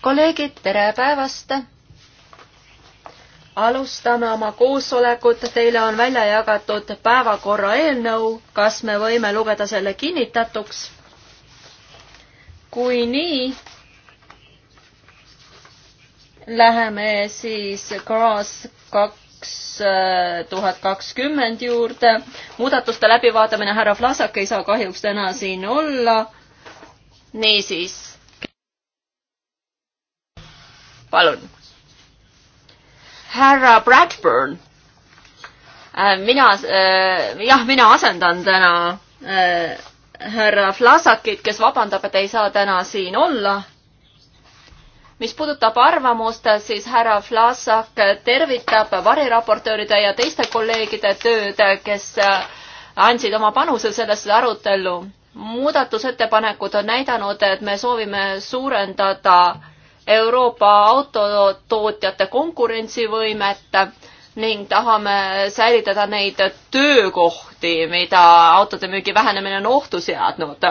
kolleegid, tere päevast! alustame oma koosolekut, teile on välja jagatud päevakorra eelnõu, kas me võime lugeda selle kinnitatuks? kui nii, läheme siis Grass kaks kaks tuhat kakskümmend juurde. muudatuste läbivaatamine, härra Vlasak ei saa kahjuks täna siin olla. niisiis, palun. härra Bradburn. Äh, mina, äh, jah, mina asendan täna äh, härra Vlasakit, kes vabandab, et ei saa täna siin olla mis puudutab arvamust, siis härra Vlasak tervitab variraportööride ja teiste kolleegide tööd, kes andsid oma panuse sellesse arutellu. muudatusettepanekud on näidanud, et me soovime suurendada Euroopa autotootjate konkurentsivõimet ning tahame säilitada neid töökohti, mida autode müügi vähenemine on ohtu seadnud.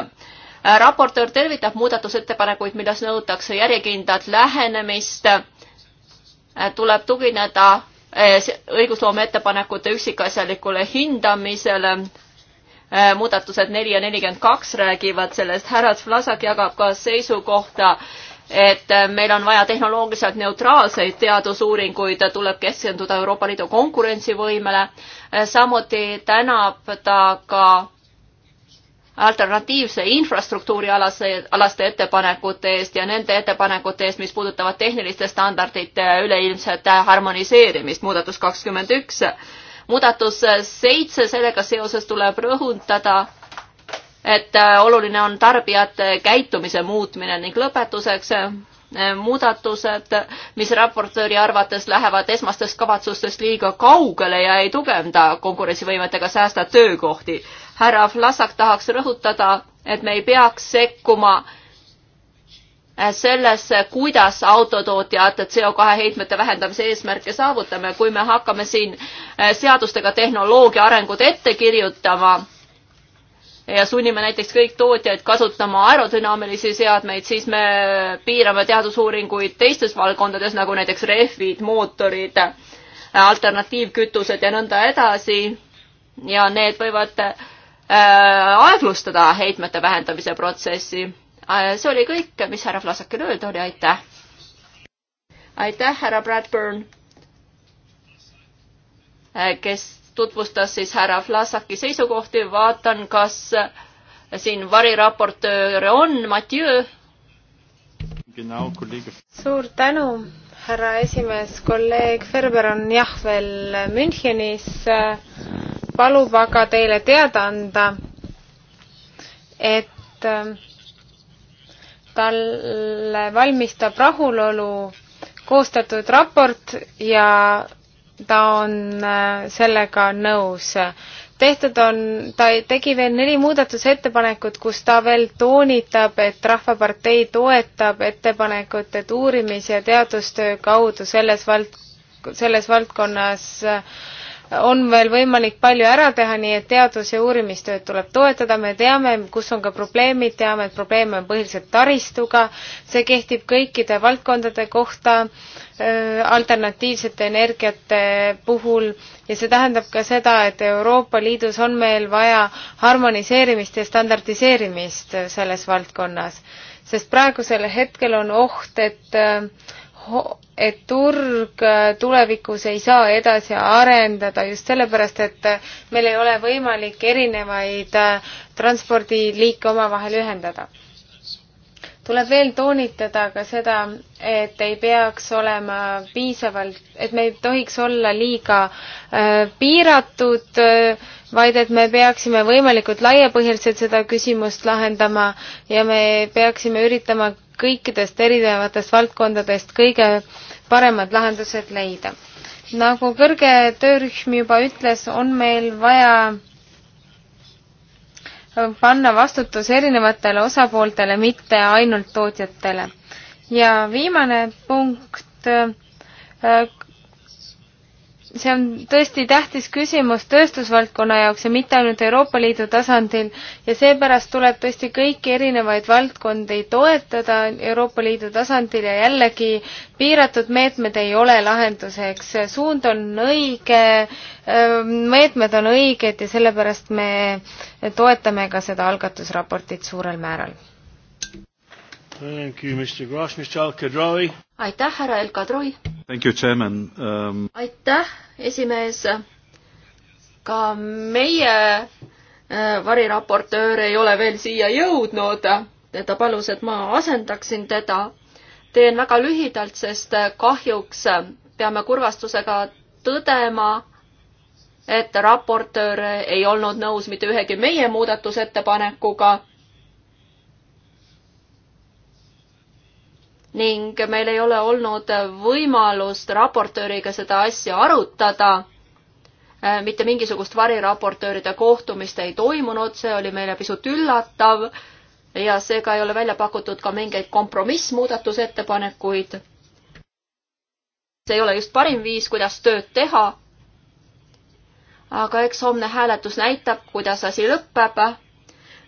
raportöör tervitab muudatusettepanekuid, milles nõutakse järjekindlat lähenemist. tuleb tugineda eh, õigusloome ettepanekute üksikasjalikule hindamisele. Eh, muudatused neli ja nelikümmend kaks räägivad sellest, härra Vlasak jagab ka seisukohta, et äh, meil on vaja tehnoloogiliselt neutraalseid teadusuuringuid, tuleb keskenduda Euroopa Liidu konkurentsivõimele. Äh, samuti tänab ta ka alternatiivse infrastruktuuri alase, alaste ettepanekute eest ja nende ettepanekute eest, mis puudutavad tehniliste standardite üleilmset harmoniseerimist, muudatus kakskümmend üks. muudatus seitse, sellega seoses tuleb rõhutada, et äh, oluline on tarbijate käitumise muutmine ning lõpetuseks äh, muudatused, mis raportööri arvates lähevad esmastest kavatsustest liiga kaugele ja ei tugevda konkurentsivõimet ega säästa töökohti. härra Vlasak tahaks rõhutada, et me ei peaks sekkuma äh, sellesse, kuidas autotootjad CO2 heitmete vähendamise eesmärke saavutame, kui me hakkame siin seadustega tehnoloogia arengut ette kirjutama ja sunnime näiteks kõik tootjaid kasutama aerodünaamilisi seadmeid, siis me piirame teadusuuringuid teistes valdkondades, nagu näiteks rehvid, mootorid, alternatiivkütused ja nõnda edasi. ja need võivad äh, aeglustada heitmete vähendamise protsessi. Äh, see oli kõik, mis härra Vlasakil öelda oli, aitäh. aitäh, härra Bradburn, kes tutvustas siis härra Vlasaki seisukohti, vaatan, kas siin variraportööre on, Mathieu. suur tänu, härra esimees, kolleeg Ferber on jah veel Münchenis, palub aga teile teada anda, et äh, talle valmistab rahulolu koostatud raport ja ta on äh, sellega nõus. tehtud on, ta tegi veel neli muudatusettepanekut, kus ta veel toonitab, et Rahvapartei toetab ettepanekut, et uurimis- ja teadustöö kaudu selles vald-, selles valdkonnas äh, on veel võimalik palju ära teha, nii et teadus- ja uurimistööd tuleb toetada, me teame, kus on ka probleemid, teame, et probleeme on põhiliselt taristuga, see kehtib kõikide valdkondade kohta, alternatiivsete energiate puhul ja see tähendab ka seda, et Euroopa Liidus on meil vaja harmoniseerimist ja standardiseerimist selles valdkonnas. sest praegusel hetkel on oht, et et turg äh, tulevikus ei saa edasi arendada just sellepärast, et äh, meil ei ole võimalik erinevaid äh, transpordiliike omavahel ühendada. tuleb veel toonitada ka seda, et ei peaks olema piisavalt, et me ei tohiks olla liiga äh, piiratud äh, vaid et me peaksime võimalikult laiapõhjaliselt seda küsimust lahendama ja me peaksime üritama kõikidest erinevatest valdkondadest kõige paremad lahendused leida. nagu kõrge töörühm juba ütles, on meil vaja panna vastutus erinevatele osapooltele, mitte ainult tootjatele. ja viimane punkt see on tõesti tähtis küsimus tööstusvaldkonna jaoks ja mitte ainult Euroopa Liidu tasandil ja seepärast tuleb tõesti kõiki erinevaid valdkondi toetada Euroopa Liidu tasandil ja jällegi piiratud meetmed ei ole lahenduseks, suund on õige, ähm, meetmed on õiged ja sellepärast me toetame ka seda algatusraportit suurel määral aitäh, härra El Kadri! Um... aitäh, esimees! ka meie äh, variraportöör ei ole veel siia jõudnud. ta palus, et ma asendaksin teda. teen väga lühidalt, sest äh, kahjuks äh, peame kurvastusega tõdema, et raportöör ei olnud nõus mitte ühegi meie muudatusettepanekuga ning meil ei ole olnud võimalust raportööriga seda asja arutada. Äh, mitte mingisugust variraportööride kohtumist ei toimunud, see oli meile pisut üllatav ja seega ei ole välja pakutud ka mingeid kompromissmuudatusettepanekuid. see ei ole just parim viis, kuidas tööd teha. aga eks homne hääletus näitab, kuidas asi lõpeb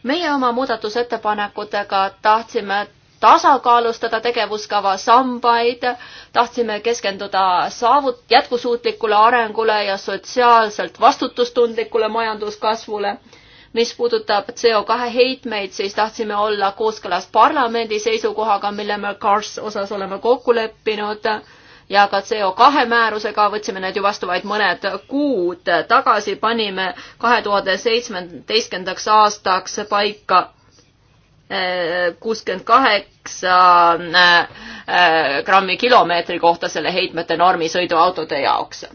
meie oma muudatusettepanekutega tahtsime tasakaalustada tegevuskava sambaid, tahtsime keskenduda saavut-, jätkusuutlikule arengule ja sotsiaalselt vastutustundlikule majanduskasvule. mis puudutab CO2 heitmeid, siis tahtsime olla kooskõlas parlamendi seisukohaga, mille me CARS osas oleme kokku leppinud ja ka CO2 määrusega võtsime need ju vastu vaid mõned kuud tagasi, panime kahe tuhande seitsmeteistkümnendaks aastaks paika kuuskümmend kaheksa äh, grammi kilomeetri kohta selle heitmete normi sõiduautode jaoks.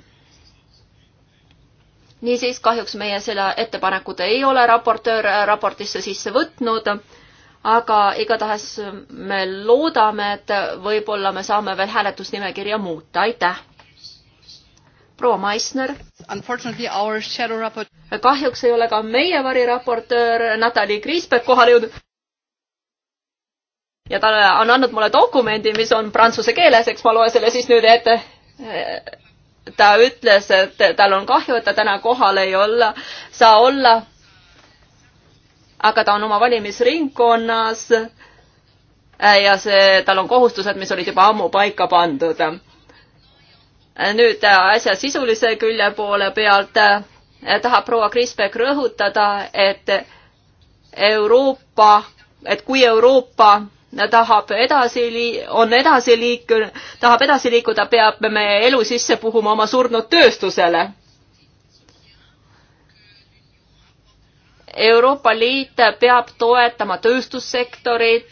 niisiis, kahjuks meie seda ettepanekut ei ole raportöör äh, raportisse sisse võtnud, aga igatahes me loodame, et võib-olla me saame veel hääletusnimekirja muuta, aitäh! proua Meissner. kahjuks ei ole ka meie variraportöör Natalja Kriisberg kohale jõudnud ja ta on andnud mulle dokumendi, mis on prantsuse keeles, eks ma loen selle siis nüüd ette. ta ütles, et tal on kahju, et ta täna kohal ei olla, saa olla. aga ta on oma valimisringkonnas ja see, tal on kohustused, mis olid juba ammu paika pandud. nüüd asja sisulise külje poole pealt tahab proua Kriisbeck rõhutada, et Euroopa, et kui Euroopa tahab edasi, on edasi liik-, tahab edasi liikuda, peab me elu sisse puhuma oma surnud tööstusele. Euroopa Liit peab toetama tööstussektorit,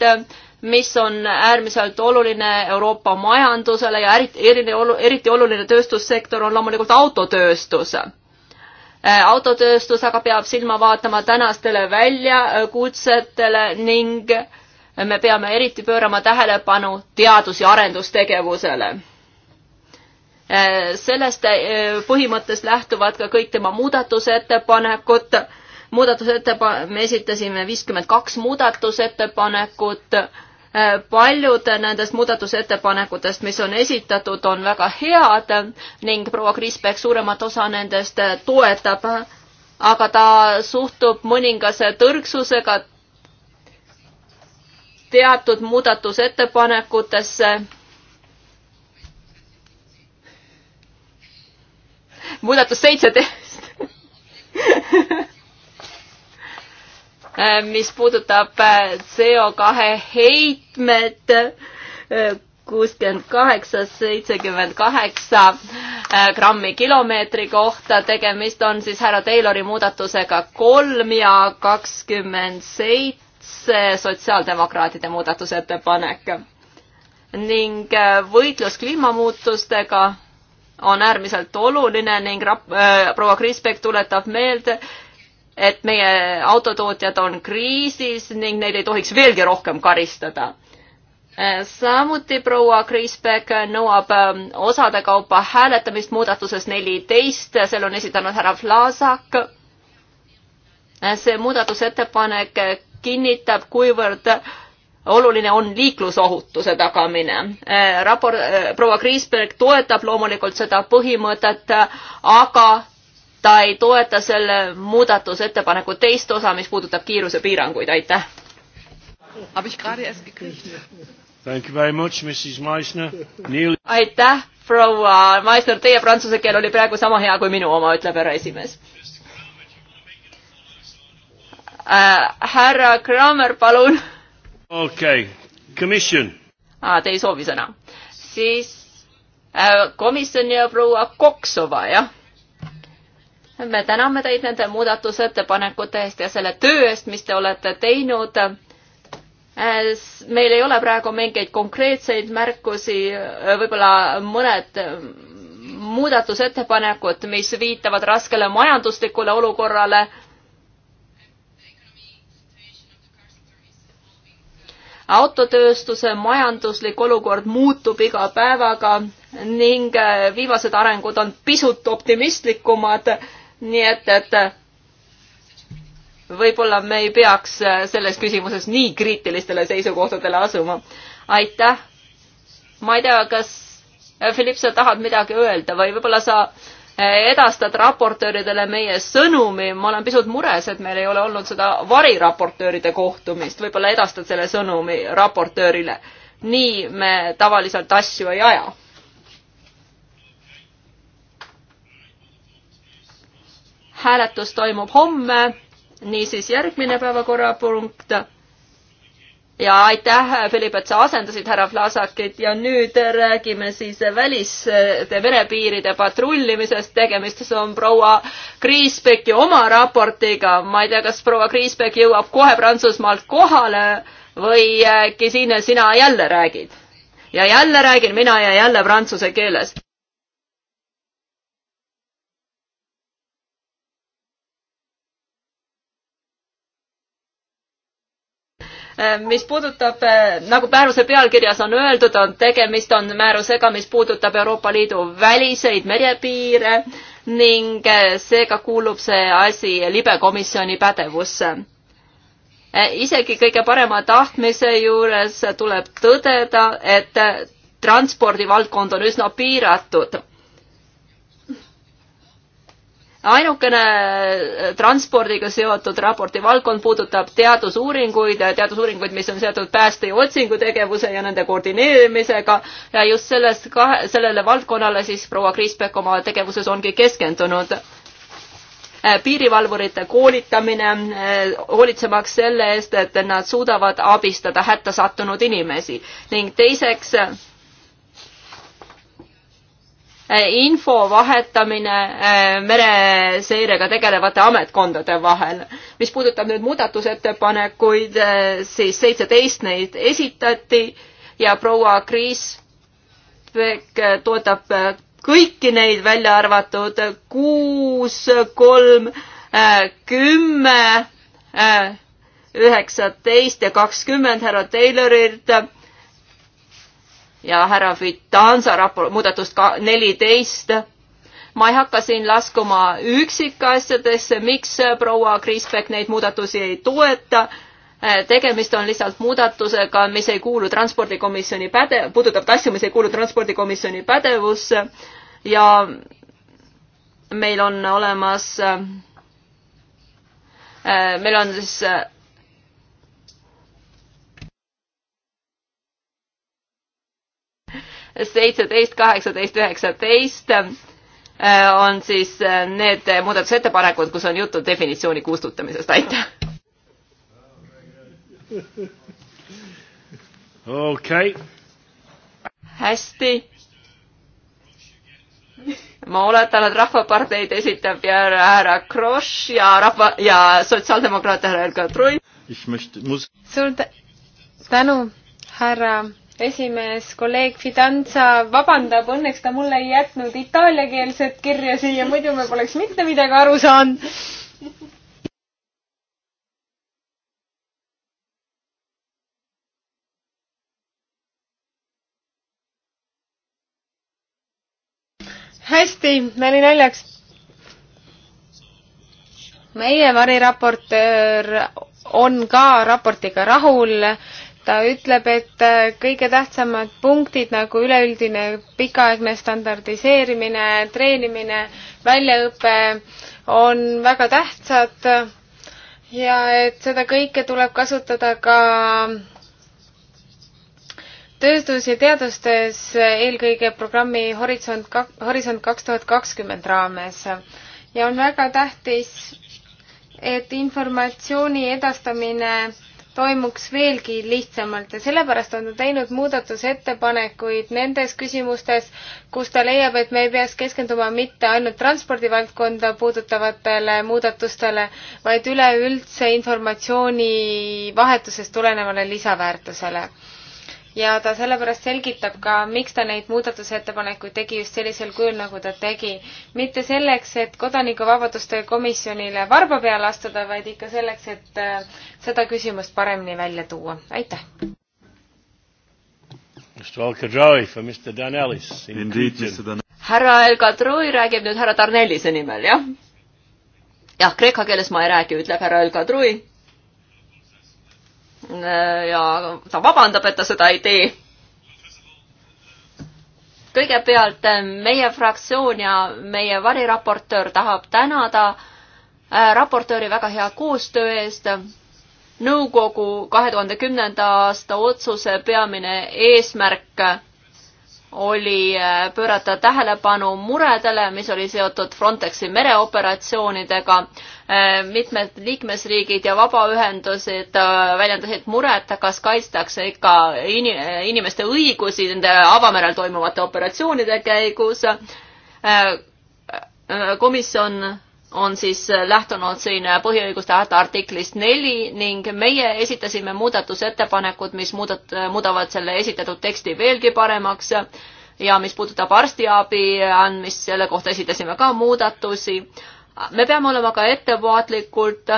mis on äärmiselt oluline Euroopa majandusele ja eriti, eriti oluline tööstussektor on loomulikult autotööstus autotööstus aga peab silma vaatama tänastele väljakutsetele ning äh, me peame eriti pöörama tähelepanu teadus- ja arendustegevusele. Äh, sellest äh, põhimõttest lähtuvad ka kõik tema muudatusettepanekud. muudatusettepa-, me esitasime viiskümmend kaks muudatusettepanekut. Äh, paljud nendest muudatusettepanekutest, mis on esitatud, on väga head ning proua Kriisbeck suuremat osa nendest toetab aga ta suhtub mõningase tõrksusega teatud muudatusettepanekutesse. muudatus seitseteist mis puudutab äh, CO kahe heitmed äh, kuuskümmend kaheksa, seitsekümmend kaheksa äh, grammi kilomeetri kohta. tegemist on siis härra Taylori muudatusega kolm ja kakskümmend seitse see sotsiaaldemokraatide muudatusettepanek. ning äh, võitlus kliimamuutustega on äärmiselt oluline ning rap-, äh, proua Kriisbeck tuletab meelde, et meie autotootjad on kriisis ning neid ei tohiks veelgi rohkem karistada äh, samuti proua Kriisbeck nõuab ähm, osade kaupa hääletamist muudatuses neliteist, selle on esitanud härra Vlasak. Äh, see muudatusettepanek kinnitab, kuivõrd oluline on liiklusohutuse tagamine. Äh, rapor-, äh, proua Kriisberg toetab loomulikult seda põhimõtet, aga ta ei toeta selle muudatusettepaneku teist osa, mis puudutab kiirusepiiranguid, aitäh. aitäh, proua Meissner, teie prantsuse keel oli peaaegu sama hea kui minu oma, ütleb härra esimees Äh, härra Kramer, palun. okei okay., komisjon ah,. Te ei soovi sõna? siis äh, komisjon ja proua Koksova, jah me täname teid nende muudatusettepanekute eest ja selle töö eest, mis te olete teinud. Äh, meil ei ole praegu mingeid konkreetseid märkusi, äh, võib-olla mõned muudatusettepanekud, mis viitavad raskele majanduslikule olukorrale autotööstuse majanduslik olukord muutub iga päevaga ning äh, viimased arengud on pisut optimistlikumad, nii et, et võib-olla me ei peaks äh, selles küsimuses nii kriitilistele seisukohtadele asuma. aitäh! ma ei tea, kas äh, Philipp, sa tahad midagi öelda või võib-olla sa äh, Eh, edastad raportööridele meie sõnumi, ma olen pisut mures, et meil ei ole olnud seda variraportööride kohtumist, võib-olla edastad selle sõnumi raportöörile. nii me tavaliselt asju ei aja. hääletus toimub homme, niisiis järgmine päevakorrapunkt ja aitäh, Philip, et sa asendasid härra Vlasakit ja nüüd räägime siis välis merepiiride patrullimisest. tegemist on proua Kriisbeki oma raportiga. ma ei tea, kas proua Kriisbek jõuab kohe Prantsusmaalt kohale või Gesine, äh, sina jälle räägid? ja jälle räägin mina ja jälle prantsuse keeles Äh, mis puudutab, äh, nagu määruse pealkirjas on öeldud, on tegemist on määrusega, mis puudutab Euroopa Liidu väliseid merepiire ning äh, seega kuulub see asi libekomisjoni pädevusse. isegi kõige parema tahtmise juures tuleb tõdeda, et transpordivaldkond on üsna piiratud ainukene äh, transpordiga seotud raporti valdkond puudutab teadusuuringuid, äh, teadusuuringuid, mis on seotud pääste ja otsingutegevuse ja nende koordineerimisega ja just sellest, sellele valdkonnale siis proua Kriisbeck oma tegevuses ongi keskendunud äh, piirivalvurite koolitamine, hoolitsemaks selle eest, et nad suudavad abistada hätta sattunud inimesi ning teiseks info vahetamine äh, mereseirega tegelevate ametkondade vahel. mis puudutab nüüd muudatusettepanekuid, äh, siis seitseteist neid esitati ja proua Kriis Pekk toetab äh, kõiki neid välja arvatud kuus, kolm, kümme, üheksateist ja kakskümmend härra Taylorilt ja härra Fitanza raport, muudatust neliteist. ma ei hakka siin laskuma üksikasjadesse, miks proua Kriisbeck neid muudatusi ei toeta. Äh, tegemist on lihtsalt muudatusega, mis ei kuulu transpordikomisjoni päde-, puudutavad asju, mis ei kuulu transpordikomisjoni pädevusse ja meil on olemas äh, meil on siis äh, seitseteist, kaheksateist, üheksateist äh, on siis äh, need muudatusettepanekud, kus on juttu definitsiooni kustutamisest, aitäh. okei okay.. hästi. ma oletan, et Rahvaparteid esitab härra, härra Kross ja rahva ja sotsiaaldemokraat härra Elka Truin. suur tänu, härra esimees, kolleeg Fidanza vabandab, õnneks ta mulle ei jätnud itaaliakeelset kirja siia, muidu me poleks mitte midagi aru saanud. hästi, nali naljaks. meie variraportöör on ka raportiga rahul ta ütleb, et äh, kõige tähtsamad punktid nagu üleüldine pikaaegne standardiseerimine, treenimine, väljaõpe on väga tähtsad ja et seda kõike tuleb kasutada ka tööstus- ja teadustes, eelkõige programmi Horisont, Horisont kaks tuhat kakskümmend raames. ja on väga tähtis, et informatsiooni edastamine toimuks veelgi lihtsamalt ja sellepärast on ta teinud muudatusettepanekuid nendes küsimustes, kus ta leiab, et me ei peaks keskenduma mitte ainult transpordivaldkonda puudutavatele muudatustele, vaid üleüldse informatsioonivahetusest tulenevale lisaväärtusele ja ta sellepärast selgitab ka, miks ta neid muudatusettepanekuid tegi just sellisel kujul, nagu ta tegi. mitte selleks, et kodanikuvabaduste komisjonile varba peale astuda, vaid ikka selleks, et äh, seda küsimust paremini välja tuua. aitäh! härra El Kadri räägib nüüd härra Darnellise nimel, jah? jah, kreeka keeles ma ei räägi, ütleb härra El Kadri Äh, ja ta vabandab, et ta seda ei tee. kõigepealt äh, meie fraktsioon ja meie variraportöör tahab tänada äh, raportööri väga hea koostöö eest. nõukogu kahe tuhande kümnenda aasta otsuse peamine eesmärk oli äh, pöörata tähelepanu muredele, mis oli seotud Frontexi mereoperatsioonidega. Äh, mitmed liikmesriigid ja vabaühendused äh, väljendasid muret, kas kaitstakse ikka inimeste õigusi nende avamerel toimuvate operatsioonide käigus. komisjon on siis äh, lähtunud siin äh, põhiõiguste harta artiklist neli ning meie esitasime muudatusettepanekud, mis muudat-, äh, muudavad selle esitatud teksti veelgi paremaks ja mis puudutab arstiabi andmist, selle kohta esitasime ka muudatusi. me peame olema ka ettevaatlikult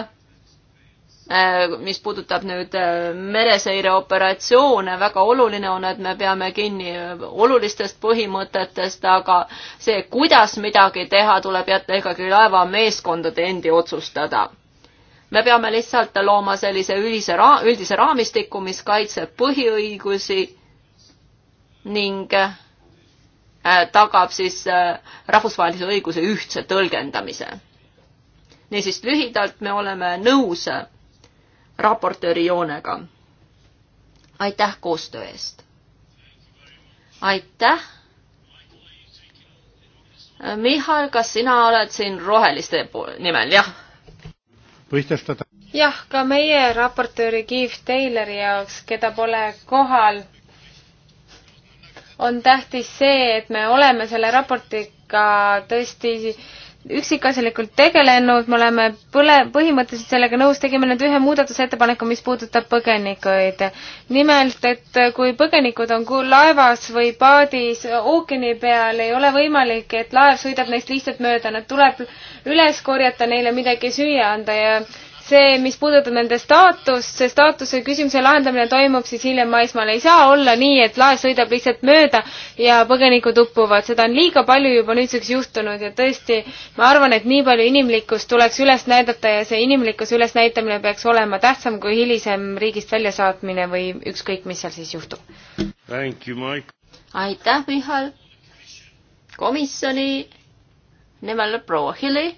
Äh, mis puudutab nüüd äh, mereseireoperatsioone, väga oluline on, et me peame kinni äh, olulistest põhimõtetest, aga see, kuidas midagi teha, tuleb jätta ikkagi laevameeskondade endi otsustada. me peame lihtsalt looma sellise üldise ra-, üldise raamistiku, mis kaitseb põhiõigusi ning tagab siis rahvusvahelise õiguse ühtse tõlgendamise niisiis lühidalt me oleme nõus raportööri joonega. aitäh koostöö eest! aitäh! Mihhail, kas sina oled siin roheliste nimel, jah? jah, ka meie raportööri Keith Taylori jaoks, keda pole kohal, on tähtis see, et me oleme selle raportiga tõesti äh, üksikasjalikult tegelenud, me oleme põle, põhimõtteliselt sellega nõus, tegime nüüd ühe muudatusettepaneku, mis puudutab põgenikuid. nimelt, et kui põgenikud on kui laevas või paadis ookeani peal, ei ole võimalik, et laev sõidab neist lihtsalt mööda, nad tuleb üles korjata, neile midagi süüa anda ja see, mis puudutab nende staatust, see staatuse küsimuse lahendamine toimub siis hiljem maismaal. ei saa olla nii, et laev sõidab lihtsalt mööda ja põgenikud uppuvad. seda on liiga palju juba nüüdseks juhtunud ja tõesti, ma arvan, et nii palju inimlikkust tuleks üles näidata ja see inimlikkuse ülesnäitamine peaks olema tähtsam kui hilisem riigist väljasaatmine või ükskõik, mis seal siis juhtub. aitäh, Michal. komisjoni nimel proua Hili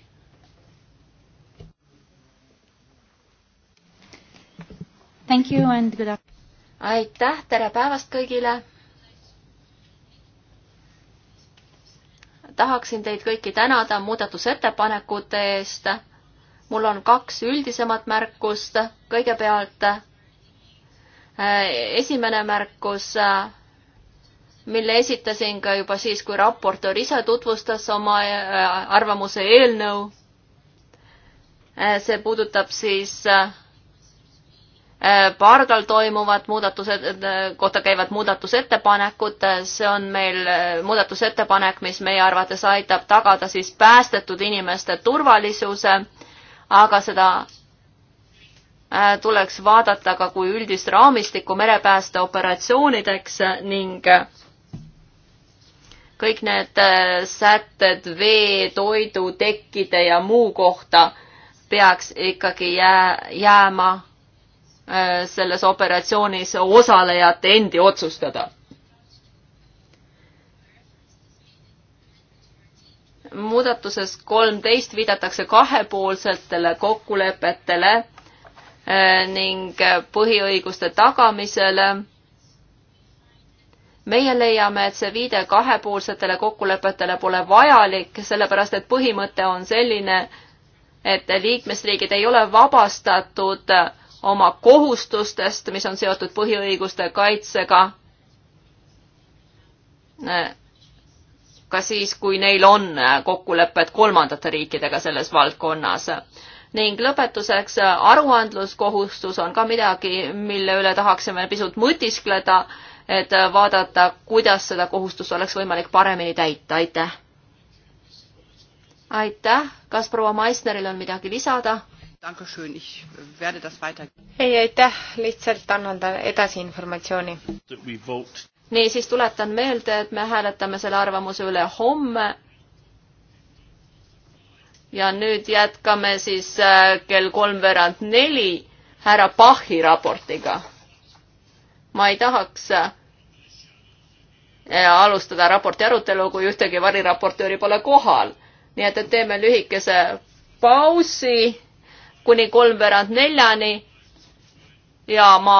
Thank you and good afternoon. aitäh, tere päevast kõigile. tahaksin teid kõiki tänada muudatusettepanekute eest. mul on kaks üldisemat märkust. kõigepealt äh, esimene märkus, äh, mille esitasin ka juba siis, kui raportöör ise tutvustas oma äh, arvamuse eelnõu. see puudutab siis äh, Äh, pardal toimuvad muudatused, äh, kohta käivad muudatusettepanekud, äh, see on meil muudatusettepanek, mis meie arvates aitab tagada siis päästetud inimeste turvalisuse, aga seda tuleks vaadata ka kui üldist raamistikku merepäästeoperatsioonideks ning kõik need sätted vee, toidu, tekkide ja muu kohta peaks ikkagi jää, jääma Äh, selles operatsioonis osalejate endi otsustada. muudatuses kolmteist viidatakse kahepoolsetele kokkulepetele äh, ning põhiõiguste tagamisele. meie leiame, et see viide kahepoolsetele kokkulepetele pole vajalik, sellepärast et põhimõte on selline, et liikmesriigid ei ole vabastatud äh, oma kohustustest, mis on seotud põhiõiguste kaitsega. ka siis, kui neil on kokkulepped kolmandate riikidega selles valdkonnas ning lõpetuseks aruandluskohustus on ka midagi, mille üle tahaksime pisut mõtiskleda, et vaadata, kuidas seda kohustust oleks võimalik paremini täita, aitäh. aitäh, kas proua Meissneril on midagi lisada? ei, aitäh, lihtsalt annan edasi informatsiooni. nii, siis tuletan meelde, et me hääletame selle arvamuse üle homme ja nüüd jätkame siis äh, kell kolmveerand neli härra Pachi raportiga. ma ei tahaks äh, alustada raporti arutelu, kui ühtegi variraportööri pole kohal. nii et, et teeme lühikese pausi kuni kolmveerand neljani ja ma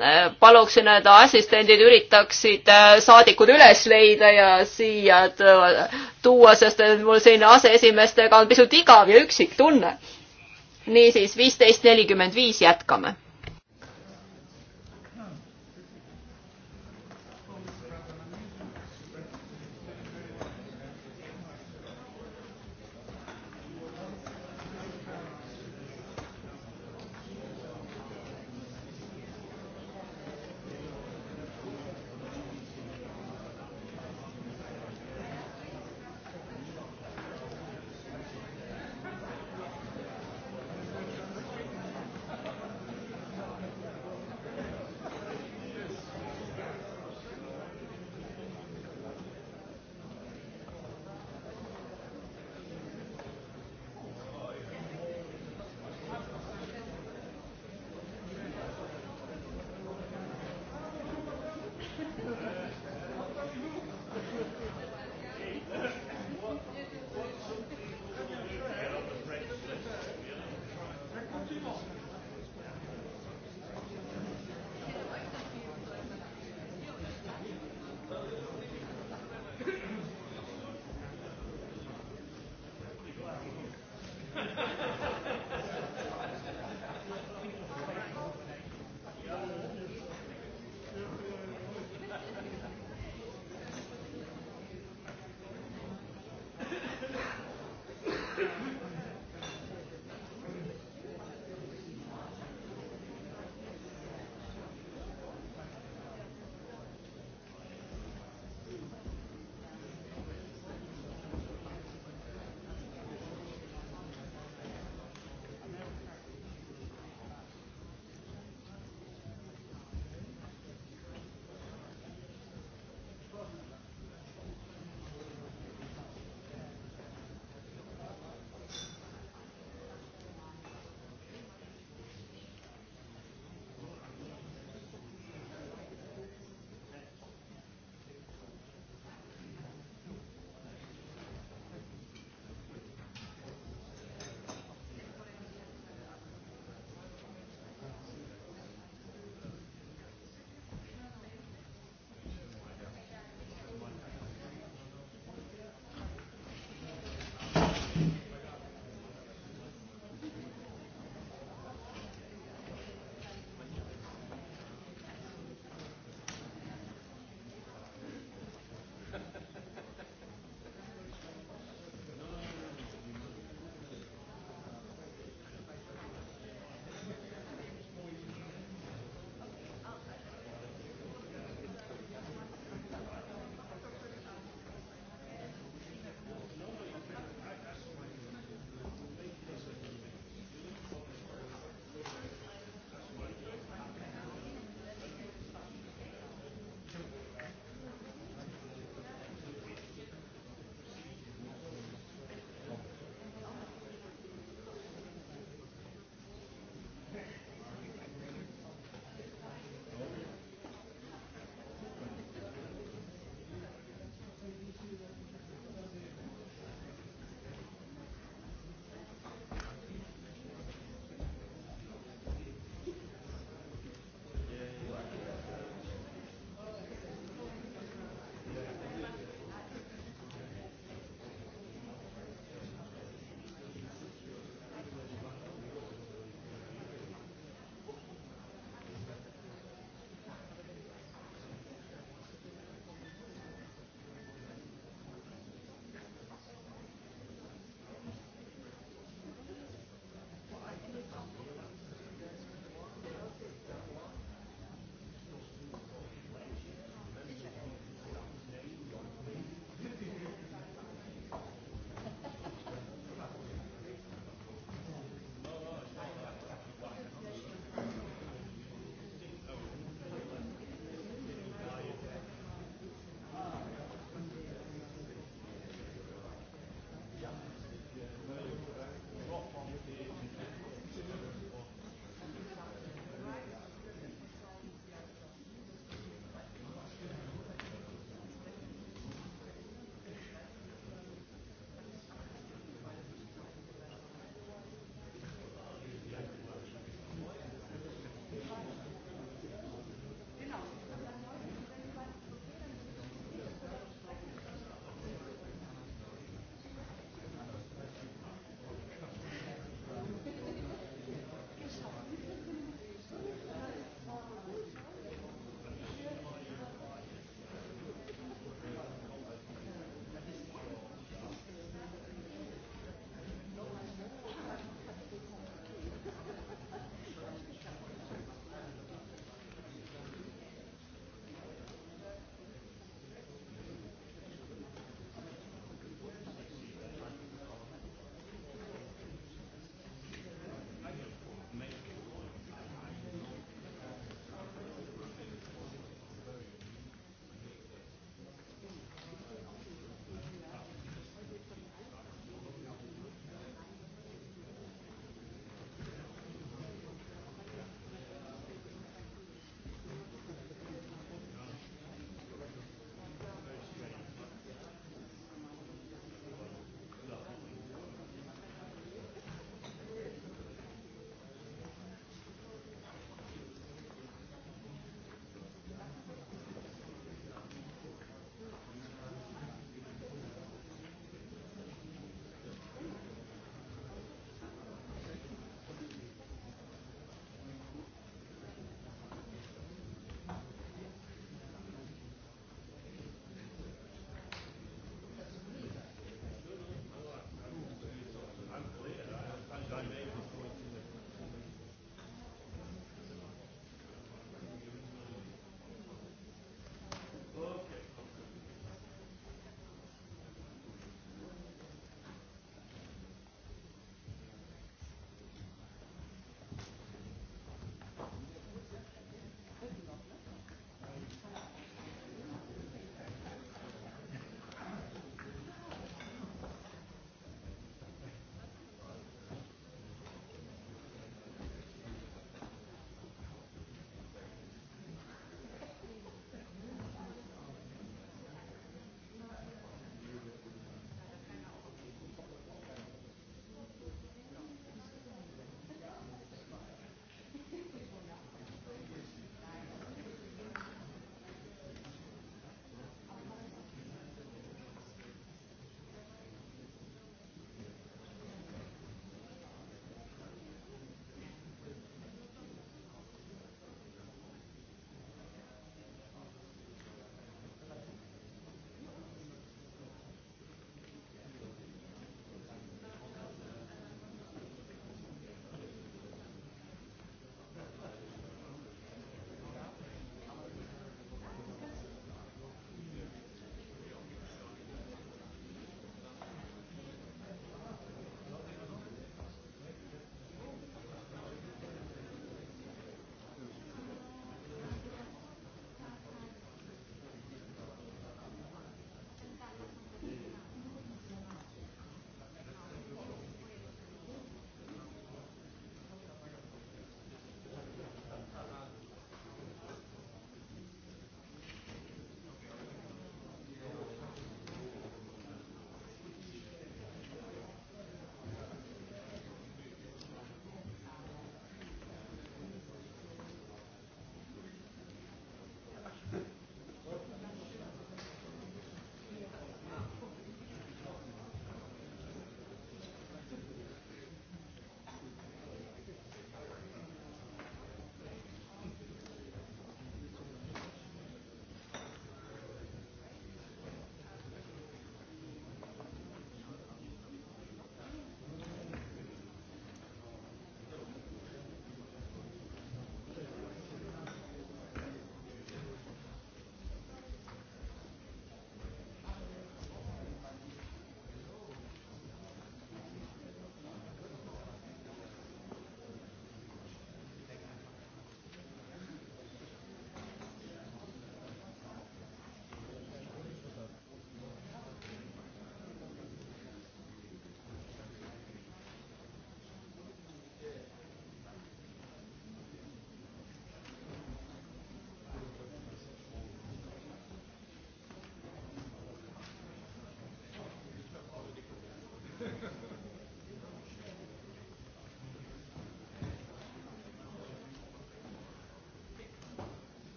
äh, paluksin, et assistendid üritaksid äh, saadikud üles leida ja siia tuua, sest mul siin aseesimeestega on pisut igav ja üksik tunne. niisiis, viisteist nelikümmend viis jätkame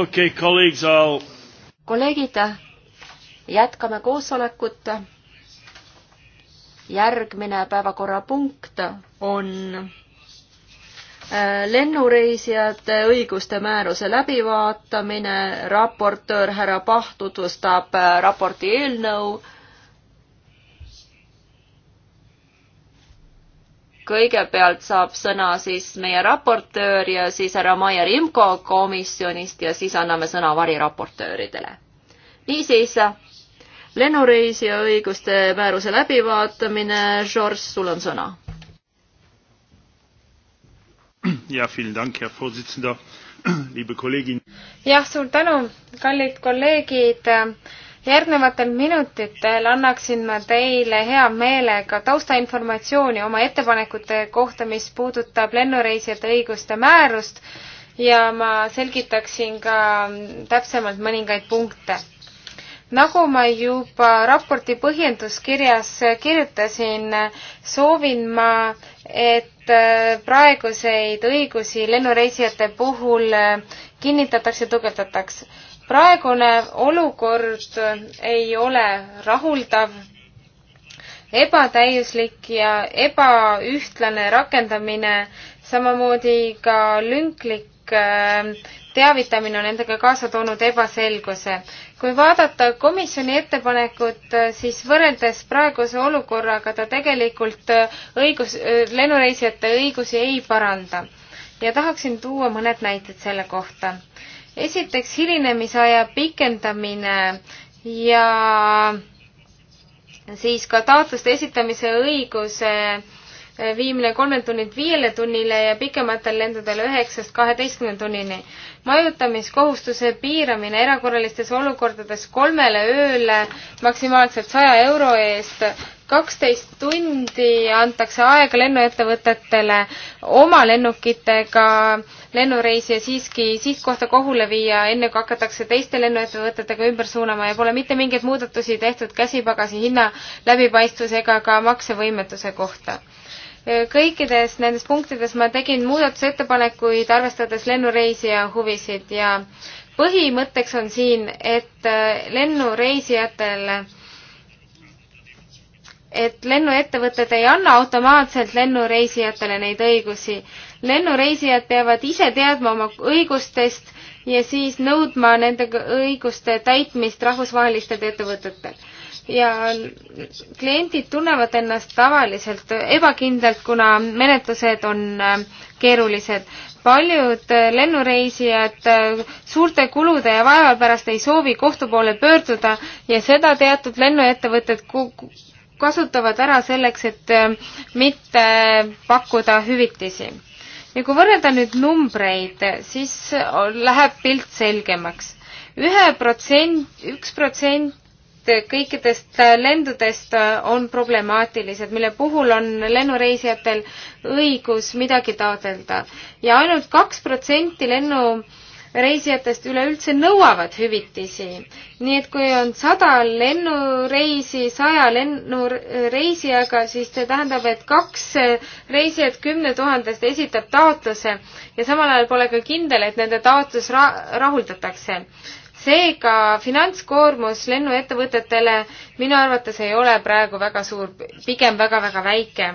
okei okay,, kolleegid, I'll. kolleegid, jätkame koosolekut. järgmine päevakorrapunkt on äh, lennureisijate õiguste määruse läbivaatamine. raportöör härra Pahv tutvustab äh, raporti eelnõu kõigepealt saab sõna siis meie raportöör ja siis härra Maier Imko komisjonist ja siis anname sõna variraportööridele. niisiis, lennureisija õiguste määruse läbivaatamine, Georges, sul on sõna. jah, jah, suur tänu, kallid kolleegid järgnevatel minutitel annaksin ma teile hea meelega taustainformatsiooni oma ettepanekute kohta, mis puudutab lennureisijate õiguste määrust ja ma selgitaksin ka täpsemalt mõningaid punkte. nagu ma juba raporti põhjenduskirjas kirjutasin, soovin ma, et praeguseid õigusi lennureisijate puhul kinnitatakse, tugevdatakse praegune olukord ei ole rahuldav, ebatäiuslik ja ebaühtlane rakendamine, samamoodi ka lünklik äh, teavitamine on endaga kaasa toonud ebaselguse. kui vaadata komisjoni ettepanekut, äh, siis võrreldes praeguse olukorraga ta tegelikult äh, õigus, lennureisijate õigusi ei paranda. ja tahaksin tuua mõned näited selle kohta esiteks hilinemisaja pikendamine ja siis ka taotluste esitamise õiguse viimine kolmelt tunnilt viiele tunnile ja pikematel lendudel üheksast kaheteistkümne tunnini. majutamiskohustuse piiramine erakorralistes olukordades kolmele ööle maksimaalselt saja euro eest kaksteist tundi antakse aega lennuettevõtetele oma lennukitega lennureisija siiski sihtkohta kohule viia, enne kui hakatakse teiste lennuettevõtetega ümber suunama ja pole mitte mingeid muudatusi tehtud käsipagasi hinna läbipaistvuse ega ka maksevõimetuse kohta kõikides nendes punktides ma tegin muudatusettepanekuid, arvestades lennureisija huvisid ja põhimõtteks on siin, et lennureisijatele et lennuettevõtted ei anna automaatselt lennureisijatele neid õigusi. lennureisijad peavad ise teadma oma õigustest ja siis nõudma nende õiguste täitmist rahvusvahelistel ettevõtetel. ja kliendid tunnevad ennast tavaliselt ebakindlalt, kuna menetlused on äh, keerulised. paljud äh, lennureisijad äh, suurte kulude ja vaeva pärast ei soovi kohtu poole pöörduda ja seda teatud lennuettevõtted kasutavad ära selleks, et äh, mitte pakkuda hüvitisi. ja kui võrrelda nüüd numbreid, siis läheb pilt selgemaks. ühe protsent, üks protsent kõikidest äh, lendudest äh, on problemaatilised, mille puhul on lennureisijatel õigus midagi taotleda ja ainult kaks protsenti lennu reisijatest üleüldse nõuavad hüvitisi. nii et kui on sada lennureisi saja lennureisijaga, siis see tähendab, et kaks reisijat kümne tuhandest esitab taotluse ja samal ajal pole ka kindel, et nende taotlus ra-, rahuldatakse seega finantskoormus lennuettevõtetele minu arvates ei ole praegu väga suur, pigem väga-väga väike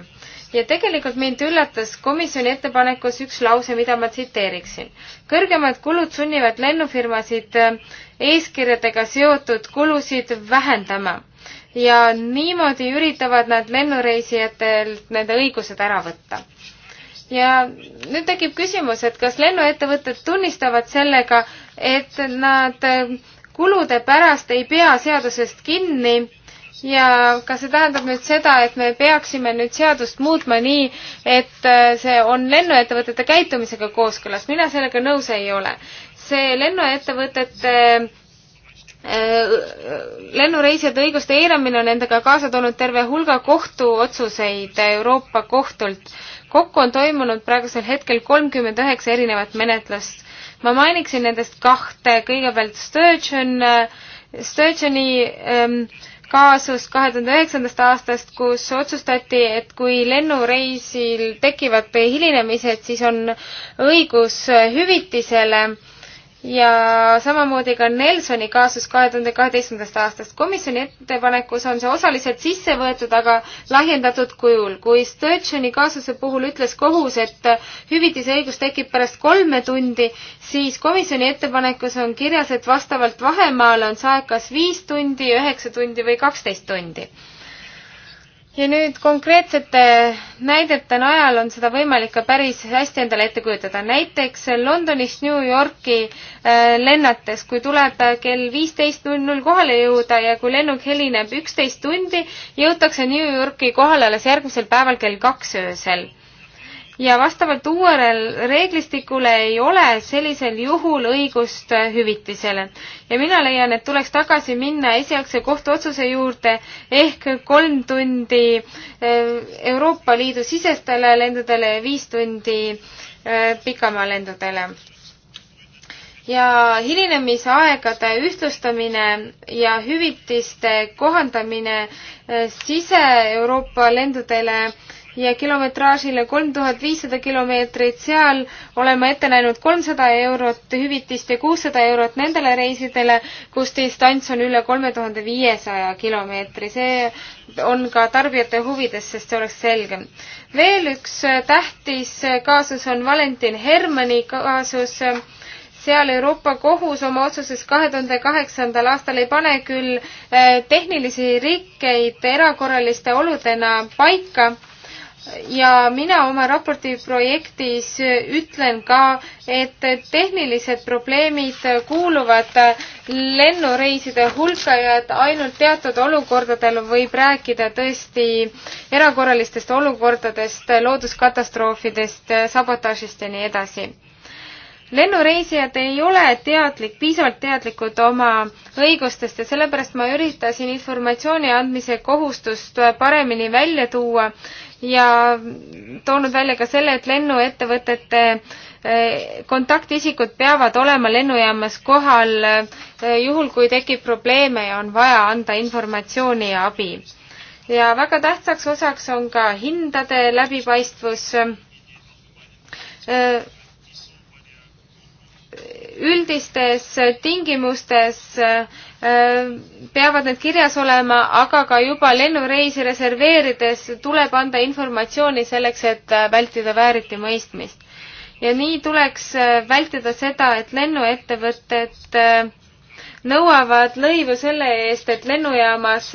ja tegelikult mind üllatas komisjoni ettepanekus üks lause, mida ma tsiteeriksin. kõrgemad kulud sunnivad lennufirmasid äh, eeskirjadega seotud kulusid vähendama ja niimoodi üritavad nad lennureisijatelt nende õigused ära võtta ja nüüd tekib küsimus, et kas lennuettevõtted tunnistavad sellega, et nad äh, kulude pärast ei pea seadusest kinni ja kas see tähendab nüüd seda, et me peaksime nüüd seadust muutma nii, et äh, see on lennuettevõtete käitumisega kooskõlas? mina sellega nõus ei ole. see lennuettevõtete äh, lennureisijate õiguste eiramine on endaga kaasa toonud terve hulga kohtuotsuseid Euroopa kohtult. kokku on toimunud praegusel hetkel kolmkümmend üheksa erinevat menetlust. ma mainiksin nendest kahte, kõigepealt Sturgeon, äh, Sturgeoni ähm, kaasus kahe tuhande üheksandast aastast, kus otsustati, et kui lennureisil tekivad hilinemised, siis on õigus hüvitisele ja samamoodi ka Nelsoni kaasus kahe tuhande kaheteistkümnendast aastast. komisjoni ettepanekus on see osaliselt sisse võetud, aga lahjendatud kujul. kui Sturgeoni kaasuse puhul ütles kohus, et hüvitise õigus tekib pärast kolme tundi, siis komisjoni ettepanekus on kirjas, et vastavalt vahemaale on see aeg kas viis tundi, üheksa tundi või kaksteist tundi ja nüüd konkreetsete näidete najal on seda võimalik ka päris hästi endale ette kujutada. näiteks Londonist New Yorki äh, lennates, kui tuleb äh, kell viisteist null null kohale jõuda ja kui lennuk helineb üksteist tundi, jõutakse New Yorki kohale alles järgmisel päeval kell kaks öösel ja vastavalt uuele reeglistikule ei ole sellisel juhul õigust hüvitisele. ja mina leian, et tuleks tagasi minna esialgse kohtuotsuse juurde ehk kolm tundi eh, Euroopa Liidu sisestele lendudele ja viis tundi eh, pikamaalendudele ja hilinemisaegade ühtlustamine ja hüvitiste kohandamine eh, sise-Euroopa lendudele äh, ja kilometraažile kolm tuhat viissada kilomeetrit, seal oleme ette näinud kolmsada eurot hüvitist ja kuussada eurot nendele reisidele, kus distants on üle kolme tuhande viiesaja kilomeetri. see on ka tarbijate huvides, sest see oleks selgem. veel üks äh, tähtis äh, kaasus on Valentin Hermanni kaasus seal Euroopa Kohus oma otsuses kahe tuhande kaheksandal aastal ei pane küll äh, tehnilisi rikkeid erakorraliste oludena paika, ja mina oma raporti projektis ütlen ka, et tehnilised probleemid kuuluvad lennureiside hulka ja et ainult teatud olukordadel võib rääkida tõesti erakorralistest olukordadest, looduskatastroofidest, sabotaažist ja nii edasi lennureisijad ei ole teadlik, piisavalt teadlikud oma õigustest ja sellepärast ma üritasin informatsiooni andmise kohustust paremini välja tuua ja toonud välja ka selle, et lennuettevõtete eh, kontaktisikud peavad olema lennujaamas kohal eh, juhul, kui tekib probleeme ja on vaja anda informatsiooni ja abi. ja väga tähtsaks osaks on ka hindade läbipaistvus eh, üldistes tingimustes äh, peavad need kirjas olema, aga ka juba lennureisi reserveerides tuleb anda informatsiooni selleks, et äh, vältida vääritimõistmist. ja nii tuleks äh, vältida seda, et lennuettevõtted nõuavad lõivu selle eest, et lennujaamas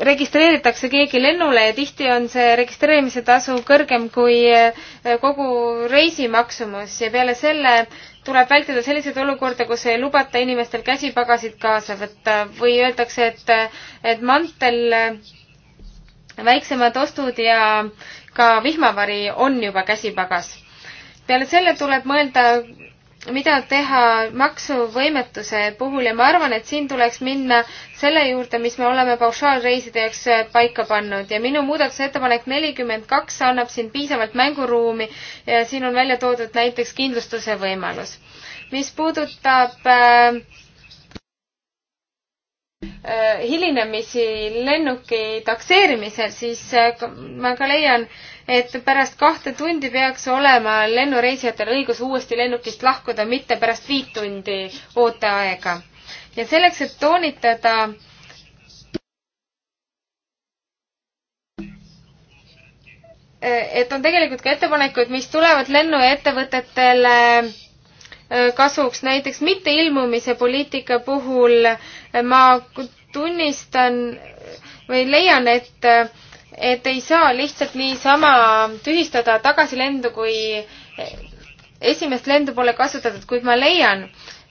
registreeritakse keegi lennule ja tihti on see registreerimise tasu kõrgem kui eh, kogu reisi maksumus ja peale selle tuleb vältida selliseid olukorda, kus ei lubata inimestel käsipagasid kaasa võtta või öeldakse, et, et mantel, väiksemad ostud ja ka vihmavari on juba käsipagas. peale selle tuleb mõelda mida teha maksuvõimetuse puhul ja ma arvan, et siin tuleks minna selle juurde, mis me oleme paušaalreiside jaoks paika pannud ja minu muudatusettepanek nelikümmend kaks annab siin piisavalt mänguruumi ja siin on välja toodud näiteks kindlustuse võimalus. mis puudutab äh, hilinemisi lennuki takseerimisel, siis äh, ma ka leian, et pärast kahte tundi peaks olema lennureisijatel õigus uuesti lennukist lahkuda, mitte pärast viit tundi ooteaega. ja selleks, et toonitada et on tegelikult ka ettepanekuid, mis tulevad lennuettevõtetele äh, kasuks, näiteks mitteilmumise poliitika puhul ma tunnistan või leian, et äh, et ei saa lihtsalt niisama tühistada tagasilendu, kui esimest lendu pole kasutatud, kuid ma leian,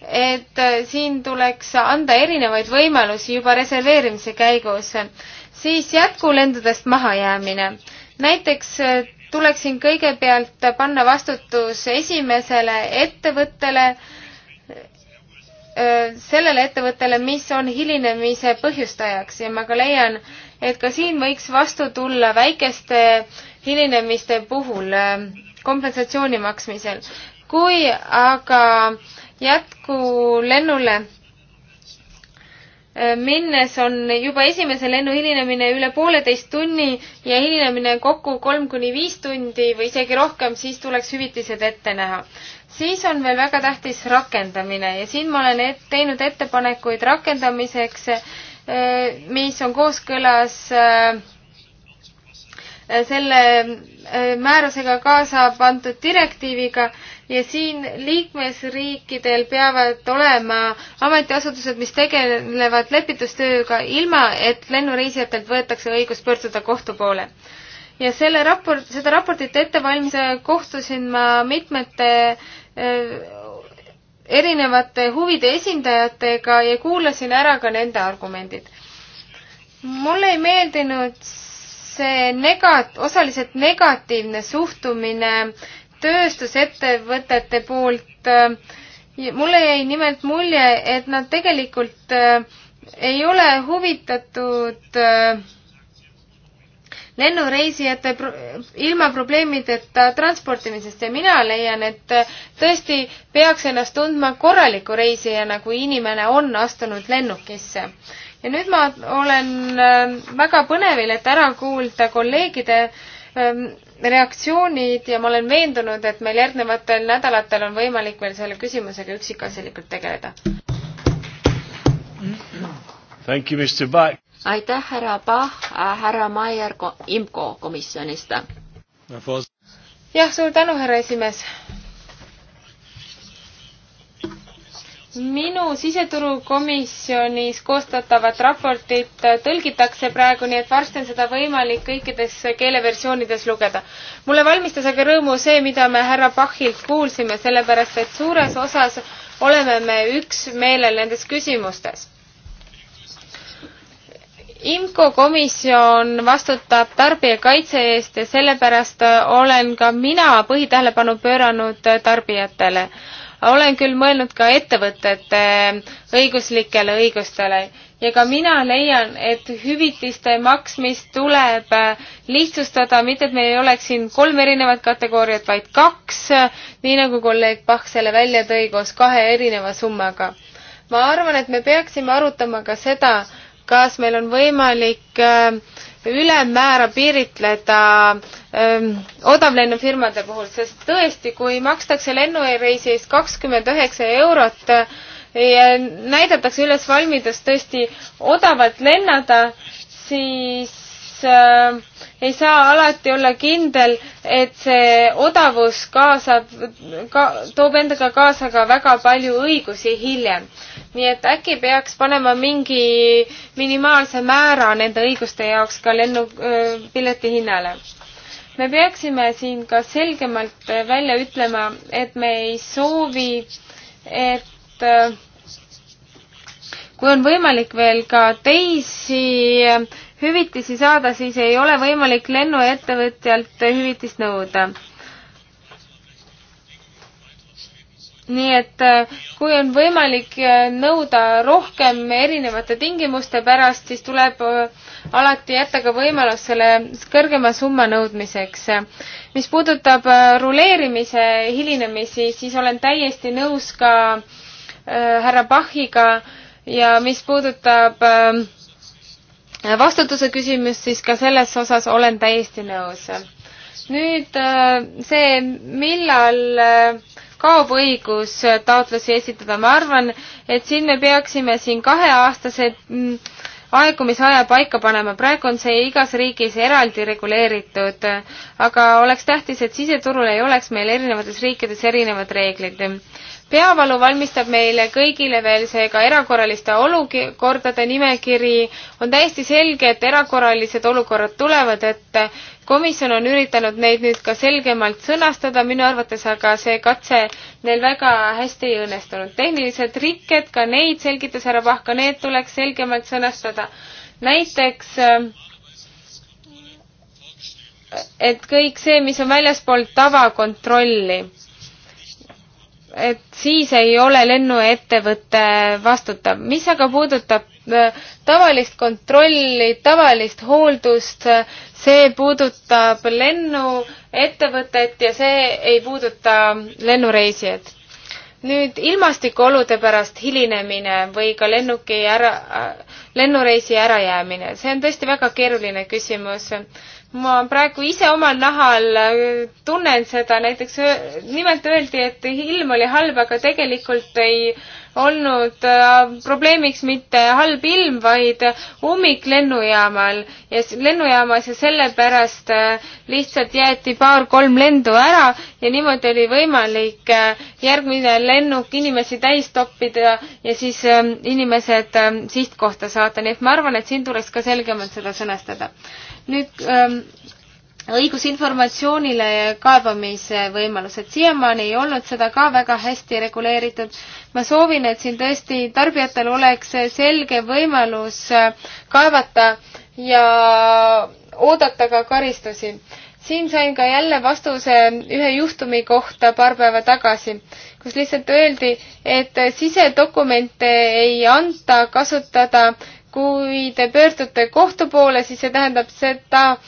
et äh, siin tuleks anda erinevaid võimalusi juba reserveerimise käigus. siis jätkulendudest mahajäämine. näiteks äh, tuleks siin kõigepealt panna vastutus esimesele ettevõttele, äh, sellele ettevõttele, mis on hilinemise põhjustajaks ja ma ka leian, et ka siin võiks vastu tulla väikeste hilinemiste puhul äh, kompensatsiooni maksmisel. kui aga jätkulennule äh, minnes on juba esimese lennu hilinemine üle pooleteist tunni ja hilinemine kokku kolm kuni viis tundi või isegi rohkem, siis tuleks hüvitised ette näha. siis on veel väga tähtis rakendamine ja siin ma olen et, teinud ettepanekuid rakendamiseks Äh, mis on kooskõlas äh, selle äh, määrusega kaasa pandud direktiiviga ja siin liikmesriikidel peavad olema ametiasutused, mis tegelevad lepitustööga, ilma et lennureisijatelt võetakse õigus pöörduda kohtu poole. ja selle raport, seda raportit ette valmis- kohtusin ma mitmete erinevate huvide esindajatega ja kuulasin ära ka nende argumendid. mulle ei meeldinud see negat-, osaliselt negatiivne suhtumine tööstusettevõtete poolt. Äh, mulle jäi nimelt mulje, et nad tegelikult äh, ei ole huvitatud äh, lennureisijate pro ilma probleemideta transportimisest ja mina leian, et tõesti peaks ennast tundma korraliku reisijana, kui inimene on astunud lennukisse. ja nüüd ma olen ähm, väga põnevil, et ära kuulda kolleegide ähm, reaktsioonid ja ma olen veendunud, et meil järgnevatel nädalatel on võimalik veel selle küsimusega üksikasjalikult tegeleda. Thank you, Mr Back aitäh, härra Pah, äh, härra Maier IMCO komisjonist. jah, suur tänu, härra esimees. minu siseturukomisjonis koostatavat raportit tõlgitakse praegu, nii et varsti on seda võimalik kõikides keeleversioonides lugeda. mulle valmistas aga rõõmu see, mida me härra Pachilt kuulsime, sellepärast et suures osas oleme me üksmeelel nendes küsimustes IMCO komisjon vastutab tarbijakaitse eest ja sellepärast olen ka mina põhitähelepanu pööranud tarbijatele. olen küll mõelnud ka ettevõtete õiguslikele õigustele ja ka mina leian, et hüvitiste maksmist tuleb lihtsustada, mitte et meil ei oleks siin kolm erinevat kategooriat, vaid kaks, nii nagu kolleeg Pahk selle välja tõi koos kahe erineva summaga. ma arvan, et me peaksime arutama ka seda, kas meil on võimalik äh, ülemmäära piiritleda ähm, odavlennufirmade puhul, sest tõesti, kui makstakse lennureisi eest kakskümmend üheksa eurot äh, ja näidatakse üles valmidust tõesti odavalt lennada, siis äh, ei saa alati olla kindel, et see odavus kaasab ka,, toob endaga kaasa ka väga palju õigusi hiljem nii et äkki peaks panema mingi minimaalse määra nende õiguste jaoks ka lennupileti hinnale. me peaksime siin ka selgemalt välja ütlema, et me ei soovi, et kui on võimalik veel ka teisi hüvitisi saada, siis ei ole võimalik lennuettevõtjalt hüvitist nõuda nii et äh, kui on võimalik äh, nõuda rohkem erinevate tingimuste pärast, siis tuleb äh, alati jätta ka võimalus selle kõrgema summa nõudmiseks. mis puudutab ruleerimise hilinemisi, siis olen täiesti nõus ka härra Bachiga ja mis puudutab vastutuse küsimust, siis ka selles osas olen täiesti nõus. nüüd see, millal kaob õigus taotlusi esitada. ma arvan, et siin me peaksime siin kaheaastase mm, aegumisaja paika panema, praegu on see igas riigis eraldi reguleeritud, aga oleks tähtis, et siseturul ei oleks meil erinevates riikides erinevad reeglid. peavalu valmistab meile kõigile veel seega erakorraliste olukordade nimekiri, on täiesti selge, et erakorralised olukorrad tulevad, et komisjon on üritanud neid nüüd ka selgemalt sõnastada, minu arvates aga see katse neil väga hästi ei õnnestunud. tehnilised rikked, ka neid selgitas härra Pahka, need tuleks selgemalt sõnastada. näiteks äh, et kõik see, mis on väljaspool tavakontrolli, et siis ei ole lennuettevõte vastutav. mis aga puudutab äh, tavalist kontrolli, tavalist hooldust, see puudutab lennuettevõtet ja see ei puuduta lennureisijad. nüüd ilmastikuolude pärast hilinemine või ka lennuki ära, lennureisi ärajäämine, see on tõesti väga keeruline küsimus ma praegu ise omal nahal tunnen seda, näiteks nimelt öeldi, et ilm oli halb, aga tegelikult ei olnud äh, probleemiks mitte halb ilm, vaid ummik lennujaamal ja lennujaamas ja sellepärast äh, lihtsalt jäeti paar-kolm lendu ära ja niimoodi oli võimalik äh, järgmine lennuk inimesi täis toppida ja siis ähm, inimesed ähm, sihtkohta saata, nii et ma arvan, et siin tuleks ka selgemalt seda sõnastada. nüüd ähm, õigus informatsioonile kaebamise võimalused. siiamaani ei olnud seda ka väga hästi reguleeritud. ma soovin, et siin tõesti tarbijatel oleks selge võimalus kaevata ja oodata ka karistusi. siin sain ka jälle vastuse ühe juhtumi kohta paar päeva tagasi, kus lihtsalt öeldi, et sisedokumente ei anta kasutada, kui te pöördute kohtu poole, siis see tähendab seda, et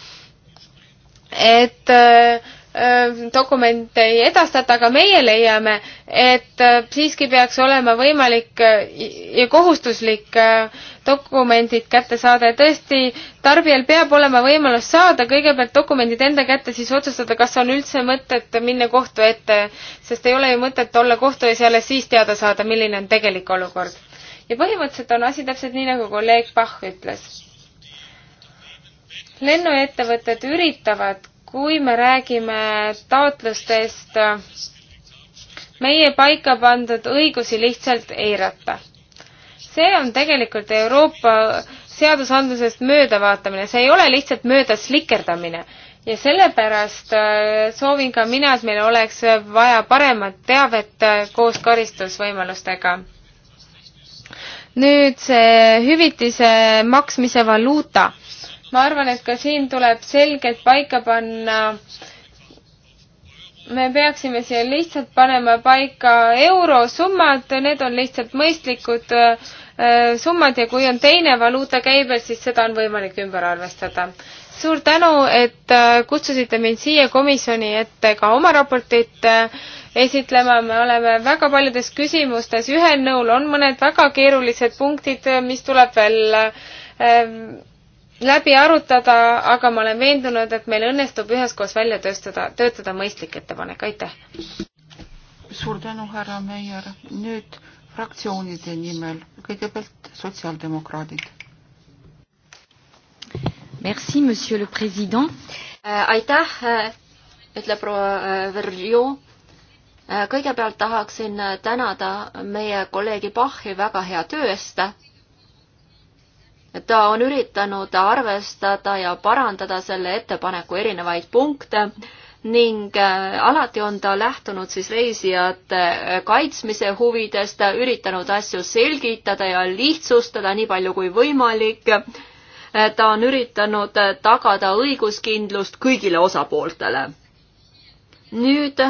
et äh, äh, dokumente ei edastata, aga meie leiame, et äh, siiski peaks olema võimalik ja kohustuslik dokumendid kätte saada ja tõesti, tarbijal peab olema võimalus saada kõigepealt dokumendid enda kätte, siis otsustada, kas on üldse mõtet minna kohtu ette, sest ei ole ju mõtet olla kohtu ees ja alles siis teada saada, milline on tegelik olukord. ja põhimõtteliselt on asi täpselt nii, nagu kolleeg Pahv ütles lennuettevõtted üritavad, kui me räägime taotlustest, meie paika pandud õigusi lihtsalt eirata. see on tegelikult Euroopa seadusandlusest möödavaatamine, see ei ole lihtsalt mööda slikerdamine. ja sellepärast äh, soovin ka mina, et meil oleks vaja paremat teavet äh, koos karistusvõimalustega. nüüd see hüvitise maksmise valuuta ma arvan, et ka siin tuleb selgelt paika panna me peaksime siia lihtsalt panema paika eurosummad, need on lihtsalt mõistlikud äh, summad ja kui on teine valuuta käibel, siis seda on võimalik ümber arvestada. suur tänu, et äh, kutsusite mind siia komisjoni ette ka oma raportit äh, esitlema, me oleme väga paljudes küsimustes ühel nõul, on mõned väga keerulised punktid, mis tuleb veel läbi arutada, aga ma olen veendunud, et meil õnnestub üheskoos välja tööstada, töötada mõistlik ettepanek, aitäh! suur tänu, härra Meier, nüüd fraktsioonide nimel, kõigepealt sotsiaaldemokraadid. Merci, monsieur le president äh,. aitäh äh,, ütleb proua äh, Verjoo äh, kõigepealt tahaksin äh, tänada meie kolleegi Bachi väga hea töö eest ta on üritanud arvestada ja parandada selle ettepaneku erinevaid punkte ning äh, alati on ta lähtunud siis reisijate äh, kaitsmise huvidest, üritanud asju selgitada ja lihtsustada nii palju kui võimalik. Äh, ta on üritanud tagada õiguskindlust kõigile osapooltele. nüüd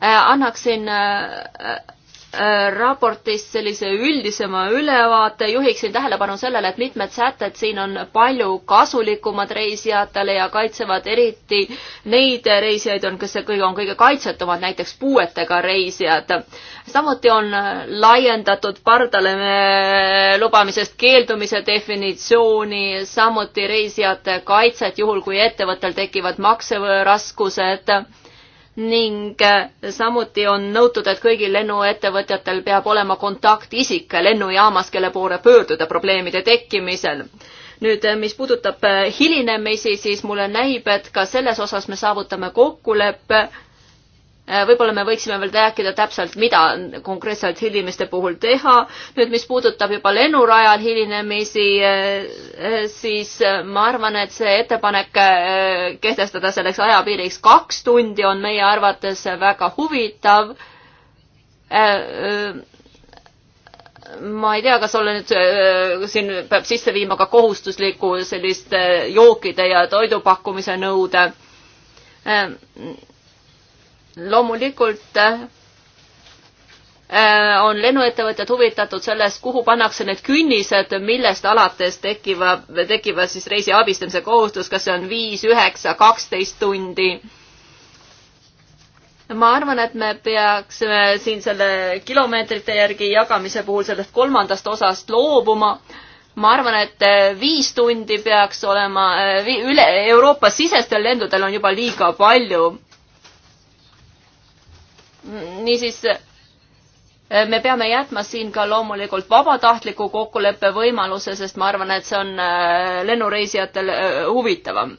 annaksin Äh, raportist sellise üldisema ülevaate, juhiksin tähelepanu sellele, et mitmed sätted siin on palju kasulikumad reisijatele ja kaitsevad eriti neid reisijaid on, kes kõige, on kõige kaitsetumad, näiteks puuetega reisijad. samuti on laiendatud pardale lubamisest keeldumise definitsiooni, samuti reisijate kaitset juhul, kui ettevõttel tekivad makseraskused et ning eh, samuti on nõutud, et kõigil lennuettevõtjatel peab olema kontaktisik lennujaamas, kelle poole pöörduda probleemide tekkimisel. nüüd, eh, mis puudutab eh, hilinemisi, siis mulle näib, et ka selles osas me saavutame kokkuleppe Äh, võib-olla me võiksime veel rääkida täpselt, mida konkreetselt hilimiste puhul teha. nüüd, mis puudutab juba lennurajal hilinemisi, äh, äh, siis ma arvan, et see ettepanek kehtestada selleks ajapiiriks kaks tundi on meie arvates väga huvitav ma ei tea, kas olla nüüd äh, siin peab sisse viima ka kohustusliku sellist äh, jookide ja toidupakkumise nõude äh, loomulikult äh, on lennuettevõtjad huvitatud sellest, kuhu pannakse need künnised, millest alates tekivad, tekivad siis reisi abistamise kohustus, kas see on viis, üheksa, kaksteist tundi ma arvan, et me peaksime siin selle kilomeetrite järgi jagamise puhul sellest kolmandast osast loobuma. ma arvan, et äh, viis tundi peaks olema, äh, üle Euroopa sisestel lendudel on juba liiga palju niisiis eh, me peame jätma siin ka loomulikult vabatahtliku kokkuleppe võimaluse, sest ma arvan, et see on eh, lennureisijatel eh, huvitavam.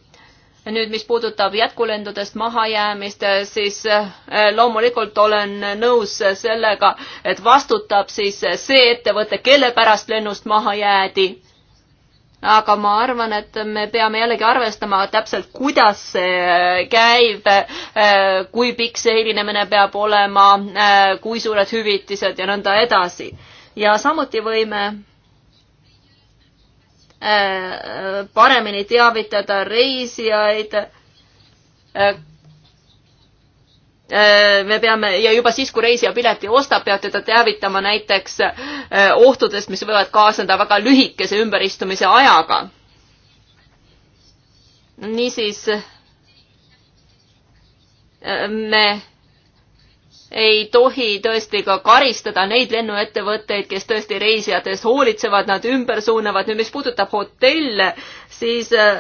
nüüd, mis puudutab jätkulendudest mahajäämist, siis loomulikult olen nõus sellega, et vastutab siis see ettevõte, kelle pärast lennust maha jäädi aga ma arvan, et me peame jällegi arvestama täpselt, kuidas see käib, eh, kui pikk see hilinemine peab olema, eh, kui suured hüvitised ja nõnda edasi. ja samuti võime eh, paremini teavitada reisijaid Äh, me peame ja juba siis, kui reisija pileti ostab, peab teda teavitama näiteks äh, ohtudest, mis võivad kaasneda väga lühikese ümberistumise ajaga. niisiis äh, me ei tohi tõesti ka karistada neid lennuettevõtteid, kes tõesti reisijate eest hoolitsevad, nad ümber suunavad. nüüd, mis puudutab hotelle, siis äh,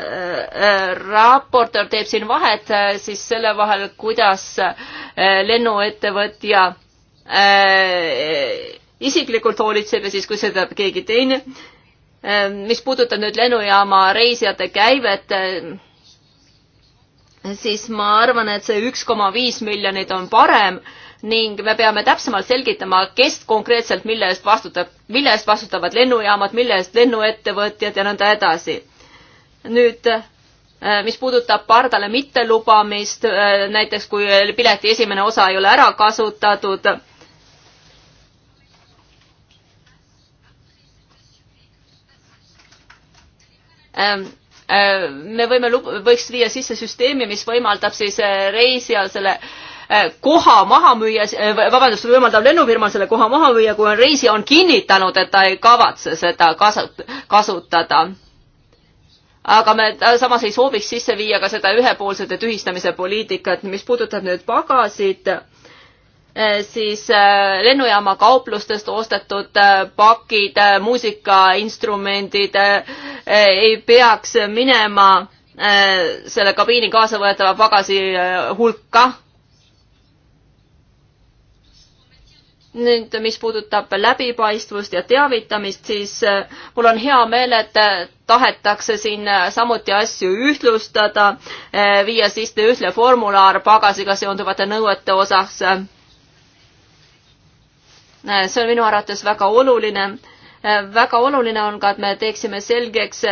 äh, raportöör teeb siin vahet äh, siis selle vahel, kuidas äh, lennuettevõtja äh, isiklikult hoolitseb ja siis, kui seda keegi teine äh,. mis puudutab nüüd lennujaama reisijate käivet äh,, siis ma arvan, et see üks koma viis miljonit on parem ning me peame täpsemalt selgitama, kes konkreetselt mille eest vastutab, mille eest vastutavad lennujaamad, mille eest lennuettevõtjad ja nõnda edasi. nüüd äh, mis puudutab pardale mittelubamist, äh, näiteks kui pileti esimene osa ei ole ära kasutatud. Ähm, äh, me võime, võiks viia sisse süsteemi, mis võimaldab siis reisijal selle äh, Äh, koha maha müüa, äh, vabandust, võimaldab lennufirmal selle koha maha müüa, kui on reisija on kinnitanud, et ta ei kavatse seda kasut-, kasutada. aga me äh, samas ei sooviks sisse viia ka seda ühepoolsete tühistamise poliitikat, mis puudutab nüüd pagasid siis lennujaama kauplustest ostetud pakid, muusikainstrumendid ei peaks minema selle kabiini kaasa võetava pagasi hulka. nüüd, mis puudutab läbipaistvust ja teavitamist, siis äh, mul on hea meel, et äh, tahetakse siin äh, samuti asju ühtlustada, viia sisse ühtne formulaar pagasiga seonduvate nõuete osas. see on minu arvates väga oluline. väga oluline on ka, et me teeksime selgeks,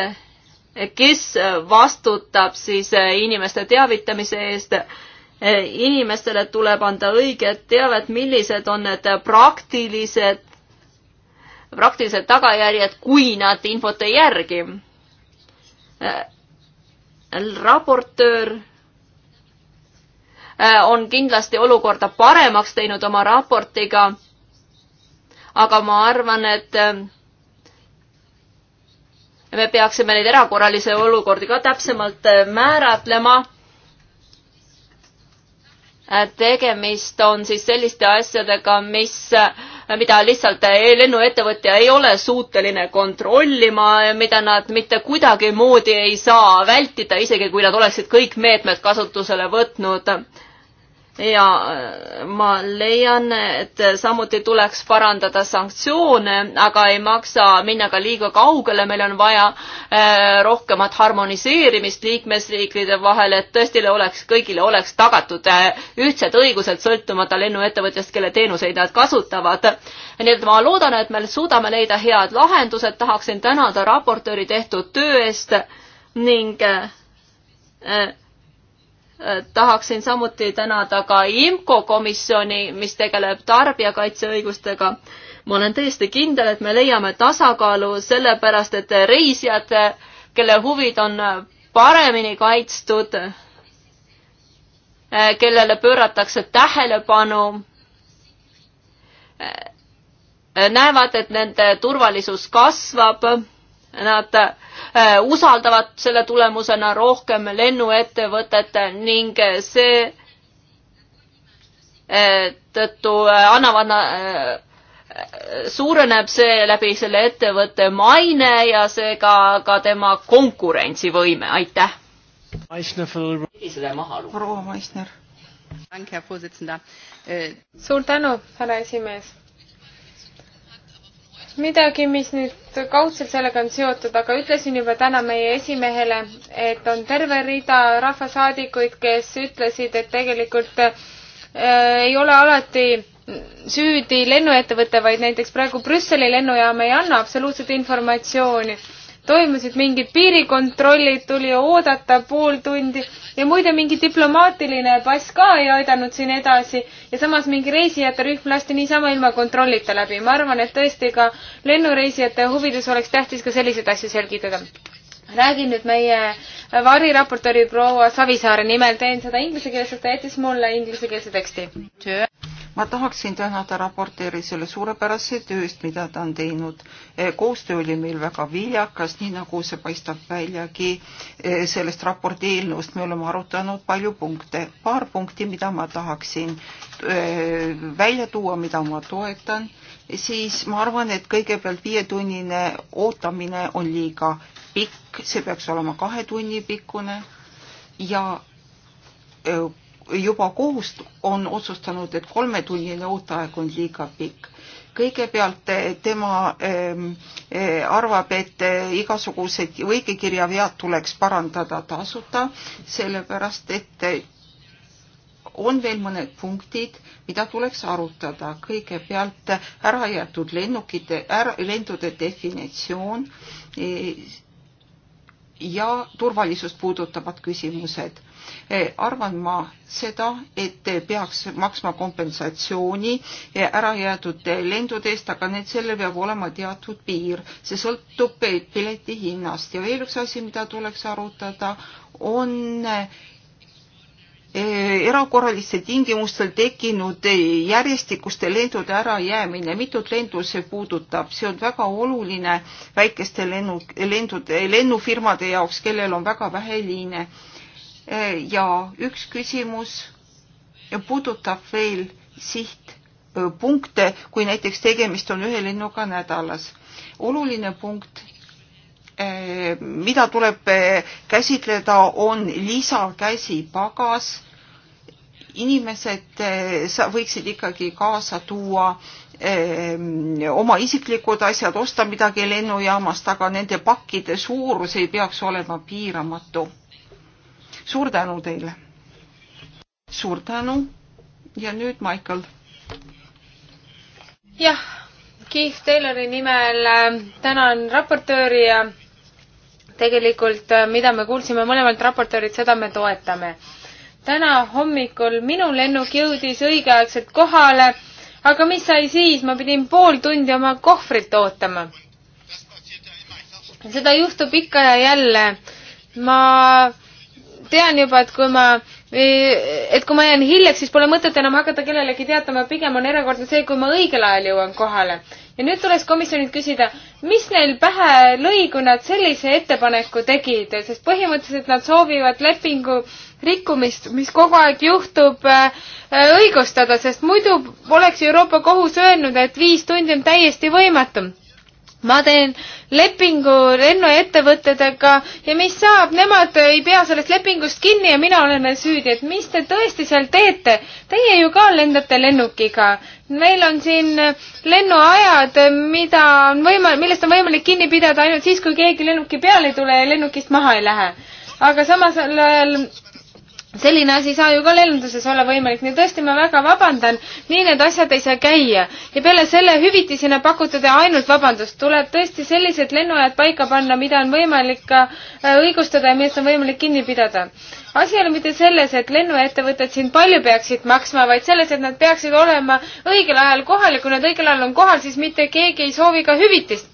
kes vastutab siis inimeste teavitamise eest inimestele tuleb anda õiget teavet, millised on need praktilised, praktilised tagajärjed, kui nad infot ei järgi. raportöör äh, on kindlasti olukorda paremaks teinud oma raportiga, aga ma arvan, et äh, me peaksime neid erakorralisi olukordi ka täpsemalt äh, määratlema Äh, tegemist on siis selliste asjadega, mis, äh, mida lihtsalt äh, lennuettevõtja ei ole suuteline kontrollima, mida nad mitte kuidagimoodi ei saa vältida, isegi kui nad oleksid kõik meetmed kasutusele võtnud ja äh, ma leian, et samuti tuleks parandada sanktsioone, aga ei maksa minna ka liiga kaugele, meil on vaja äh, rohkemat harmoniseerimist liikmesriikide vahel, et tõesti oleks, kõigile oleks tagatud äh, ühtsed õigused sõltumata lennuettevõtjast, kelle teenuseid nad kasutavad. nii et ma loodan, et me suudame leida head lahendused, tahaksin tänada raportööri tehtud töö eest ning äh, Äh, tahaksin samuti tänada ka IMCO komisjoni, mis tegeleb tarbijakaitseõigustega. ma olen täiesti kindel, et me leiame tasakaalu sellepärast, et reisijad, kelle huvid on paremini kaitstud, äh, kellele pööratakse tähelepanu, äh, näevad, et nende turvalisus kasvab Nad eh, usaldavad selle tulemusena rohkem lennuettevõtete ning see eh, tõttu eh, annavad, suureneb see läbi selle ettevõtte maine ja seega ka tema konkurentsivõime, aitäh. proua Maisner. suur tänu, härra esimees midagi, mis nüüd kaudselt sellega on seotud, aga ütlesin juba täna meie esimehele, et on terve rida rahvasaadikuid, kes ütlesid, et tegelikult äh, ei ole alati süüdi lennuettevõte, vaid näiteks praegu Brüsseli lennujaam ei anna absoluutselt informatsiooni toimusid mingid piirikontrollid, tuli oodata pool tundi ja muide, mingi diplomaatiline pass ka ei aidanud siin edasi ja samas mingi reisijate rühm lasti niisama ilma kontrollita läbi. ma arvan, et tõesti ka lennureisijate huvides oleks tähtis ka selliseid asju selgitada. räägin nüüd meie variraportööri proua Savisaare nimel, teen seda inglise keeles, sest ta jättis mulle inglisekeelse teksti ma tahaksin tänada raporteeri selle suurepärase tööst, mida ta on teinud. E, koostöö oli meil väga viljakas, nii nagu see paistab väljagi e, sellest raporti eelnõust. me oleme arutanud palju punkte, paar punkti, mida ma tahaksin e, välja tuua, mida ma toetan, siis ma arvan, et kõigepealt viietunnine ootamine on liiga pikk, see peaks olema kahe tunni pikkune ja juba kohust on otsustanud, et kolmetunnine ooteaeg on liiga pikk. kõigepealt eh, tema ähm, arvab, et eh, igasugused õigekirjavead tuleks parandada tasuta, sellepärast et on veel mõned punktid, mida tuleks arutada. kõigepealt ära jäetud lennukite, lendude definitsioon ja turvalisust puudutavad küsimused Eh, arvan ma seda, et peaks maksma kompensatsiooni eh, ärajäetud lendude eest, aga need, sellel peab olema teatud piir, see sõltub pileti hinnast ja veel üks asi, mida tuleks arutada, on eh, erakorralistel tingimustel tekkinud järjestikuste lendude ärajäämine, mitut lendu see puudutab, see on väga oluline väikeste lennu, lendude, lennufirmade jaoks, kellel on väga vähe liine ja üks küsimus puudutab veel sihtpunkte, kui näiteks tegemist on ühe lennuga nädalas. oluline punkt, mida tuleb käsitleda, on lisakäsipagas. inimesed võiksid ikkagi kaasa tuua oma isiklikud asjad, osta midagi lennujaamast, aga nende pakkide suurus ei peaks olema piiramatu suur tänu teile. suur tänu ja nüüd Michael. jah, Keith Taylori nimel äh, tänan raportööri ja tegelikult, äh, mida me kuulsime mõlemalt raportöörilt, seda me toetame. täna hommikul minu lennuk jõudis õigeaegselt kohale, aga mis sai siis, ma pidin pool tundi oma kohvrit ootama. seda juhtub ikka ja jälle. ma tean juba, et kui ma, et kui ma jään hiljaks, siis pole mõtet enam hakata kellelegi teatama, pigem on erakordne see, kui ma õigel ajal jõuan kohale. ja nüüd tuleks komisjonilt küsida, mis neil pähe lõi, kui nad sellise ettepaneku tegid, sest põhimõtteliselt nad soovivad lepingu rikkumist, mis kogu aeg juhtub äh,, õigustada, sest muidu oleks Euroopa Kohus öelnud, et viis tundi on täiesti võimatu ma teen lepingu lennuettevõtetega ja mis saab, nemad ei pea sellest lepingust kinni ja mina olen veel süüdi, et mis te tõesti seal teete? Teie ju ka lendate lennukiga. meil on siin lennuajad, mida on võima-, millest on võimalik kinni pidada ainult siis, kui keegi lennuki peale ei tule ja lennukist maha ei lähe. aga samas ajal selline asi ei saa ju ka lennunduses olla võimalik, nii tõesti ma väga vabandan, nii need asjad ei saa käia. ja peale selle hüvitisena pakute te ainult vabandust, tuleb tõesti sellised lennuajad paika panna, mida on võimalik ka äh, õigustada ja millest on võimalik kinni pidada. asi ei ole mitte selles, et lennuettevõtted siin palju peaksid maksma, vaid selles, et nad peaksid olema õigel ajal kohal ja kui nad õigel ajal on kohal, siis mitte keegi ei soovi ka hüvitist.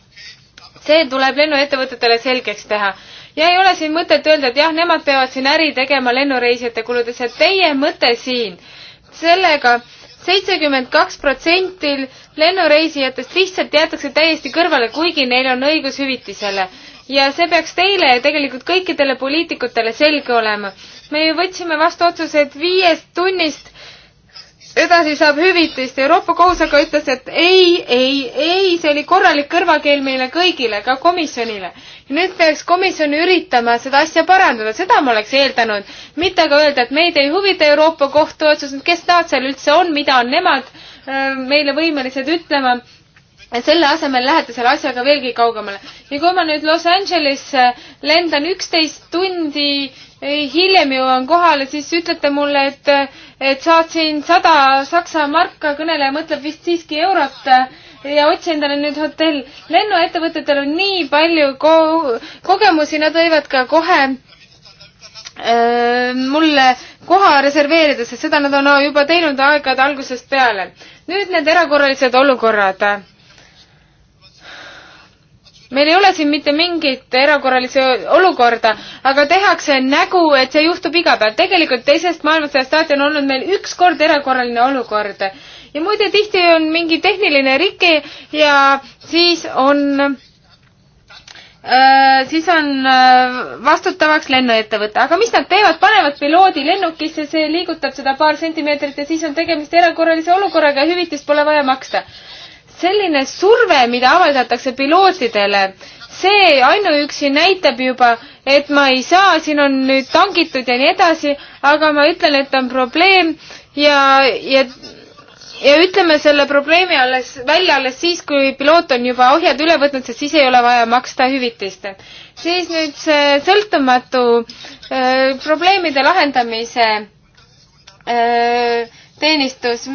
see tuleb lennuettevõtetele selgeks teha ja ei ole siin mõtet öelda, et jah, nemad peavad siin äri tegema lennureisijate kuludes ja teie mõte siin sellega seitsekümmend kaks protsentil lennureisijatest lihtsalt jäetakse täiesti kõrvale, kuigi neil on õigus hüvitisele. ja see peaks teile ja tegelikult kõikidele poliitikutele selge olema. me ju võtsime vastu otsused viiest tunnist edasi saab hüvitist. Euroopa Kohus aga ütles, et ei, ei, ei, see oli korralik kõrvakeel meile kõigile, ka komisjonile. nüüd peaks komisjon üritama seda asja parandada, seda ma oleks eeldanud. mitte aga öelda, et meid ei huvita Euroopa Kohtu otsus, kes nad seal üldse on, mida on nemad äh, meile võimelised ütlema et selle asemel lähete selle asjaga veelgi kaugemale. ja kui ma nüüd Los Angelesse äh, lendan üksteist tundi hiljem jõuan kohale, siis ütlete mulle, et, et saatsin sada saksa marka, kõneleja mõtleb vist siiski eurot äh, ja otsi endale nüüd hotell. lennuettevõtetel on nii palju ko-, kogemusi, nad võivad ka kohe äh, mulle koha reserveerida, sest seda nad on juba teinud aegade algusest peale. nüüd need erakorralised olukorrad meil ei ole siin mitte mingit erakorralise olukorda, aga tehakse nägu, et see juhtub iga päev. tegelikult teisest maailmasõjast saati on olnud meil üks kord erakorraline olukord. ja muide, tihti on mingi tehniline rike ja siis on Äh, siis on äh, vastutavaks lennuettevõte, aga mis nad teevad, panevad piloodi lennukisse, see liigutab seda paar sentimeetrit ja siis on tegemist erakorralise olukorraga ja hüvitist pole vaja maksta selline surve, mida avaldatakse pilootidele, see ainuüksi näitab juba, et ma ei saa, siin on nüüd tangitud ja nii edasi, aga ma ütlen, et on probleem ja, ja ja ütleme selle probleemi alles, välja alles siis, kui piloot on juba ohjad üle võtnud, sest siis ei ole vaja maksta hüvitist. siis nüüd see sõltumatu öö, äh, probleemide lahendamise öö, äh, teenistus.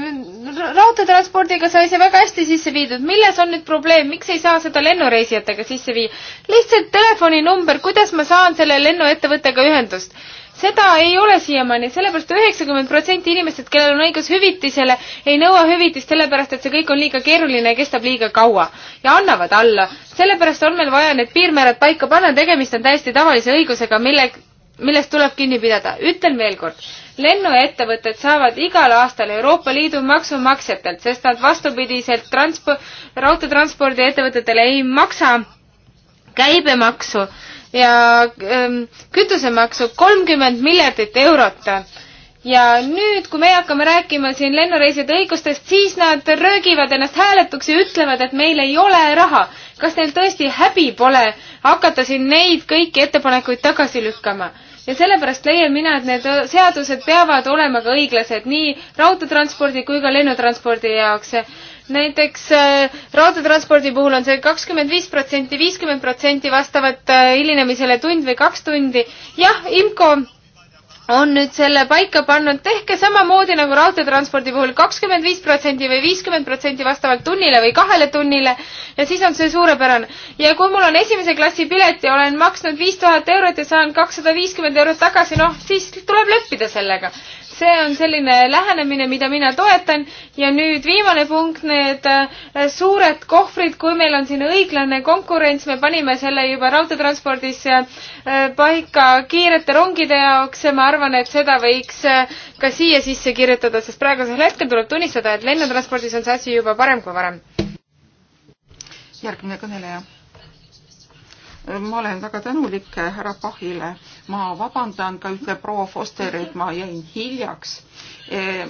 raudteetranspordiga sai see väga hästi sisse viidud. milles on nüüd probleem, miks ei saa seda lennureisijatega sisse viia? lihtsalt telefoninumber, kuidas ma saan selle lennuettevõttega ühendust? seda ei ole siiamaani, sellepärast üheksakümmend protsenti inimestest, kellel on õigus hüvitisele, ei nõua hüvitist sellepärast, et see kõik on liiga keeruline ja kestab liiga kaua ja annavad alla. sellepärast on meil vaja need piirmäärad paika panna, tegemist on täiesti tavalise õigusega, mille millest tuleb kinni pidada. ütlen veel kord, lennuettevõtted saavad igal aastal Euroopa Liidu maksumaksjatelt, sest nad vastupidiselt transpo-, raudteetranspordiettevõtetele ei maksa käibemaksu ja ähm, kütusemaksu kolmkümmend miljardit eurot. ja nüüd, kui meie hakkame rääkima siin lennureisijate õigustest, siis nad röögivad ennast hääletuks ja ütlevad, et meil ei ole raha. kas neil tõesti häbi pole hakata siin neid kõiki ettepanekuid tagasi lükkama? ja sellepärast leian mina, et need seadused peavad olema ka õiglased nii raudteetranspordi kui ka lennutranspordi jaoks. näiteks äh, raudteetranspordi puhul on see kakskümmend viis protsenti, viiskümmend protsenti vastavalt äh, hilinemisele tund või kaks tundi. jah, IMCO on nüüd selle paika pannud, tehke samamoodi nagu raudteetranspordi puhul kakskümmend viis protsenti või viiskümmend protsenti vastavalt tunnile või kahele tunnile ja siis on see suurepärane. ja kui mul on esimese klassi pilet ja olen maksnud viis tuhat eurot ja saan kakssada viiskümmend eurot tagasi, noh siis tuleb leppida sellega see on selline lähenemine, mida mina toetan ja nüüd viimane punkt, need äh, suured kohvrid, kui meil on siin õiglane konkurents, me panime selle juba raudteetranspordis äh, paika kiirete rongide jaoks ja ma arvan, et seda võiks äh, ka siia sisse kirjutada, sest praegusel hetkel tuleb tunnistada, et lennutranspordis on see asi juba parem kui varem. järgmine kõneleja ma olen väga tänulik härra Pahile. ma vabandan ka, ütleb proua Foster, et ma jäin hiljaks. Ehm,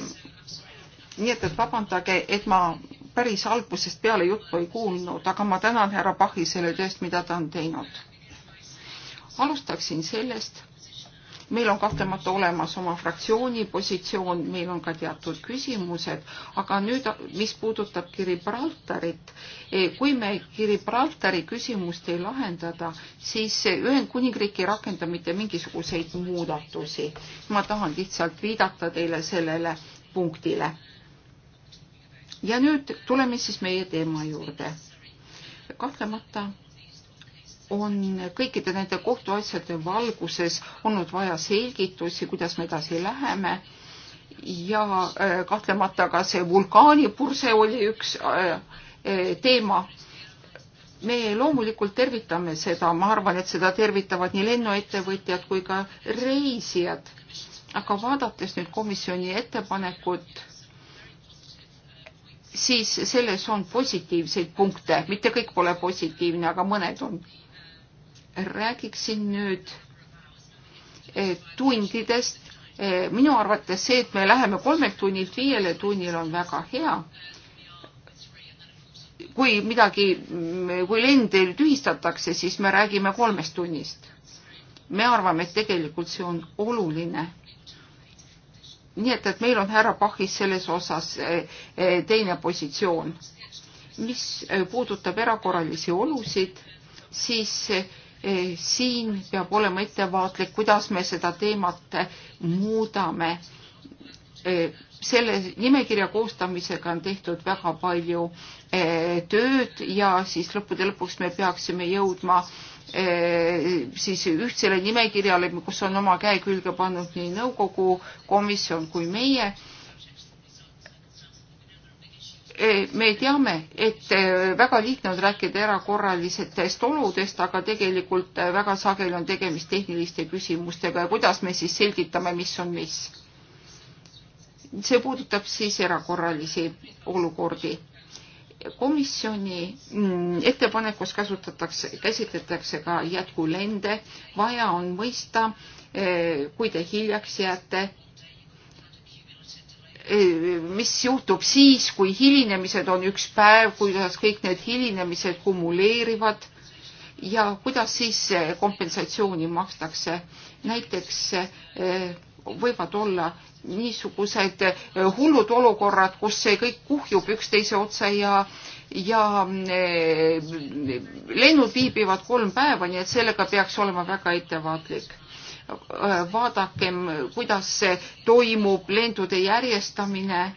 nii et, et vabandage, et ma päris algusest peale juttu ei kuulnud, aga ma tänan härra Pahi selle tööst, mida ta on teinud. alustaksin sellest, meil on kahtlemata olemas oma fraktsiooni positsioon, meil on ka teatud küsimused, aga nüüd, mis puudutab Gibraltarit, eh, kui me Gibraltari küsimust ei lahendada, siis Ühendkuningriik ei rakenda mitte mingisuguseid muudatusi. ma tahan lihtsalt viidata teile sellele punktile. ja nüüd tuleme siis meie teema juurde. kahtlemata on kõikide nende kohtuasjade valguses olnud vaja selgitusi, kuidas me edasi läheme ja äh, kahtlemata ka see vulkaanipurse oli üks äh, äh, teema. me loomulikult tervitame seda, ma arvan, et seda tervitavad nii lennuettevõtjad kui ka reisijad. aga vaadates nüüd komisjoni ettepanekut, siis selles on positiivseid punkte, mitte kõik pole positiivne, aga mõned on räägiksin nüüd eh, tundidest. Eh, minu arvates see, et me läheme kolmelt tunnilt viiele tunnile on väga hea. kui midagi, mm, kui lend tühistatakse, siis me räägime kolmest tunnist. me arvame, et tegelikult see on oluline. nii et, et meil on härra Pahis selles osas eh, teine positsioon. mis puudutab erakorralisi olusid, siis siin peab olema ettevaatlik, kuidas me seda teemat muudame. selle nimekirja koostamisega on tehtud väga palju tööd ja siis lõppude lõpuks me peaksime jõudma siis ühtsele nimekirjale, kus on oma käe külge pannud nii nõukogu komisjon kui meie me teame, et äh, väga lihtne on rääkida erakorralisetest oludest, aga tegelikult äh, väga sageli on tegemist tehniliste küsimustega ja kuidas me siis selgitame, mis on mis. see puudutab siis erakorralisi olukordi. komisjoni mm, ettepanekus kasutatakse, käsitletakse ka jätkulende, vaja on mõista, äh, kui te hiljaks jääte, Eh, mis juhtub siis, kui hilinemised on üks päev, kuidas kõik need hilinemised kumuleerivad ja kuidas siis eh, kompensatsiooni makstakse. näiteks eh, võivad olla niisugused hullud olukorrad, kus see kõik kuhjub üksteise otsa ja ja lennud viibivad kolm päeva, nii et sellega peaks olema väga ettevaatlik vaadakem, kuidas toimub lendude järjestamine.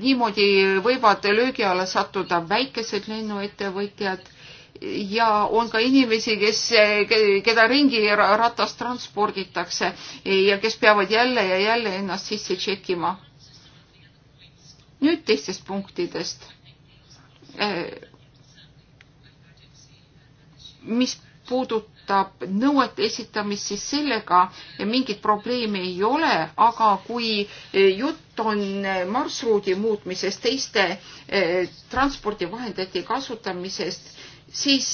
niimoodi võivad löögi alla sattuda väikesed lennuettevõtjad ja on ka inimesi, kes, keda ringi ratas transporditakse ja kes peavad jälle ja jälle ennast sisse tšekkima. nüüd teistest punktidest äh, mis puudutab puudutab nõuete esitamist, siis sellega mingit probleemi ei ole, aga kui eh, jutt on eh, marsruudi muutmisest, teiste eh, transpordivahendite kasutamisest, siis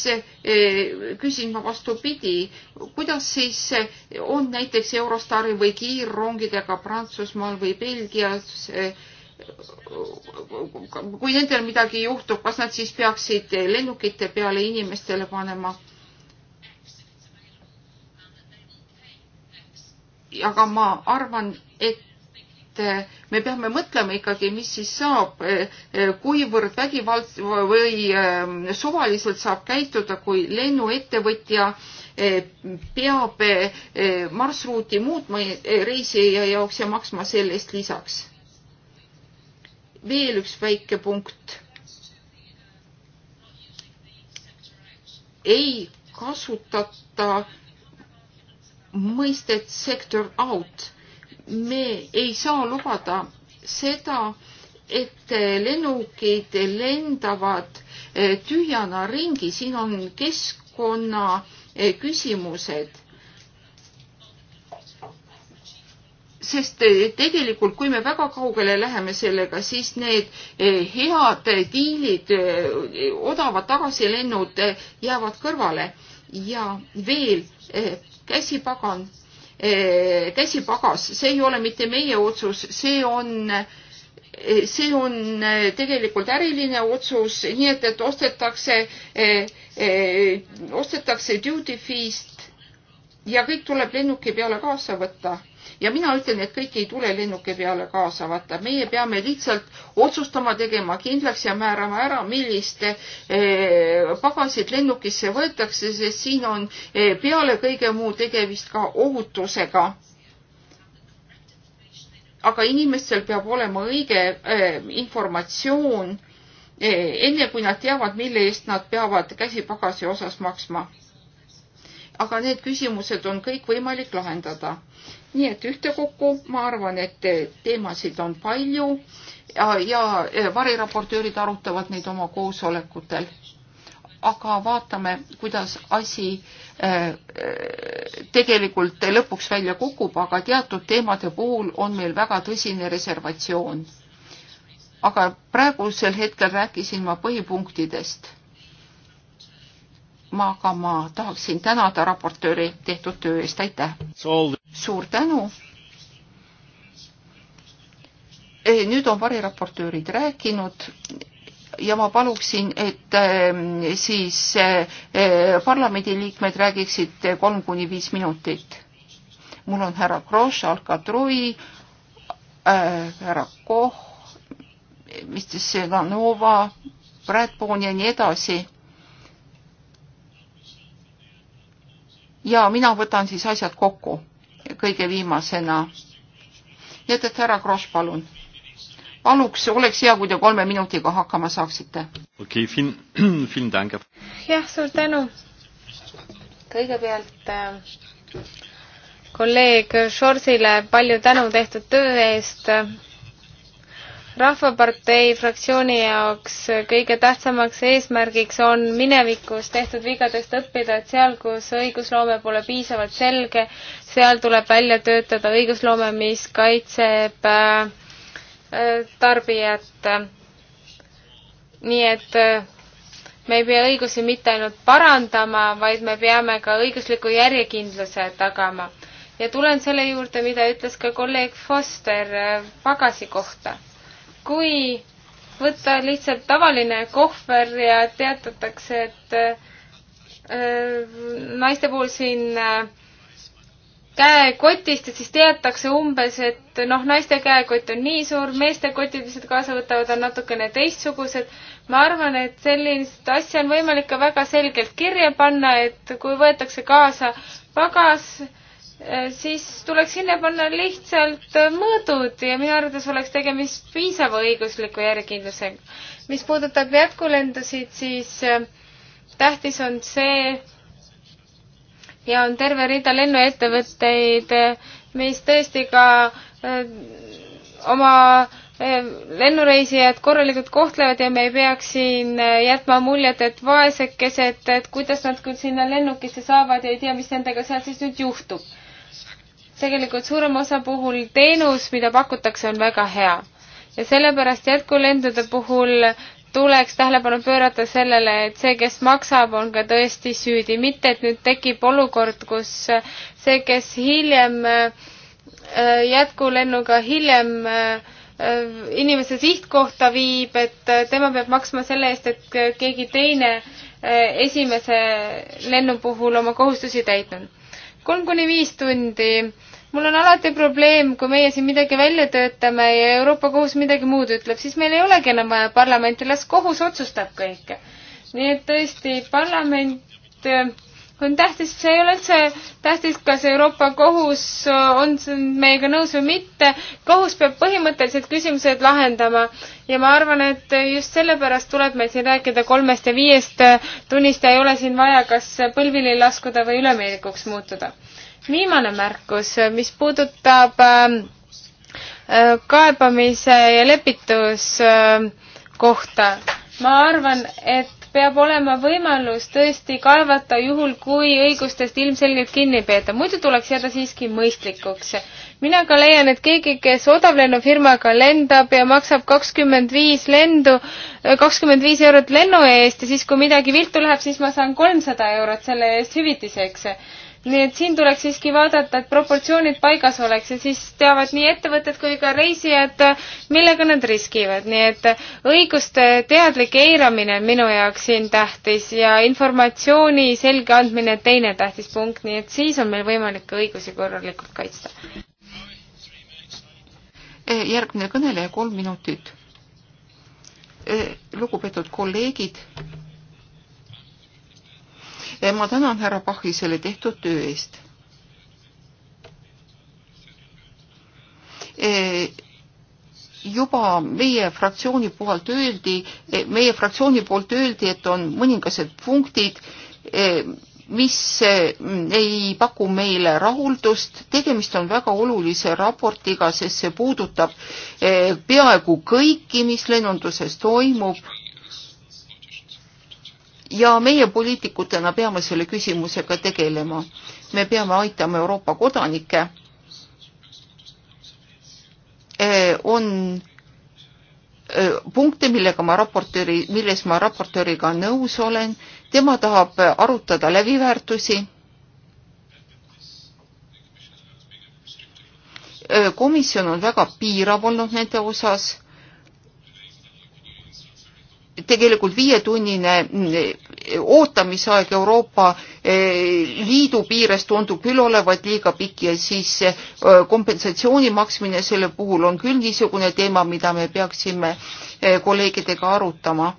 küsin ma vastupidi, kuidas siis on näiteks Eurostari või kiirrongidega Prantsusmaal või Belgias kui nendel midagi juhtub, kas nad siis peaksid lennukite peale inimestele panema aga ma arvan, et eh, me peame mõtlema ikkagi, mis siis saab, eh, eh, kuivõrd vägivald või suvaliselt saab käituda, kui lennuettevõtja peab marsruuti muutma reisija jaoks ja maksma selle eest lisaks. veel üks väike punkt. ei kasutata mõistet sector out. me ei saa lubada seda, et lennukid lendavad eh, tühjana ringi, siin on keskkonna eh, küsimused sest eh, tegelikult, kui me väga kaugele läheme sellega, siis need head diilid, odavad tagasilennud jäävad kõrvale ja veel käsipagan, eh, käsipagas, see ei ole mitte meie otsus, see on eh, see on eh, tegelikult äriline otsus, nii et, et ostetakse, ostetakse duty fee'st ja kõik tuleb lennuki peale kaasa võtta ja mina ütlen, et kõik ei tule lennuki peale kaasavata, meie peame lihtsalt otsustama, tegema kindlaks ja määrama ära, millist eh, pagasit lennukisse võetakse, sest siin on eh, peale kõige muu tegemist ka ohutusega aga inimestel peab olema õige eh, informatsioon enne kui nad teavad, mille eest nad peavad käsipagasi osas maksma. aga need küsimused on kõik võimalik lahendada nii et ühtekokku ma arvan, et teemasid on palju ja, ja variraportöörid arutavad neid oma koosolekutel. aga vaatame, kuidas asi äh, äh, tegelikult lõpuks välja kukub, aga teatud teemade puhul on meil väga tõsine reservatsioon. aga praegusel hetkel rääkisin ma põhipunktidest ma, aga ma tahaksin tänada raportööri tehtud töö eest, aitäh! suur tänu! E, nüüd on variraportöörid rääkinud ja ma paluksin, et ehm, siis e, e, parlamendiliikmed räägiksid kolm kuni viis minutit. mul on härra Kross, Alcatrui, härra Koch, mis siis, Lanova, Bradbone ja nii edasi ja mina võtan siis asjad kokku kõige viimasena. nii et, et härra Kross, palun. paluks, oleks hea, kui te kolme minutiga hakkama saaksite. okei okay,, jah, suur tänu. kõigepealt äh, kolleeg Šorsile palju tänu tehtud töö eest äh, rahvapartei fraktsiooni jaoks kõige tähtsamaks eesmärgiks on minevikus tehtud vigadest õppida, et seal, kus õigusloome pole piisavalt selge, seal tuleb välja töötada õigusloome, mis kaitseb äh, tarbijat. nii et äh, me ei pea õigusi mitte ainult parandama, vaid me peame ka õigusliku järjekindluse tagama. ja tulen selle juurde, mida ütles ka kolleeg Foster äh, pagasi kohta kui võtta lihtsalt tavaline kohver ja teatatakse, et äh, naiste puhul siin äh, käekotist, et siis teatakse umbes, et noh, naiste käekott on nii suur, meeste kotid, mis nad kaasa võtavad, on natukene teistsugused. ma arvan, et sellist asja on võimalik ka väga selgelt kirja panna, et kui võetakse kaasa pagas äh,, Äh, siis tuleks sinna panna lihtsalt mõõdud ja minu arvates oleks tegemist piisava õigusliku järjekindlusega. mis puudutab jätkulendusid, siis äh, tähtis on see ja on terve rida lennuettevõtteid, äh, mis tõesti ka oma lennureisijad korralikult kohtlevad ja me ei peaks siin jätma muljet, et vaesekesed, et kuidas nad küll sinna lennukisse saavad ja ei tea, mis nendega seal siis nüüd juhtub tegelikult suurema osa puhul teenus, mida pakutakse, on väga hea. ja sellepärast jätkulendude puhul tuleks tähelepanu pöörata sellele, et see, kes maksab, on ka tõesti süüdi, mitte et nüüd tekib olukord, kus see, kes hiljem äh, jätkulennuga hiljem äh, inimese sihtkohta viib, et äh, tema peab maksma selle eest, et keegi teine esimese lennu puhul oma kohustusi täitnud. kolm kuni viis tundi mul on alati probleem, kui meie siin midagi välja töötame ja Euroopa Kohus midagi muud ütleb, siis meil ei olegi enam vaja parlamenti, las kohus otsustab kõike. nii et tõesti, parlament äh, on tähtis, see ei ole üldse tähtis, kas Euroopa Kohus äh, on meiega nõus või mitte. kohus peab põhimõttelised küsimused lahendama ja ma arvan, et just sellepärast tuleb meil siin rääkida kolmest ja viiest äh, tunnist ja ei ole siin vaja kas põlvili laskuda või ülemeelikuks muutuda viimane märkus, mis puudutab ähm, äh, kaebamise ja lepituskohta. Ähm, ma arvan, et peab olema võimalus tõesti kaevata juhul, kui õigustest ilmselgelt kinni ei peeta, muidu tuleks jääda siiski mõistlikuks. mina ka leian, et keegi, kes odavlennufirmaga lendab ja maksab kakskümmend viis lendu, äh, kakskümmend viis eurot lennu eest ja siis, kui midagi viltu läheb, siis ma saan kolmsada eurot selle eest hüvitiseks nii et siin tuleks siiski vaadata, et proportsioonid paigas oleks ja siis teavad nii ettevõtted kui ka reisijad, millega nad riskivad, nii et õiguste teadlik eiramine on minu jaoks siin tähtis ja informatsiooni selge andmine teine tähtis punkt, nii et siis on meil võimalik ka õigusi korralikult kaitsta. Eh, järgmine kõneleja, kolm minutit. Eh, lugupeetud kolleegid ma tänan härra Pachi selle tehtud töö eest. E, juba meie fraktsiooni poolt öeldi, e, meie fraktsiooni poolt öeldi, et on mõningased punktid, e, mis ei paku meile rahuldust. tegemist on väga olulise raportiga, sest see puudutab peaaegu kõiki, mis lennunduses toimub ja meie poliitikutena peame selle küsimusega tegelema. me peame aitama Euroopa kodanikke. Äh, on äh, punkte, millega ma raportööri, milles ma raportööriga nõus olen, tema tahab arutada läbiväärtusi. Äh, komisjon on väga piirav olnud nende osas tegelikult viietunnine mm, ootamisaeg Euroopa eh, Liidu piires tundub küll olevat liiga pikk ja siis eh, kompensatsiooni maksmine selle puhul on küll niisugune teema, mida me peaksime eh, kolleegidega arutama.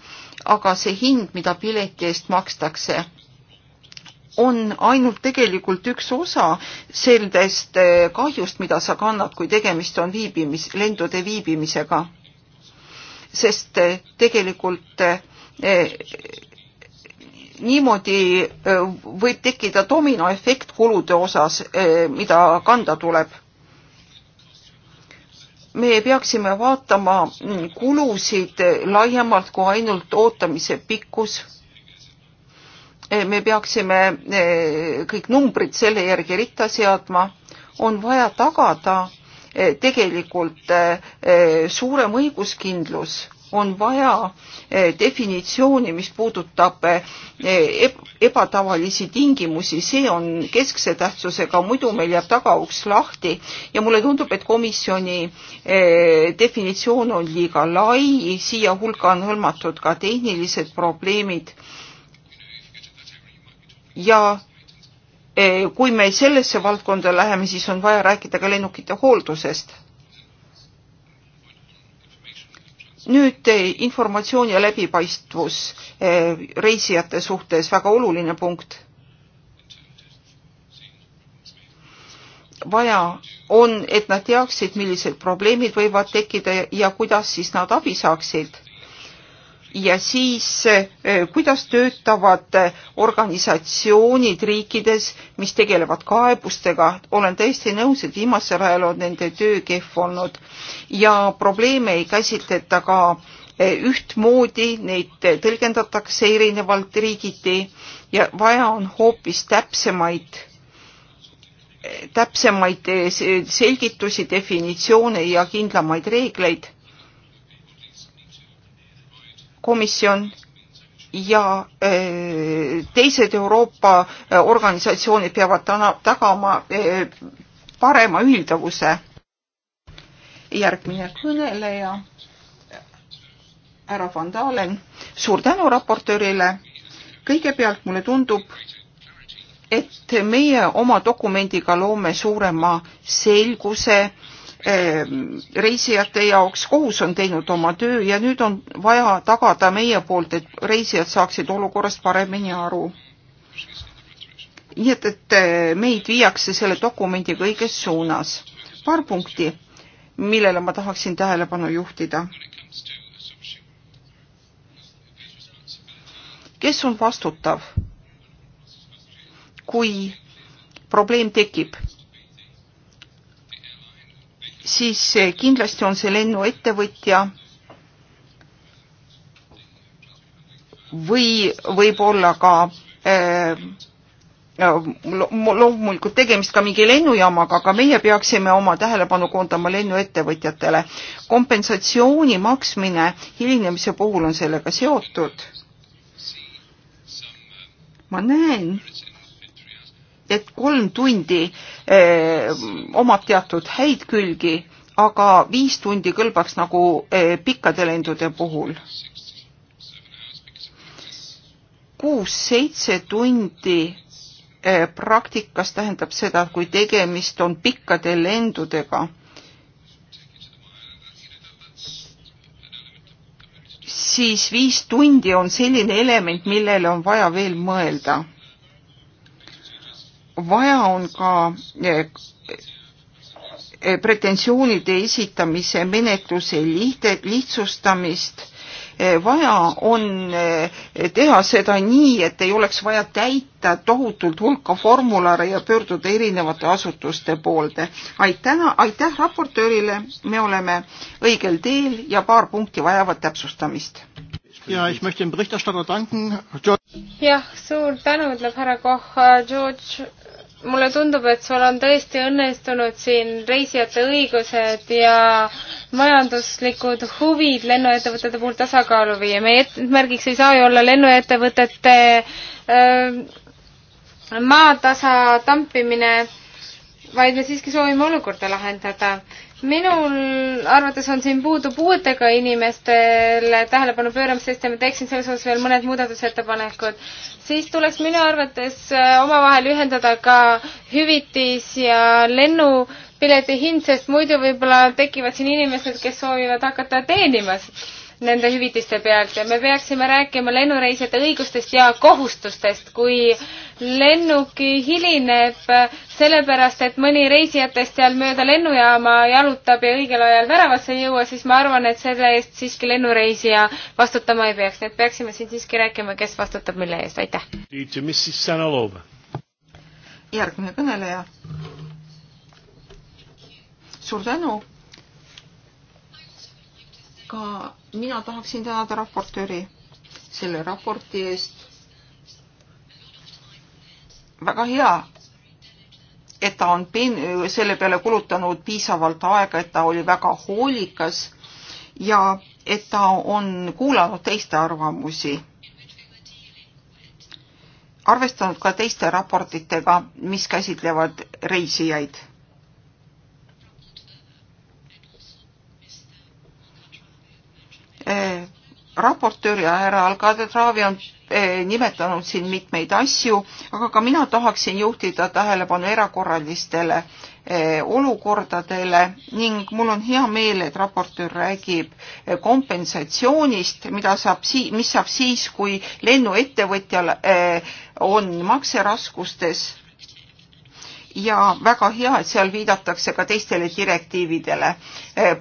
aga see hind, mida pileti eest makstakse, on ainult tegelikult üks osa sellest kahjust, mida sa kannad, kui tegemist on viibimis, lendude viibimisega sest eh, tegelikult eh, niimoodi eh, võib tekkida dominoefekt kulude osas, mida kanda tuleb. me peaksime vaatama mm, kulusid laiemalt kui ainult ootamise pikkus. me peaksime kõik numbrid selle järgi ritta seadma. on vaja tagada, Eh, tegelikult eh, eh, suurem õiguskindlus on vaja definitsiooni, mis puudutab ebatavalisi tingimusi, see on keskse tähtsusega, muidu meil jääb tagauks lahti ja mulle tundub, et komisjoni definitsioon on liiga lai, siia hulka on hõlmatud ka tehnilised probleemid. ja Eh, kui me sellesse valdkonda läheme, siis on vaja rääkida ka lennukite hooldusest. nüüd eh, informatsioon ja läbipaistvus eh, reisijate suhtes, väga oluline punkt. vaja on, et nad teaksid, millised probleemid võivad tekkida ja kuidas siis nad abi saaksid ja siis eh, kuidas töötavad eh, organisatsioonid riikides, mis tegelevad kaebustega, olen täiesti nõus, et viimasel ajal on nende töö kehv olnud ja probleeme ei käsitleta ka eh, ühtmoodi, neid tõlgendatakse erinevalt riigiti ja vaja on hoopis täpsemaid täpsemaid selgitusi, definitsioone ja kindlamaid reegleid komisjon ja äh, teised Euroopa äh, organisatsioonid peavad tagama äh, parema ühildavuse. järgmine kõneleja, härra Van Dalen, suur tänu raportöörile. kõigepealt mulle tundub, et meie oma dokumendiga loome suurema selguse äh, Ehm, reisijate jaoks, kohus on teinud oma töö ja nüüd on vaja tagada meie poolt, et reisijad saaksid olukorrast paremini aru. nii et, et eh, meid viiakse selle dokumendiga õiges suunas. paar punkti, millele ma tahaksin tähelepanu juhtida. kes on vastutav, kui probleem tekib? siis kindlasti on see lennuettevõtja või võib-olla ka äh, loomulikult tegemist ka mingi lennujaamaga, aga meie peaksime oma tähelepanu koondama lennuettevõtjatele. kompensatsiooni maksmine hilinemise puhul on sellega seotud. ma näen, et kolm tundi Eh, omab teatud häid külgi, aga viis tundi kõlbaks nagu eh, pikkade lendude puhul. kuus-seitse tundi eh, praktikas tähendab seda, kui tegemist on pikkade lendudega, siis viis tundi on selline element, millele on vaja veel mõelda vaja on ka eh, pretensioonide esitamise menetluse liht-, lihtsustamist, eh, vaja on eh, teha seda nii, et ei oleks vaja täita tohutult hulka formulare ja pöörduda erinevate asutuste poolde. aitäh, aitäh raportöörile, me oleme õigel teel ja paar punkti vajavad täpsustamist. ja ich möchte dem Berichterstatter danken. jah, suur tänu, ütleb härra Koch, George mulle tundub, et sul on tõesti õnnestunud siin reisijate õigused ja majanduslikud huvid lennuettevõtete puhul tasakaalu viia. meie eesmärgiks ei saa ju olla lennuettevõtete öö, maatasa tampimine, vaid me siiski soovime olukorda lahendada minul arvates on siin puudu puudega inimestele tähelepanu pööramist, sest ma teeksin selles osas veel mõned muudatusettepanekud. siis tuleks minu arvates äh, omavahel ühendada ka hüvitis ja lennupileti hind, sest muidu võib-olla tekivad siin inimesed, kes soovivad hakata teenima nende hüvitiste pealt ja me peaksime rääkima lennureisijate õigustest ja kohustustest, kui lennuki hilineb sellepärast, et mõni reisijatest seal mööda lennujaama jalutab ja õigel ajal väravasse ei jõua, siis ma arvan, et selle eest siiski lennureisija vastutama ei peaks, nii et peaksime siin siiski rääkima, kes vastutab mille eest, aitäh. järgmine kõneleja. suur tänu ka mina tahaksin tänada raportööri selle raporti eest. väga hea, et ta on pen-, selle peale kulutanud piisavalt aega, et ta oli väga hoolikas ja et ta on kuulanud teiste arvamusi, arvestanud ka teiste raportitega, mis käsitlevad reisijaid Äh, raportöör ja härra Alcadravi on äh, nimetanud siin mitmeid asju, aga ka mina tahaksin juhtida tähelepanu erakorralistele äh, olukordadele ning mul on hea meel, et raportöör räägib kompensatsioonist, mida saab sii-, mis saab siis, kui lennuettevõtjal on makseraskustes ja väga hea, et seal viidatakse ka teistele direktiividele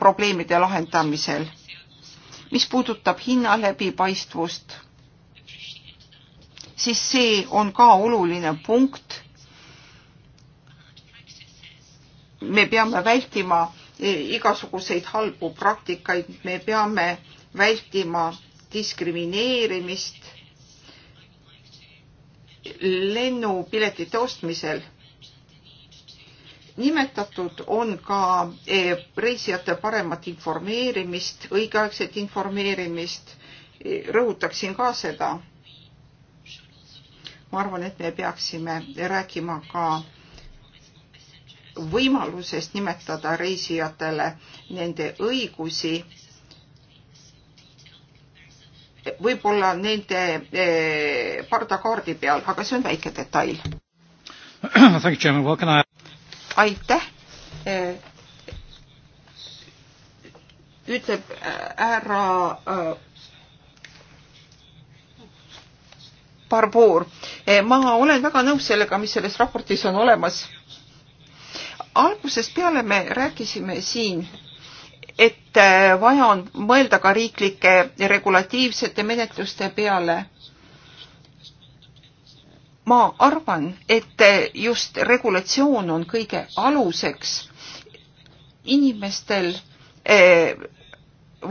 probleemide lahendamisel mis puudutab hinna läbipaistvust, siis see on ka oluline punkt. me peame vältima igasuguseid halbu praktikaid, me peame vältima diskrimineerimist lennupiletite ostmisel nimetatud, on ka eh, reisijate paremat informeerimist, õigeaegset informeerimist. Eh, rõhutaksin ka seda. ma arvan, et me peaksime rääkima ka võimalusest nimetada reisijatele nende õigusi võib-olla nende eh, pardakaardi peal, aga see on väike detail aitäh, ütleb äh, härra äh, Barbour. Eh, ma olen väga nõus sellega, mis selles raportis on olemas. algusest peale me rääkisime siin et äh, vaja on mõelda ka riiklike regulatiivsete menetluste peale ma arvan, et just regulatsioon on kõige aluseks inimestel eh,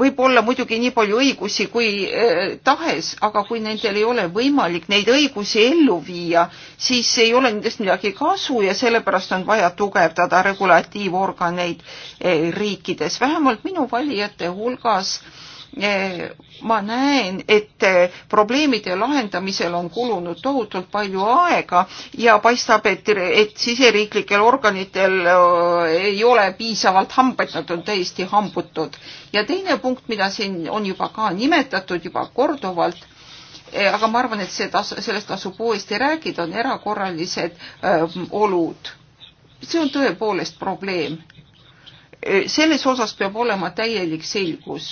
võib olla muidugi nii palju õigusi kui eh, tahes, aga kui nendel ei ole võimalik neid õigusi ellu viia, siis ei ole nendest midagi kasu ja sellepärast on vaja tugevdada regulatiivorganeid eh, riikides. vähemalt minu valijate hulgas Eh, ma näen, et eh, probleemide lahendamisel on kulunud tohutult palju aega ja paistab, et, et siseriiklikel organitel eh, ei ole piisavalt hambaid, nad on täiesti hambutud. ja teine punkt, mida siin on juba ka nimetatud juba korduvalt, aga ma arvan, et see tas-, sellest tasub uuesti rääkida, on erakorralised öö, olud. see on tõepoolest probleem. selles osas peab olema täielik selgus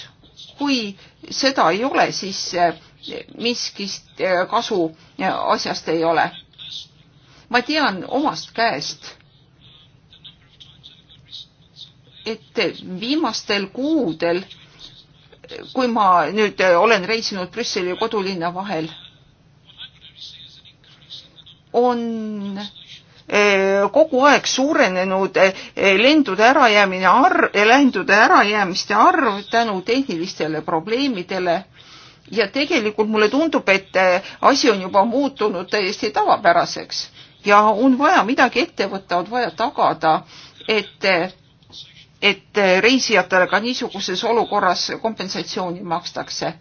kui seda ei ole, siis eh, miskist eh, kasu eh, asjast ei ole. ma tean omast käest, et viimastel kuudel, kui ma nüüd olen reisinud Brüsseli ja kodulinna vahel, on Eh, kogu aeg suurenenud eh, lendude ärajäämine arv, eh, lendude ärajäämiste arv tänu tehnilistele probleemidele ja tegelikult mulle tundub, et asi on juba muutunud täiesti tavapäraseks ja on vaja midagi ette võtta, on vaja tagada, et et reisijatele ka niisuguses olukorras kompensatsiooni makstakse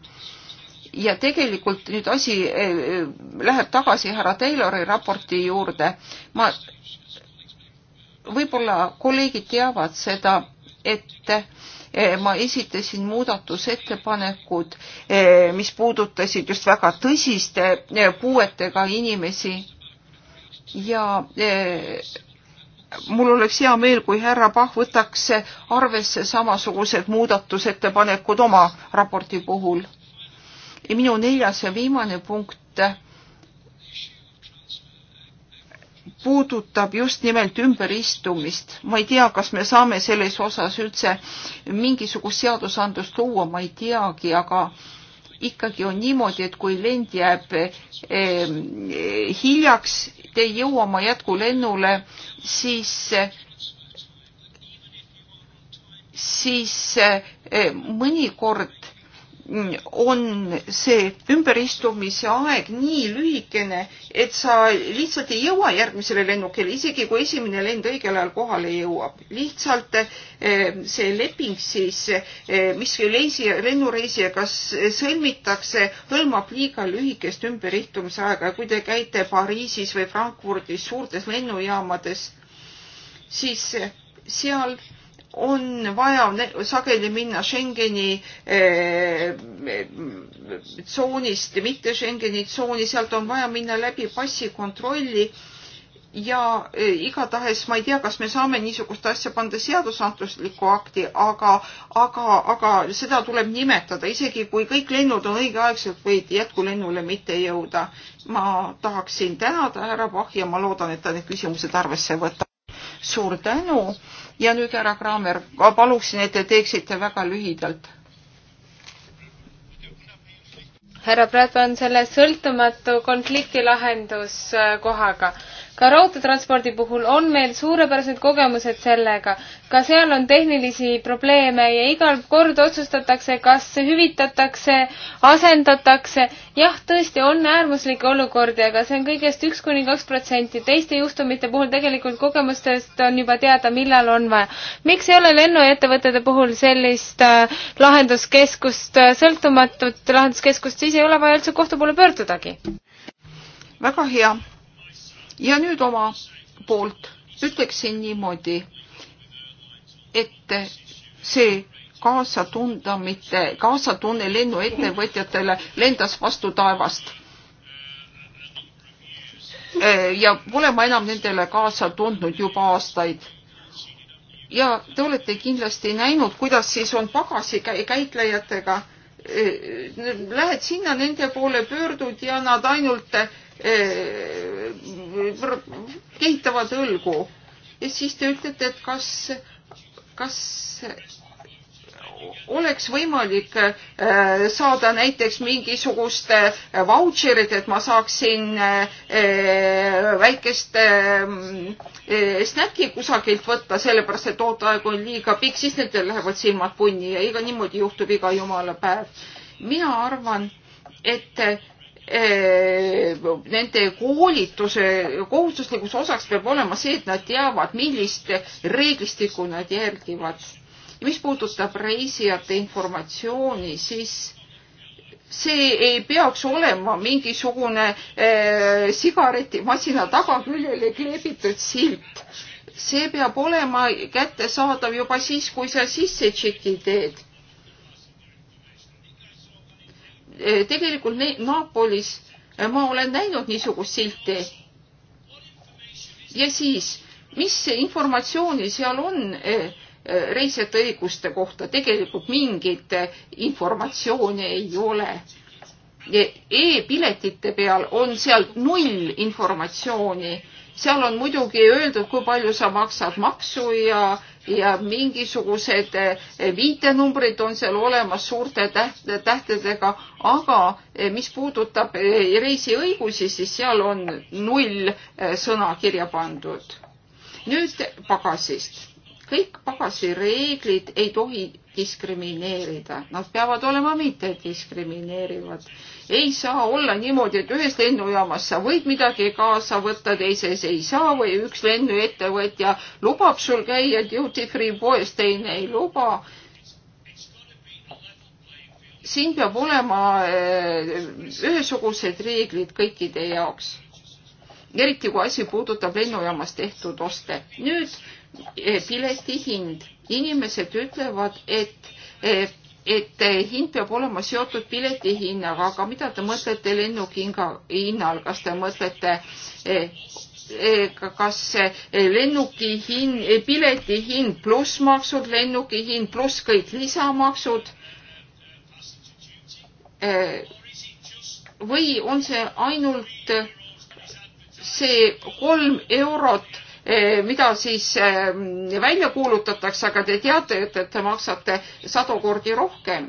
ja tegelikult nüüd asi eh, eh, läheb tagasi härra Taylori raporti juurde. ma, võib-olla kolleegid teavad seda, et eh, ma esitasin muudatusettepanekud, mis puudutasid just väga tõsiste puuetega inimesi ja mul oleks hea meel, kui härra Pahv võtaks arvesse samasugused muudatusettepanekud oma raporti puhul ja minu neljas ja viimane punkt puudutab just nimelt ümberistumist. ma ei tea, kas me saame selles osas üldse mingisugust seadusandlust luua, ma ei teagi, aga ikkagi on niimoodi, et kui lend jääb eh, hiljaks, te ei jõua oma jätkulennule, siis siis eh, mõnikord on see ümberistumise aeg nii lühikene, et sa lihtsalt ei jõua järgmisele lennukile, isegi kui esimene lend õigel ajal kohale jõuab. lihtsalt eh, see leping siis, eh, mis reisi, lennureisijaga sõlmitakse, hõlmab liiga lühikest ümberistumise aega. kui te käite Pariisis või Frankfurdis suurtes lennujaamades, siis eh, seal on vaja sageli minna Schengeni eh, tsoonist mitte Schengeni tsooni, sealt on vaja minna läbi passikontrolli ja eh, igatahes ma ei tea, kas me saame niisugust asja panna seadusandluslikku akti, aga, aga, aga seda tuleb nimetada, isegi kui kõik lennud on õigeaegselt, võid jätkulennule mitte jõuda. ma tahaksin tänada härra Pahja, ma loodan, et ta need küsimused arvesse võtab. suur tänu ja nüüd härra Kraamer, ma paluksin, et te teeksite väga lühidalt. härra Bradman, selle sõltumatu konflikti lahendus äh, kohaga ka raudteetranspordi puhul on meil suurepärased kogemused sellega. ka seal on tehnilisi probleeme ja igal kord otsustatakse, kas hüvitatakse, asendatakse. jah, tõesti on äärmuslikke olukordi, aga see on kõigest üks kuni kaks protsenti. teiste juhtumite puhul tegelikult kogemustest on juba teada, millal on vaja. miks ei ole lennuettevõtete puhul sellist äh, lahenduskeskust äh,, sõltumatut lahenduskeskust, siis ei ole vaja üldse kohtu poole pöördudagi? väga hea ja nüüd oma poolt ütleksin niimoodi, et see kaasatunda mitte, kaasatunne lennuettevõtjatele lendas vastu taevast. ja pole ma enam nendele kaasa tundnud juba aastaid. ja te olete kindlasti näinud, kuidas siis on pagasikäitlejatega lähed sinna nende poole, pöördud ja nad ainult Eh, kehitavad õlgu ja siis te ütlete, et kas, kas oleks võimalik eh, saada näiteks mingisugust vautšerit, et ma saaksin eh, väikest snäki kusagilt võtta, sellepärast et ooteaeg on liiga pikk, siis nendel lähevad silmad punni ja iga niimoodi juhtub iga jumala päev. mina arvan, et Eh, nende koolituse kohustuslikuks osaks peab olema see, et nad teavad, millist reeglistikku nad järgivad. mis puudutab reisijate informatsiooni, siis see ei peaks olema mingisugune äh, eh, sigaretimasina taga küljele kleebitud silt. see peab olema kättesaadav juba siis, kui sa sisse tšeki teed Äh, tegelikult Naapolis äh, ma olen näinud niisugust silti. ja siis, mis informatsiooni seal on äh, reisijate õiguste kohta, tegelikult mingit informatsiooni ei ole e-piletite peal on seal null informatsiooni. seal on muidugi öeldud, kui palju sa maksad maksu ja ja mingisugused eh, viitenumbrid on seal olemas suurte täht-, tähtedega, aga eh, mis puudutab eh, reisiõigusi, siis seal on null sõna kirja pandud. nüüd pagasist. kõik pagasireeglid ei tohi diskrimineerida, nad peavad olema mittediskrimineerivad ei saa olla niimoodi, et ühes lennujaamas sa võid midagi kaasa võtta, teises ei saa või üks lennuettevõtja lubab sul käia duty free poes, teine ei luba. siin peab olema eh, ühesugused reeglid kõikide jaoks eriti kui asi puudutab lennujaamas tehtud oste. nüüd eh, pileti hind. inimesed ütlevad, et eh, et hind peab olema seotud piletihinnaga, aga mida te mõtlete lennukinga hinnal, kas te mõtlete eh, eh, kas lennuki hind, eh, pileti hind pluss maksud, lennuki hind pluss kõik lisamaksud? või on see ainult see kolm eurot Eh, mida siis eh, välja kuulutatakse, aga te teate ju, et te maksate sadu kordi rohkem.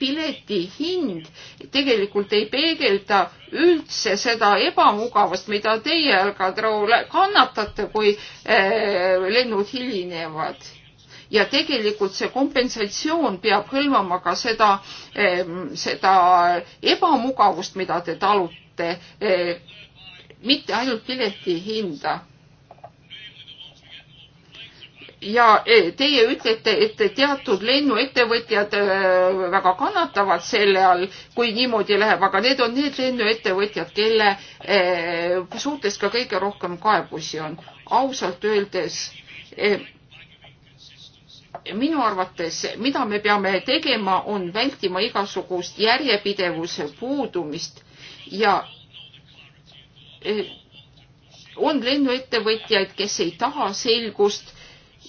pileti hind tegelikult ei peegelda üldse seda ebamugavust, mida teie, Alcatrao, kannatate, kui eh, lennud hilinevad ja tegelikult see kompensatsioon peab hõlmama ka seda, seda ebamugavust, mida te talute, mitte ainult pileti hinda ja eh, teie ütlete, et teatud lennuettevõtjad eh, väga kannatavad selle all, kui niimoodi läheb, aga need on need lennuettevõtjad, kelle eh, suhtes ka kõige rohkem kaebusi on. ausalt öeldes minu arvates, mida me peame tegema, on vältima igasugust järjepidevuse puudumist ja on lennuettevõtjaid, kes ei taha selgust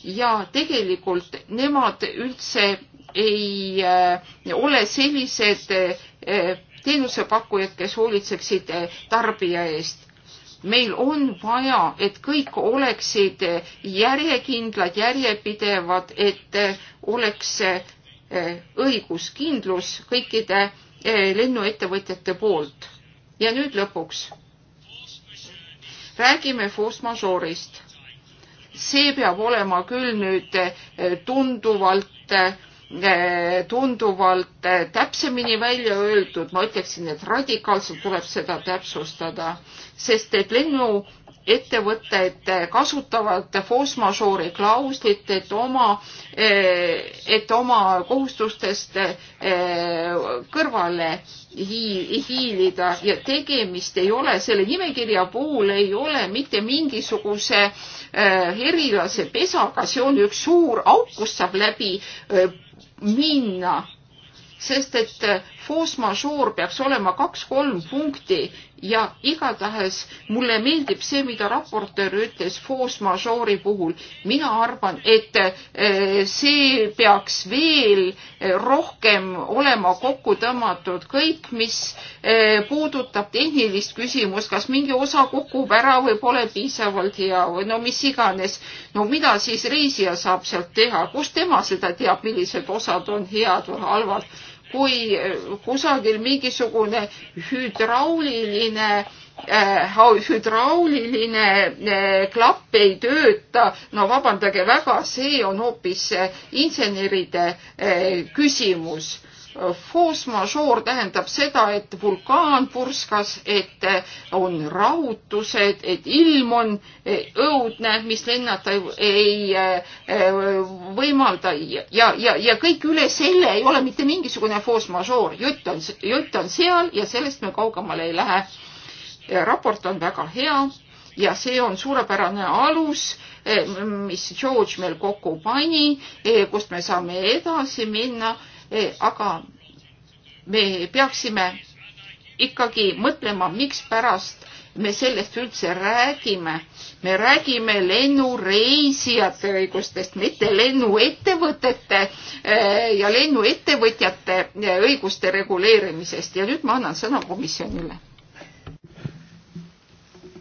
ja tegelikult nemad üldse ei äh, ole sellised äh, teenusepakkujad, kes hoolitseksid äh, tarbija eest. meil on vaja, et kõik oleksid järjekindlad, järjepidevad, et oleks õiguskindlus kõikide lennuettevõtjate poolt. ja nüüd lõpuks. räägime force majeure'ist see peab olema küll nüüd eh, tunduvalt, eh, tunduvalt eh, täpsemini välja öeldud, ma ütleksin, et radikaalselt tuleb seda täpsustada, sest et lennu ettevõtted kasutavad Fosmašoori klauslit, et oma, et oma kohustustest eh, kõrvale hiilida ja tegemist ei ole, selle nimekirja puhul ei ole mitte mingisuguse herilase eh, pesaga, see on üks suur auk, kust saab läbi eh, minna sest et force majeure peaks olema kaks-kolm punkti ja igatahes mulle meeldib see, mida raportöör ütles force majeure'i puhul. mina arvan, et eh, see peaks veel eh, rohkem olema kokku tõmmatud, kõik, mis eh, puudutab tehnilist küsimust, kas mingi osa kukub ära või pole piisavalt hea või no mis iganes. no mida siis reisija saab sealt teha, kust tema seda teab, millised osad on head või halvad kui eh, kusagil mingisugune hüdrauliline äh, hüdrauliline äh, klapp ei tööta, no vabandage väga, see on hoopis inseneride äh, küsimus Force majeure tähendab seda, et vulkaan purskas, et on rahutused, et ilm on e, õudne, mis lennata ei, ei e, võimalda ja, ja, ja kõik üle selle ei ole mitte mingisugune force majeure, jutt on, jutt on seal ja sellest me kaugemale ei lähe. raport on väga hea ja see on suurepärane alus e, mis George meil kokku pani, kust me saame edasi minna aga me peaksime ikkagi mõtlema, mikspärast me sellest üldse räägime. me räägime lennureisijate õigustest, mitte lennuettevõtete ja lennuettevõtjate õiguste reguleerimisest ja nüüd ma annan sõna komisjonile.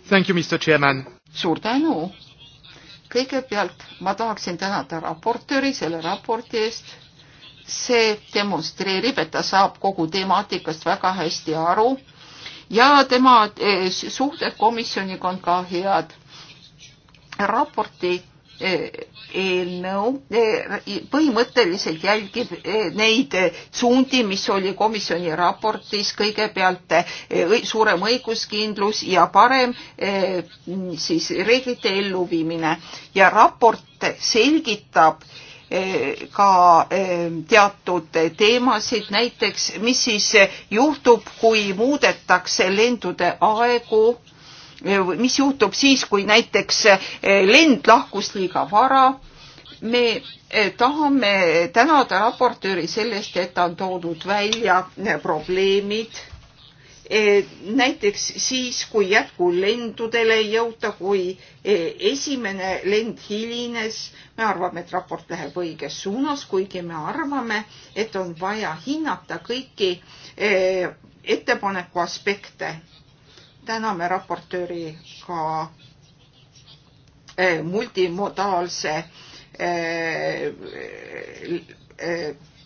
Thank you, Mr Chairman. suur tänu. kõigepealt ma tahaksin tänada raportööri selle raporti eest see demonstreerib, et ta saab kogu temaatikast väga hästi aru ja tema eh, suhted komisjoniga on ka head. raporti eh, eelnõu eh, põhimõtteliselt jälgib neid suundi, mis oli komisjoni raportis kõigepealt suurem õiguskindlus ja parem siis reeglite elluviimine ja raport selgitab äh, Eh, ka eh, teatud teemasid, näiteks mis siis juhtub, kui muudetakse lendude aegu, eh, mis juhtub siis, kui näiteks lend lahkus liiga vara. me tahame tänada raportööri sellest, et ta on toonud välja probleemid E, näiteks siis, kui jätkulendudele ei jõuta, kui e, esimene lend hilines, me arvame, et raport läheb õiges suunas, kuigi me arvame, et on vaja hinnata kõiki e, ettepaneku aspekte. täname raportööri ka multimodaalse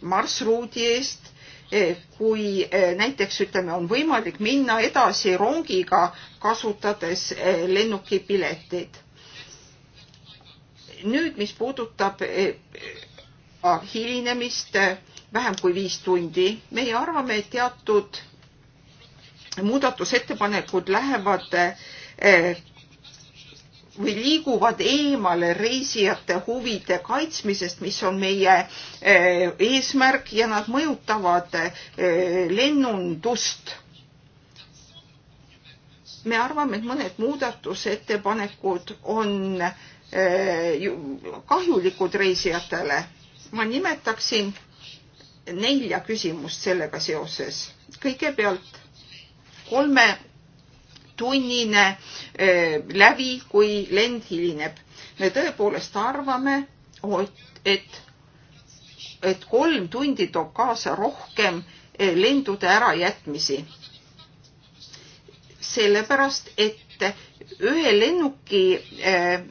marsruudi eest Eh, kui eh, näiteks ütleme, on võimalik minna edasi rongiga, kasutades eh, lennukipileteid. nüüd, mis puudutab hilinemist vähem kui viis tundi, meie arvame, et teatud muudatusettepanekud lähevad või liiguvad eemale reisijate huvide kaitsmisest, mis on meie eh, eesmärk ja nad mõjutavad eh, lennundust. me arvame, et mõned muudatusettepanekud on eh, kahjulikud reisijatele. ma nimetaksin nelja küsimust sellega seoses. kõigepealt kolme tunnine eh, lävi, kui lend hilineb. me tõepoolest arvame, et, et kolm tundi toob kaasa rohkem eh, lendude ärajätmisi. sellepärast, et ühe lennuki eh,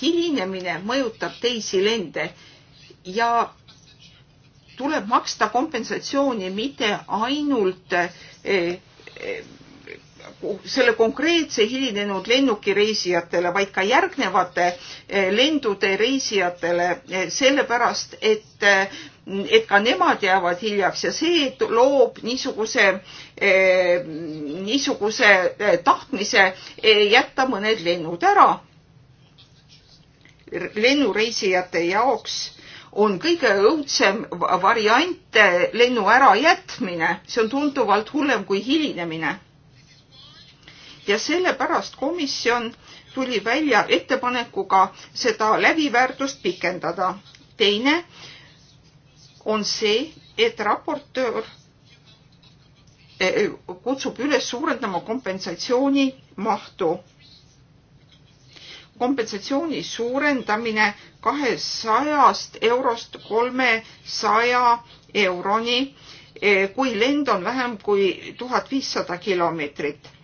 hilinemine mõjutab teisi lende ja tuleb maksta kompensatsiooni mitte ainult selle konkreetse hilinenud lennuki reisijatele, vaid ka järgnevate eh, lendude reisijatele, eh, sellepärast et, eh, et ka nemad jäävad hiljaks ja see loob niisuguse, niisuguse tahtmise jätta mõned lennud ära lennureisijate jaoks on kõige õudsem variant lennu ärajätmine, see on tunduvalt hullem kui hilinemine ja sellepärast komisjon tuli välja ettepanekuga seda läbiväärtust pikendada. teine on see, et raportöör eh, kutsub üles suurendama kompensatsiooni mahtu. kompensatsiooni suurendamine kahesajast eurost kolmesaja euroni, eh, kui lend on vähem kui tuhat viissada kilomeetrit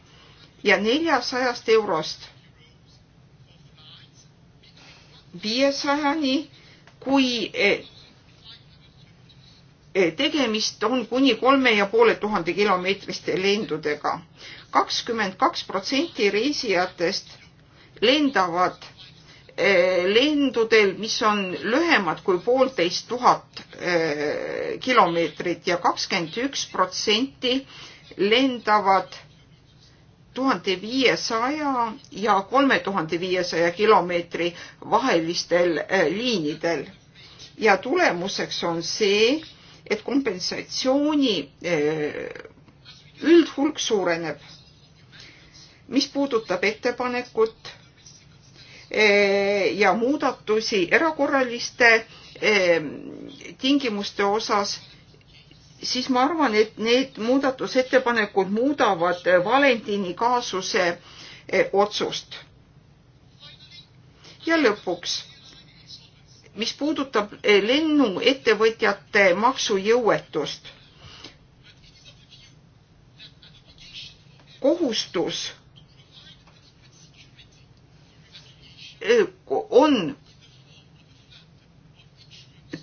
ja neljasajast eurost viiesajani, kui eh, eh, tegemist on kuni kolme ja poole tuhande kilomeetriste lendudega. kakskümmend kaks protsenti reisijatest lendavad eh, lendudel, mis on lühemad kui poolteist tuhat kilomeetrit ja kakskümmend üks protsenti lendavad tuhande viiesaja ja kolme tuhande viiesaja kilomeetri vahelistel eh, liinidel. ja tulemuseks on see, et kompensatsiooni eh, üldhulk suureneb. mis puudutab ettepanekut eh, ja muudatusi erakorraliste tingimuste osas siis ma arvan, et need muudatusettepanekud muudavad Valentini kaasuse eh, otsust. ja lõpuks, mis puudutab eh, lennuettevõtjate maksujõuetust. kohustus eh, on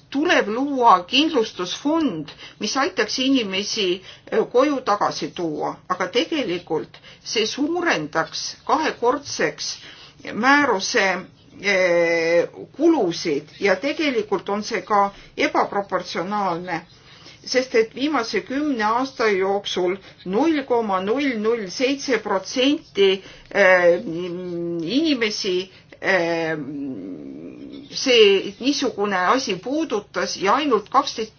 tuleb luua kindlustusfond, mis aitaks inimesi äh, koju tagasi tuua, aga tegelikult see suurendaks kahekordseks määruse äh, kulusid ja tegelikult on see ka ebaproportsionaalne, sest et viimase kümne aasta jooksul null koma null null seitse protsenti äh, inimesi Ehm, see niisugune asi puudutas ja ainult kaksteist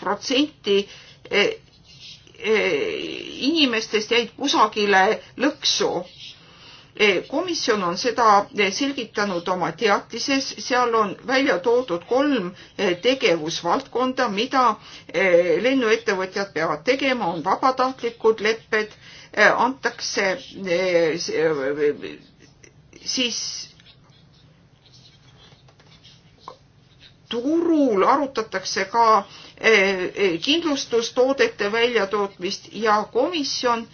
protsenti e, e, inimestest jäid kusagile lõksu. E, komisjon on seda selgitanud oma teatises, seal on välja toodud kolm tegevusvaldkonda, mida lennuettevõtjad peavad tegema, on vabatahtlikud lepped, antakse siis turul arutatakse ka eh, eh, kindlustustoodete väljatootmist ja komisjon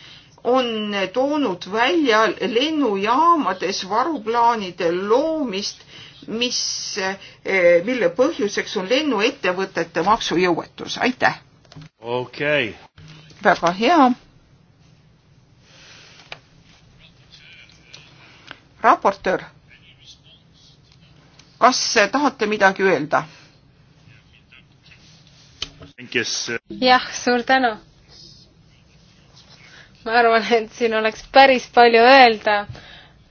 on toonud välja lennujaamades varuplaanide loomist, mis, eh, mille põhjuseks on lennuettevõtete maksujõuetus. aitäh! okei okay.. väga hea. raportöör kas tahate midagi öelda? jah, suur tänu. ma arvan, et siin oleks päris palju öelda,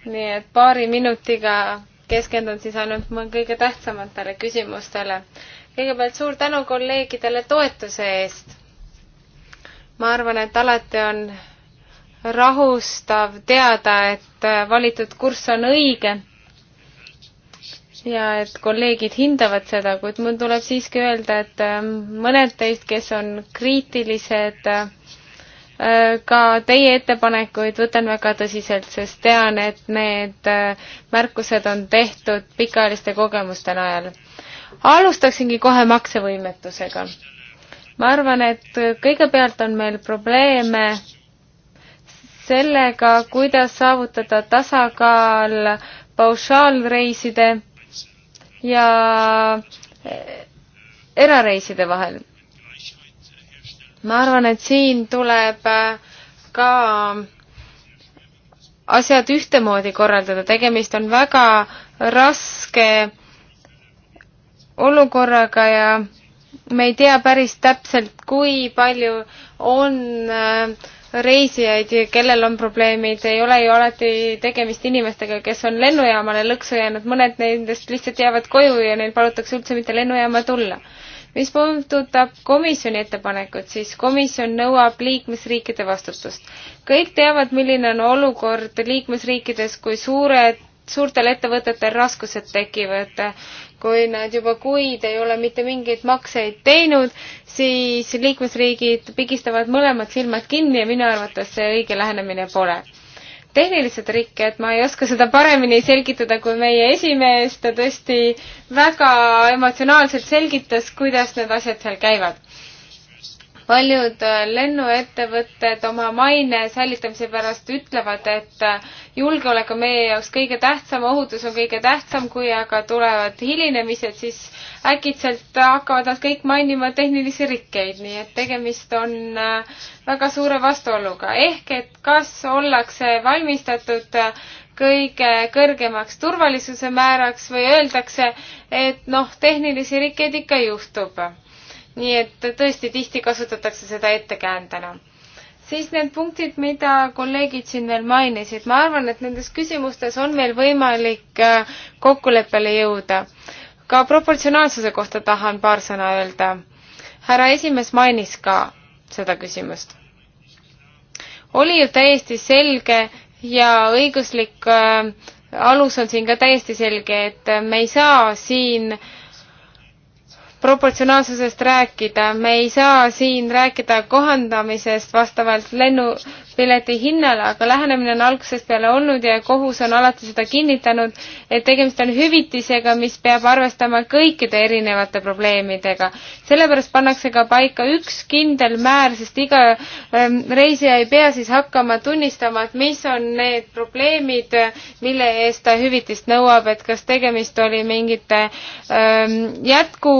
nii et paari minutiga keskendun siis ainult kõige tähtsamatele küsimustele. kõigepealt suur tänu kolleegidele toetuse eest. ma arvan, et alati on rahustav teada, et valitud kurss on õige ja et kolleegid hindavad seda, kuid mul tuleb siiski öelda, et ähm, mõned teist, kes on kriitilised, äh, ka teie ettepanekuid võtan väga tõsiselt, sest tean, et need äh, märkused on tehtud pikaajaliste kogemuste najal. alustaksingi kohe maksevõimetusega. ma arvan, et kõigepealt on meil probleeme sellega, kuidas saavutada tasakaal paušaalreiside ja erareiside vahel. ma arvan, et siin tuleb äh, ka asjad ühtemoodi korraldada, tegemist on väga raske olukorraga ja me ei tea päris täpselt, kui palju on äh, reisijaid, kellel on probleemid, ei ole ju alati tegemist inimestega, kes on lennujaamale lõksu jäänud, mõned nendest lihtsalt jäävad koju ja neil palutakse üldse mitte lennujaama tulla. mis puudutab komisjoni ettepanekut, siis komisjon nõuab liikmesriikide vastutust. kõik teavad, milline on olukord liikmesriikides, kui suured suurtel ettevõtetel raskused tekivad kui nad juba kuid ei ole mitte mingeid makseid teinud, siis liikmesriigid pigistavad mõlemad silmad kinni ja minu arvates see õige lähenemine pole. tehnilised rikked, ma ei oska seda paremini selgitada, kui meie esimees, ta tõesti väga emotsionaalselt selgitas, kuidas need asjad seal käivad paljud äh, lennuettevõtted oma maine säilitamise pärast ütlevad, et äh, julgeolek on meie jaoks kõige tähtsam, ohutus on kõige tähtsam, kui aga tulevad hilinemised, siis äkitselt hakkavad nad kõik mainima tehnilisi rikkeid, nii et tegemist on äh, väga suure vastuoluga. ehk et kas ollakse valmistatud kõige kõrgemaks turvalisuse määraks või öeldakse, et noh, tehnilisi rikkeid ikka juhtub nii et tõesti tihti kasutatakse seda ettekäändena. siis need punktid, mida kolleegid siin veel mainisid, ma arvan, et nendes küsimustes on meil võimalik äh, kokkuleppele jõuda. ka proportsionaalsuse kohta tahan paar sõna öelda. härra esimees mainis ka seda küsimust. oli ju täiesti selge ja õiguslik äh, alus on siin ka täiesti selge, et me ei saa siin äh, proportsionaalsusest rääkida, me ei saa siin rääkida kohandamisest vastavalt lennupileti hinnale, aga lähenemine on algusest peale olnud ja kohus on alati seda kinnitanud, et tegemist on hüvitisega, mis peab arvestama kõikide erinevate probleemidega. sellepärast pannakse ka paika üks kindel määr, sest iga ähm, reisija ei pea siis hakkama tunnistama, et mis on need probleemid, mille eest ta hüvitist nõuab, et kas tegemist oli mingite ähm, jätku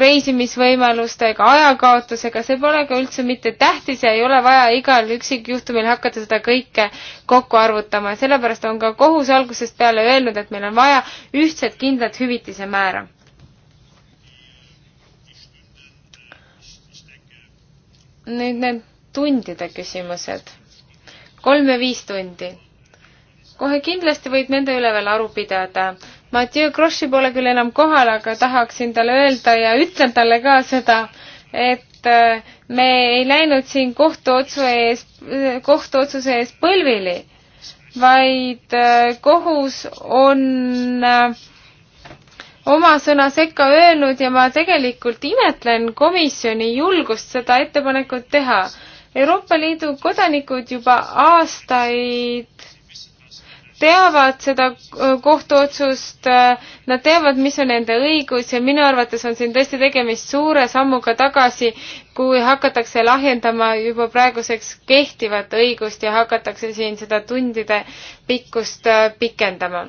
reisimisvõimalustega, ajakaotusega, see pole ka üldse mitte tähtis ja ei ole vaja igal üksikjuhtumil hakata seda kõike kokku arvutama ja sellepärast on ka kohus algusest peale öelnud, et meil on vaja ühtset kindlat hüvitise määra. nüüd need tundide küsimused. kolm ja viis tundi kohe kindlasti võid nende üle veel aru pidada. Mathieu Grossi pole küll enam kohal, aga tahaksin talle öelda ja ütlen talle ka seda, et äh, me ei läinud siin kohtuotsu ees, kohtuotsuse ees põlvili, vaid äh, kohus on äh, oma sõna sekka öelnud ja ma tegelikult imetlen komisjoni julgust seda ettepanekut teha. Euroopa Liidu kodanikud juba aastaid teavad seda äh, kohtuotsust, äh, nad teavad, mis on nende õigus ja minu arvates on siin tõesti tegemist suure sammuga tagasi, kui hakatakse lahjendama juba praeguseks kehtivat õigust ja hakatakse siin seda tundide pikkust äh, pikendama.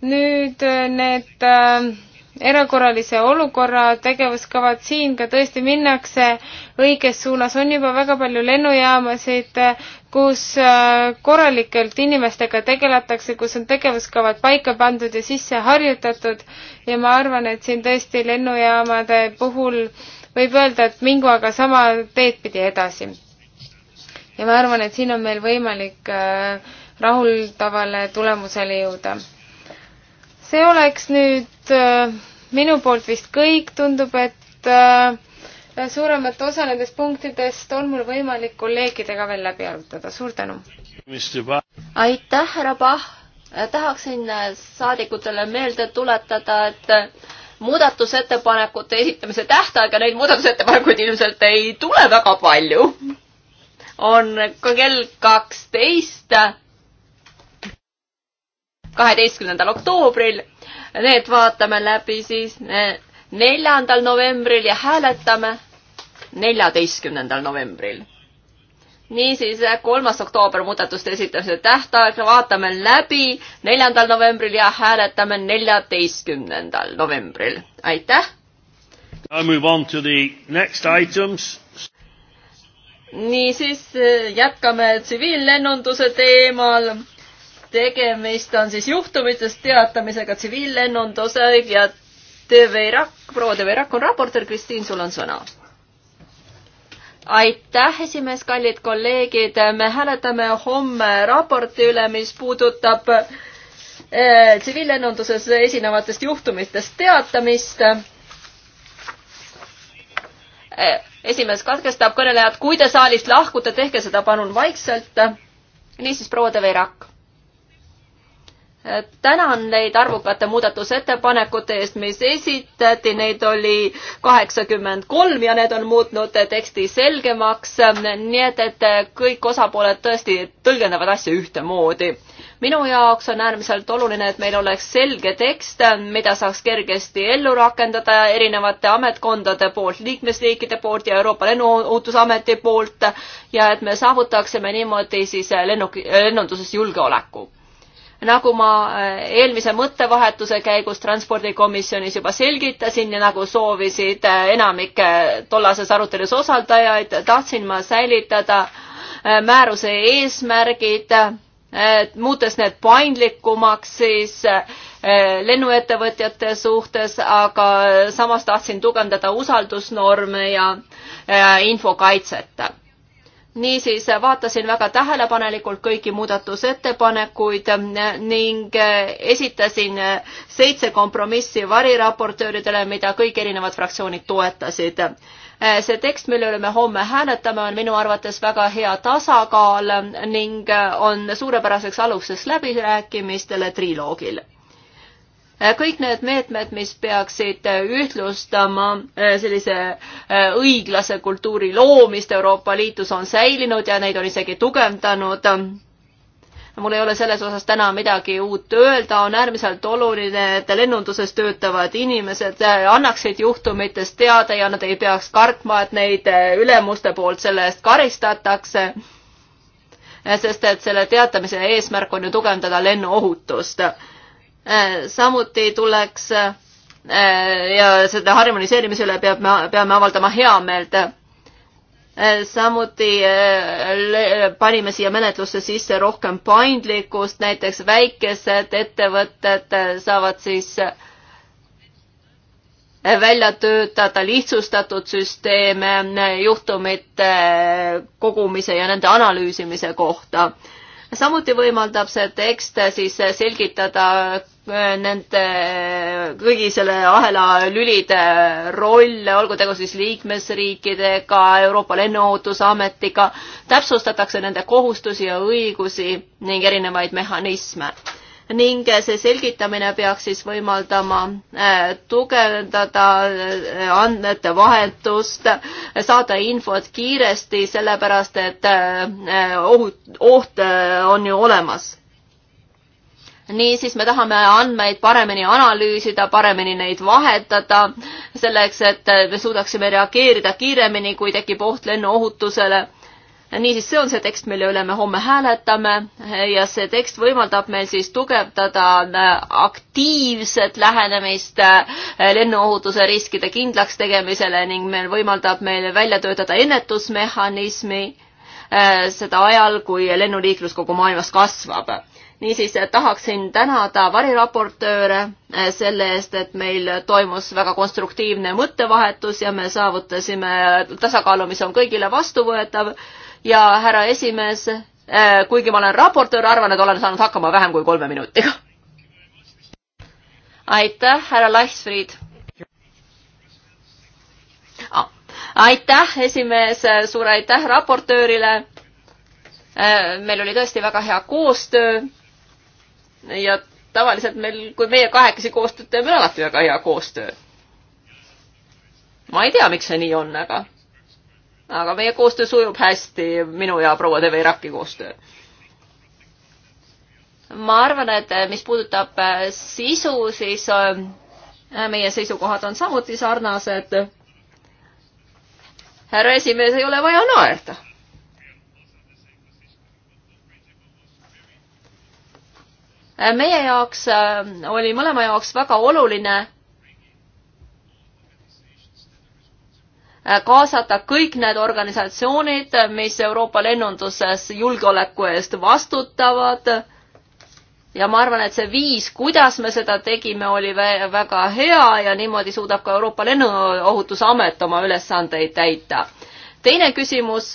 nüüd need äh, erakorralise olukorra tegevuskavad, siin ka tõesti minnakse õiges suunas, on juba väga palju lennujaamasid, kus äh, korralikult inimestega tegeletakse, kus on tegevuskavad paika pandud ja sisse harjutatud ja ma arvan, et siin tõesti lennujaamade puhul võib öelda, et mingu aga sama teed pidi edasi. ja ma arvan, et siin on meil võimalik äh, rahuldavale tulemusele jõuda see oleks nüüd äh, minu poolt vist kõik, tundub, et äh, suuremat osa nendest punktidest on mul võimalik kolleegidega veel läbi arutada, suur tänu! aitäh, härra Pahv! Äh, tahaksin saadikutele meelde tuletada, et muudatusettepanekute esitamise tähtaega, neid muudatusettepanekuid ilmselt ei tule väga palju, on ka kell kaksteist kaheteistkümnendal oktoobril. Need vaatame läbi siis neljandal novembril ja hääletame neljateistkümnendal novembril. niisiis, kolmas oktoober muudatuste esitamise tähtaeg, vaatame läbi neljandal novembril ja hääletame neljateistkümnendal novembril. aitäh! niisiis jätkame tsiviillennunduse teemal tegemist on siis juhtumitest teatamisega tsiviillennunduse ja TV Irak, proua TV Irak on raportöör, Kristiin, sul on sõna. aitäh, esimees, kallid kolleegid, me hääletame homme raporti üle, mis puudutab eh, tsiviillennunduses eh, esinevatest juhtumitest teatamist eh,. esimees katkestab kõnelejat, kui te saalist lahkute, tehke seda palun vaikselt. niisiis, proua TV Irak tänan neid arvukate muudatusettepanekute eest, mis esitati, neid oli kaheksakümmend kolm ja need on muutnud teksti selgemaks, nii et, et kõik osapooled tõesti tõlgendavad asja ühtemoodi. minu jaoks on äärmiselt oluline, et meil oleks selge tekst, mida saaks kergesti ellu rakendada erinevate ametkondade poolt, liikmesriikide poolt ja Euroopa Lennuohutusameti poolt ja et me saavutaksime niimoodi siis lennuki, lennunduses julgeoleku nagu ma äh, eelmise mõttevahetuse käigus transpordikomisjonis juba selgitasin ja nagu soovisid äh, enamik tollases arutelus osaldajaid, tahtsin ma säilitada äh, määruse eesmärgid, muutes need paindlikumaks siis lennuettevõtjate suhtes, aga samas tahtsin tugevdada usaldusnorme ja infokaitset niisiis vaatasin väga tähelepanelikult kõiki muudatusettepanekuid ähm, ning äh, esitasin äh, seitse kompromissi variraportööridele, mida kõik erinevad fraktsioonid toetasid. Äh, see tekst, mille üle me homme hääletame, on minu arvates väga hea tasakaal ähm, ning on suurepäraseks aluseks läbirääkimistele triloogil kõik need meetmed, mis peaksid äh, ühtlustama äh, sellise äh, õiglase kultuuri loomist Euroopa Liidus, on säilinud ja neid on isegi tugevdanud. mul ei ole selles osas täna midagi uut öelda, on äärmiselt oluline, et lennunduses töötavad inimesed annaksid juhtumitest teada ja nad ei peaks kartma, et neid ülemuste poolt selle eest karistatakse sest et selle teatamise eesmärk on ju tugevdada lennuohutust Äh, samuti tuleks äh, ja selle harmoniseerimise üle peab, peame avaldama heameelt. Äh, samuti panime siia menetlusse sisse rohkem paindlikkust, näiteks väikesed ettevõtted saavad siis välja töötada lihtsustatud süsteeme juhtumite kogumise ja nende analüüsimise kohta samuti võimaldab see tekst äh, siis äh, selgitada äh, nende kõigi selle ahela lülide rolle, olgu tegu siis liikmesriikidega, Euroopa Lennuohutusametiga, täpsustatakse nende kohustusi ja õigusi ning erinevaid mehhanisme ning see selgitamine peaks siis võimaldama äh, tugevdada äh, andmete vahetust, saada infot kiiresti, sellepärast et äh, ohut, oht on ju olemas. niisiis me tahame andmeid paremini analüüsida, paremini neid vahetada, selleks et me suudaksime reageerida kiiremini, kui tekib oht lennuohutusele niisiis, see on see tekst, mille üle me homme hääletame ja see tekst võimaldab meil siis tugevdada äh, aktiivset lähenemist äh, lennuohutuse riskide kindlaks tegemisele ning meil võimaldab meil välja töötada ennetusmehhanismi äh, seda ajal, kui lennuliiklus kogu maailmas kasvab. niisiis tahaksin tänada variraportööre selle eest, et meil toimus väga konstruktiivne mõttevahetus ja me saavutasime tasakaalu, mis on kõigile vastuvõetav ja härra esimees, äh, kuigi ma olen raportöör, arvan, et olen saanud hakkama vähem kui kolme minutiga. aitäh, härra Laichfried ah.. aitäh, esimees, suur aitäh raportöörile. Äh, meil oli tõesti väga hea koostöö ja tavaliselt meil, kui meie kahekesi koostööd teeme, on alati väga hea koostöö. ma ei tea, miks see nii on, aga aga meie koostöö sujub hästi, minu ja proua De Veeraki koostöö. ma arvan, et eh, mis puudutab eh, sisu, siis eh, meie seisukohad on samuti sarnased. härra esimees, ei ole vaja naerda meie jaoks oli mõlema jaoks väga oluline Äh, kaasata kõik need organisatsioonid, mis Euroopa lennunduses julgeoleku eest vastutavad. ja ma arvan, et see viis, kuidas me seda tegime, oli väga hea ja niimoodi suudab ka Euroopa Lennuohutusamet oma ülesandeid täita. teine küsimus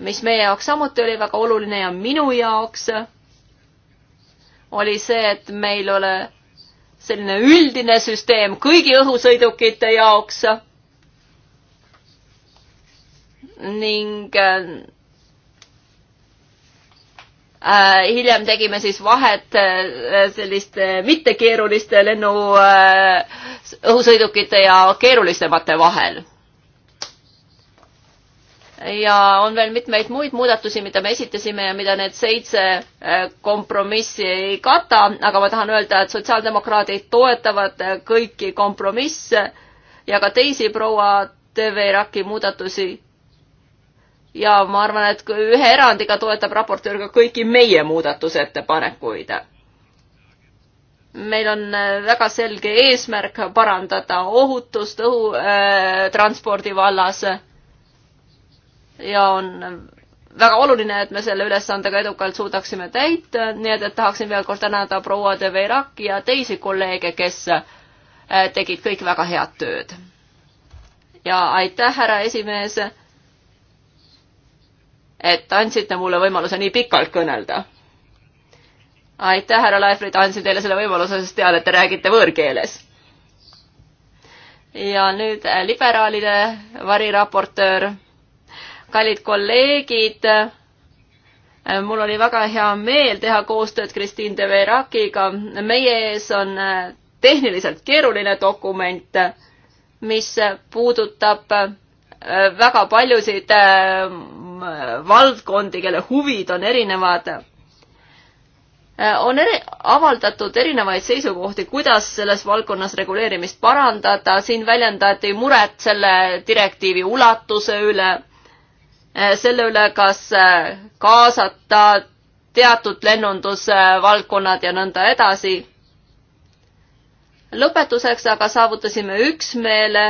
mis meie jaoks samuti oli väga oluline ja minu jaoks, oli see, et meil ole, selline üldine süsteem kõigi õhusõidukite jaoks. ning äh, hiljem tegime siis vahet äh, selliste mittekeeruliste lennu äh, õhusõidukite ja keerulisemate vahel ja on veel mitmeid muid muudatusi, mida me esitasime ja mida need seitse äh, kompromissi ei kata, aga ma tahan öelda, et sotsiaaldemokraadid toetavad äh, kõiki kompromisse ja ka teisi proua TV Iraki muudatusi. ja ma arvan, et ühe erandiga toetab raportöör ka kõiki meie muudatusettepanekuid. meil on äh, väga selge eesmärk parandada ohutust õhutranspordi äh, vallas ja on väga oluline, et me selle ülesandega edukalt suudaksime täita, nii et, et tahaksin veel kord tänada proua de Veiraki ja teisi kolleege, kes äh, tegid kõik väga head tööd. ja aitäh, härra esimees, et andsite mulle võimaluse nii pikalt kõnelda. aitäh, härra Laefrid, andsin teile selle võimaluse, sest tean, et te räägite võõrkeeles. ja nüüd äh, liberaalide variraportöör kallid kolleegid, äh, mul oli väga hea meel teha koostööd Kristiin de Verakiga. meie ees on äh, tehniliselt keeruline dokument, mis puudutab äh, väga paljusid valdkondi, kelle huvid on erinevad on eri, avaldatud erinevaid seisukohti, kuidas selles valdkonnas reguleerimist parandada, siin väljendati muret selle direktiivi ulatuse üle. Eh, selle üle, kas eh, kaasata teatud lennundusvaldkonnad ja nõnda edasi. lõpetuseks aga saavutasime üksmeele,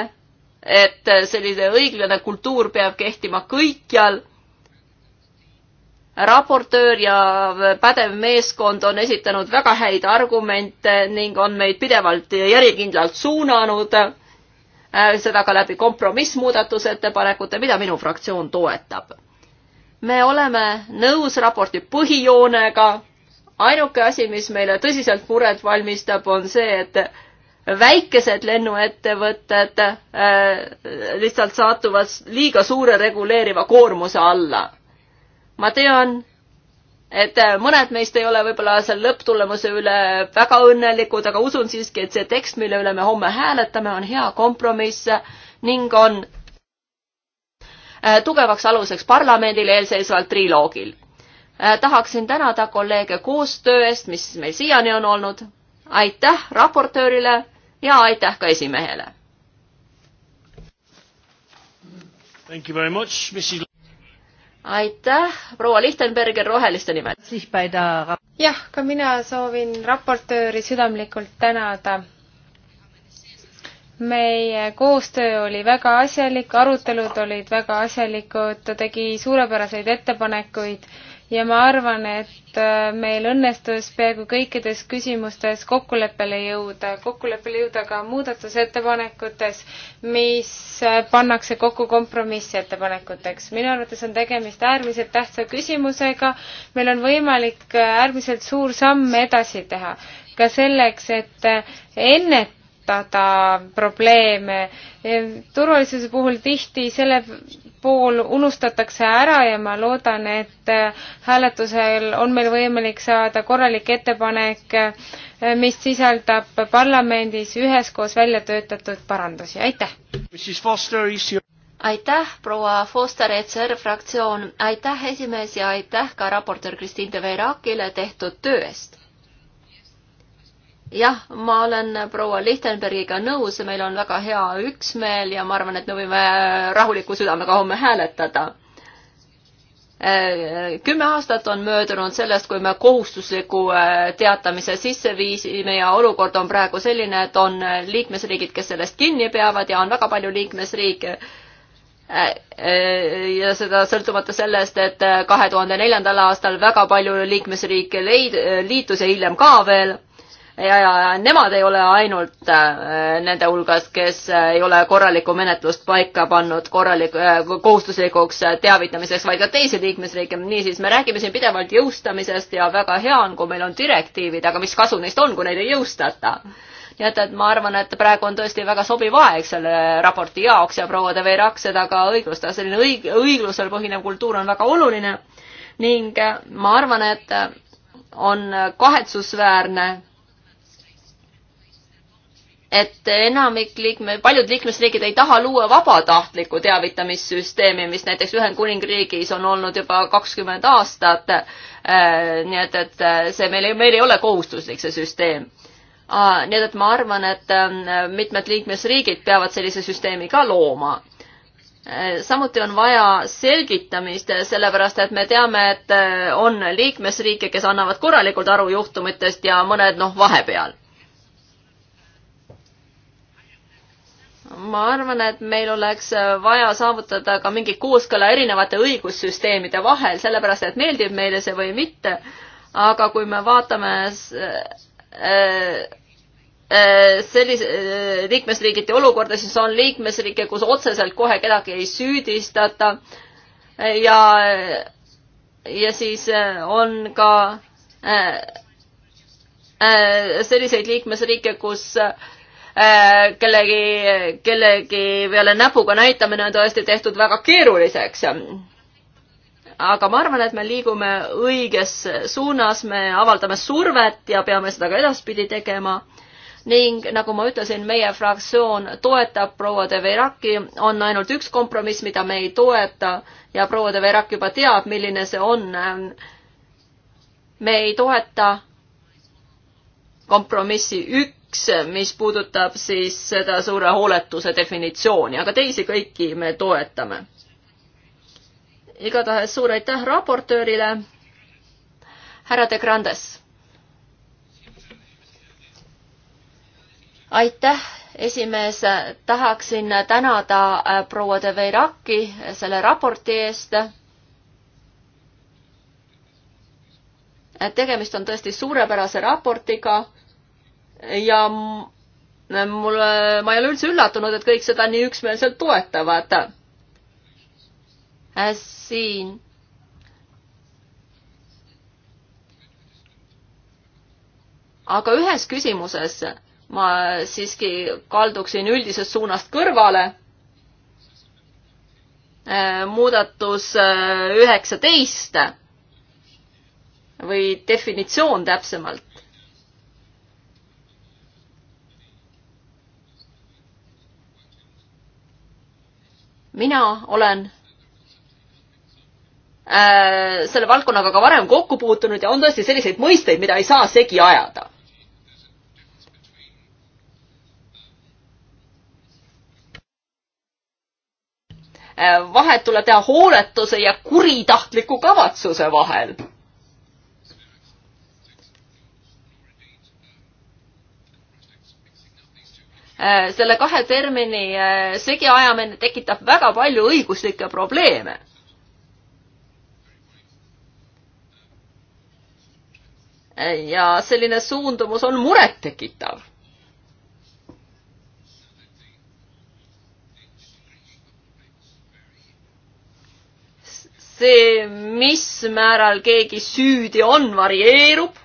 et selline õiglane kultuur peab kehtima kõikjal raportöör ja pädev meeskond on esitanud väga häid argumente ning on meid pidevalt järjekindlalt suunanud Äh, seda ka läbi kompromissmuudatusettepanekute, mida minu fraktsioon toetab. me oleme nõus raporti põhijoonega. ainuke asi, mis meile tõsiselt muret valmistab, on see, et väikesed lennuettevõtted äh, lihtsalt satuvad liiga suure reguleeriva koormuse alla. ma tean, et äh, mõned meist ei ole võib-olla selle lõpptulemuse üle väga õnnelikud, aga usun siiski, et see tekst, mille üle me homme hääletame, on hea kompromiss ning on äh, tugevaks aluseks parlamendile eelseisval triloogil. Äh, tahaksin tänada kolleege koostöö eest, mis meil siiani on olnud. aitäh raportöörile ja aitäh ka esimehele. Thank you very much, Mrs aitäh, proua Lichtenberger Roheliste nimel. jah, ka mina soovin raportööri südamlikult tänada. meie koostöö oli väga asjalik, arutelud olid väga asjalikud, ta tegi suurepäraseid ettepanekuid ja ma arvan, et äh, meil õnnestus peaaegu kõikides küsimustes kokkuleppele jõuda, kokkuleppele jõuda ka muudatusettepanekutes, mis äh, pannakse kokku kompromissettepanekuteks. minu arvates on tegemist äärmiselt tähtsa küsimusega, meil on võimalik äh, äärmiselt suur samm edasi teha ka selleks, et ennetada arutada probleeme. turvalisuse puhul tihti selle pool unustatakse ära ja ma loodan, et hääletusel on meil võimalik saada korralik ettepanek, mis sisaldab parlamendis üheskoos välja töötatud parandusi, aitäh! aitäh, proua Foster, ECR fraktsioon, aitäh esimees ja aitäh ka raportöör Kristiin Deverakile tehtud töö eest! jah, ma olen proua Lichtenbergiga nõus, meil on väga hea üksmeel ja ma arvan, et me võime rahuliku südamega homme hääletada. Äh, kümme aastat on möödunud sellest, kui me kohustusliku äh, teatamise sisse viisime ja olukord on praegu selline, et on äh, liikmesriigid, kes sellest kinni peavad ja on väga palju liikmesriike, ja seda sõltumata sellest, et kahe tuhande neljandal aastal väga palju liikmesriike leid-, liitus ja hiljem ka veel ja, ja nemad ei ole ainult äh, nende hulgas, kes äh, ei ole korralikku menetlust paika pannud korralik-, äh, kohustuslikuks teavitamiseks, vaid ka teisi liikmesriike. niisiis, me räägime siin pidevalt jõustamisest ja väga hea on, kui meil on direktiivid, aga mis kasu neist on, kui neid ei jõustata? nii et, et ma arvan, et praegu on tõesti väga sobiv aeg selle raporti jaoks ja proua De Veirak seda ka õiglustas. selline õig-, õiglusel põhinev kultuur on väga oluline ning ma arvan, et on kahetsusväärne et enamik liikme, paljud liikmesriigid ei taha luua vabatahtlikku teavitamissüsteemi, mis näiteks Ühendkuningriigis on olnud juba kakskümmend aastat. Äh, nii et, et äh, see meil ei, meil ei ole kohustuslik, see süsteem. Äh, nii et, et ma arvan, et mitmed liikmesriigid peavad sellise süsteemi ka looma samuti on vaja selgitamist, sellepärast et me teame, et on liikmesriike, kes annavad korralikult aru juhtumitest ja mõned noh, vahepeal ma arvan, et meil oleks vaja saavutada ka mingi kooskõla erinevate õigussüsteemide vahel, sellepärast et meeldib meile see või mitte, aga kui me vaatame äh, äh, sellise äh, liikmesriigiti olukorda, siis on liikmesriike, kus otseselt kohe kedagi ei süüdistata ja, ja siis on ka selliseid liikmesriike, kus äh, Äh, kellegi, kellegi peale näpuga näitamine on tõesti tehtud väga keeruliseks. aga ma arvan, et me liigume õiges suunas, me avaldame survet ja peame seda ka edaspidi tegema ning nagu ma ütlesin, meie fraktsioon toetab proua de Veraki, on ainult üks kompromiss, mida me ei toeta ja proua de Verak juba teab, milline see on. me ei toeta kompromissi üks, üks, mis puudutab siis seda suure hooletuse definitsiooni, aga teisi kõiki me toetame. igatahes suur aitäh raportöörile, härra De Grandes. aitäh, esimees, tahaksin tänada äh, proua De Veiraki selle raporti eest tegemist on tõesti suurepärase raportiga ja mulle, ma ei ole üldse üllatunud, et kõik seda nii üksmeelselt toetavad. Äh, siin aga ühes küsimuses ma siiski kalduksin üldisest suunast kõrvale. Äh, muudatus äh, üheksateist või definitsioon täpsemalt. mina olen äh, selle valdkonnaga ka varem kokku puutunud ja on tõesti selliseid mõisteid, mida ei saa segi ajada. Äh, vahet tuleb teha hooletuse ja kuritahtliku kavatsuse vahel Äh, selle kahe termini äh, segiajamine tekitab väga palju õiguslikke probleeme. Äh, ja selline suundumus on murettekitav see, mis määral keegi süüdi on, varieerub.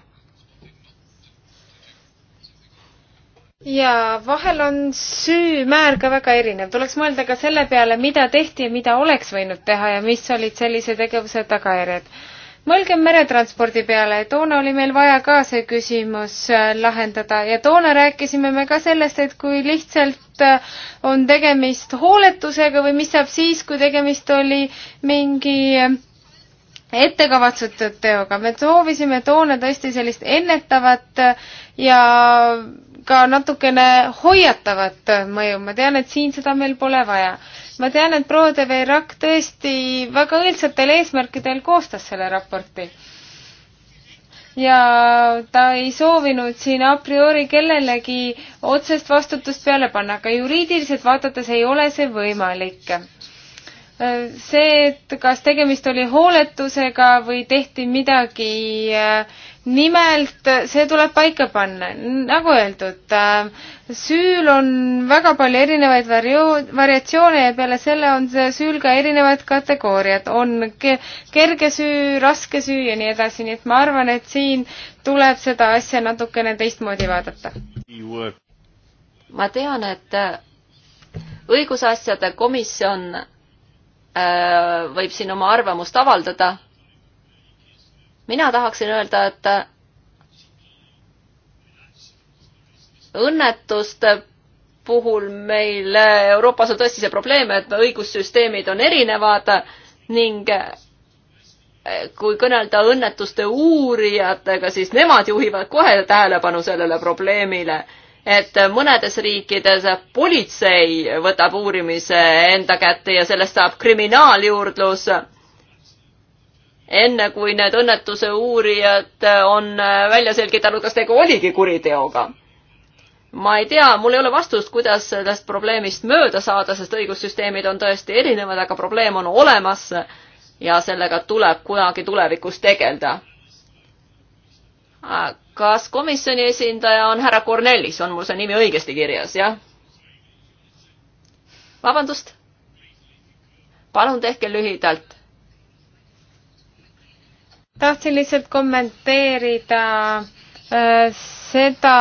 ja vahel on süümäär ka väga erinev, tuleks mõelda ka selle peale, mida tehti ja mida oleks võinud teha ja mis olid sellise tegevuse tagajärjed. mõelgem meretranspordi peale, toona oli meil vaja ka see küsimus äh, lahendada ja toona rääkisime me ka sellest, et kui lihtsalt äh, on tegemist hooletusega või mis saab siis, kui tegemist oli mingi äh, ettekavatsetud teoga, me soovisime toona tõesti sellist ennetavat ja ka natukene hoiatavat mõju, ma tean, et siin seda meil pole vaja. ma tean, et proua de Verac tõesti väga õilsatel eesmärkidel koostas selle raporti. ja ta ei soovinud siin a priori kellelegi otsest vastutust peale panna, aga juriidiliselt vaadates ei ole see võimalik see, et kas tegemist oli hooletusega või tehti midagi äh, nimelt see tuleb paika panna, nagu öeldud, äh, süül on väga palju erinevaid vario-, variatsioone ja peale selle on see süül ka erinevad kategooriad, on ke-, kerge süü, raske süü ja nii edasi, nii et ma arvan, et siin tuleb seda asja natukene teistmoodi vaadata. ma tean, et äh, õigusasjade komisjon äh, võib siin oma arvamust avaldada mina tahaksin öelda, et õnnetuste puhul meil Euroopas on tõesti see probleem, et õigussüsteemid on erinevad ning kui kõnelda õnnetuste uurijatega, siis nemad juhivad kohe tähelepanu sellele probleemile, et mõnedes riikides politsei võtab uurimise enda kätte ja sellest saab kriminaaljuurdlus enne kui need õnnetuse uurijad äh, on äh, välja selgitanud, kas tegu oligi kuriteoga. ma ei tea, mul ei ole vastust, kuidas sellest probleemist mööda saada, sest õigussüsteemid on tõesti erinevad, aga probleem on olemas ja sellega tuleb kunagi tulevikus tegeleda. Äh, kas komisjoni esindaja on härra Cornelis, on mul see nimi õigesti kirjas, jah? vabandust? palun tehke lühidalt tahtsin lihtsalt kommenteerida äh, seda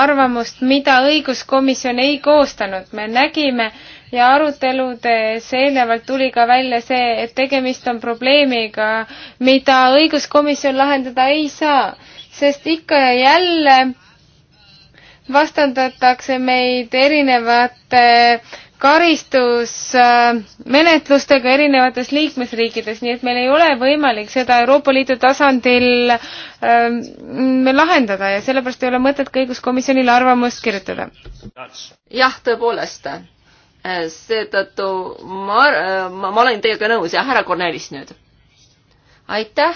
arvamust, mida õiguskomisjon ei koostanud. me nägime ja aruteludes eelnevalt tuli ka välja see, et tegemist on probleemiga, mida õiguskomisjon lahendada ei saa, sest ikka ja jälle vastandatakse meid erinevate äh, karistusmenetlustega äh, erinevates liikmesriikides, nii et meil ei ole võimalik seda Euroopa Liidu tasandil ähm, lahendada ja sellepärast ei ole mõtet ka õiguskomisjonile arvamust kirjutada. jah, tõepoolest. Äh, seetõttu ma, äh, ma, ma olen teiega nõus ja härra Kornelis nüüd. aitäh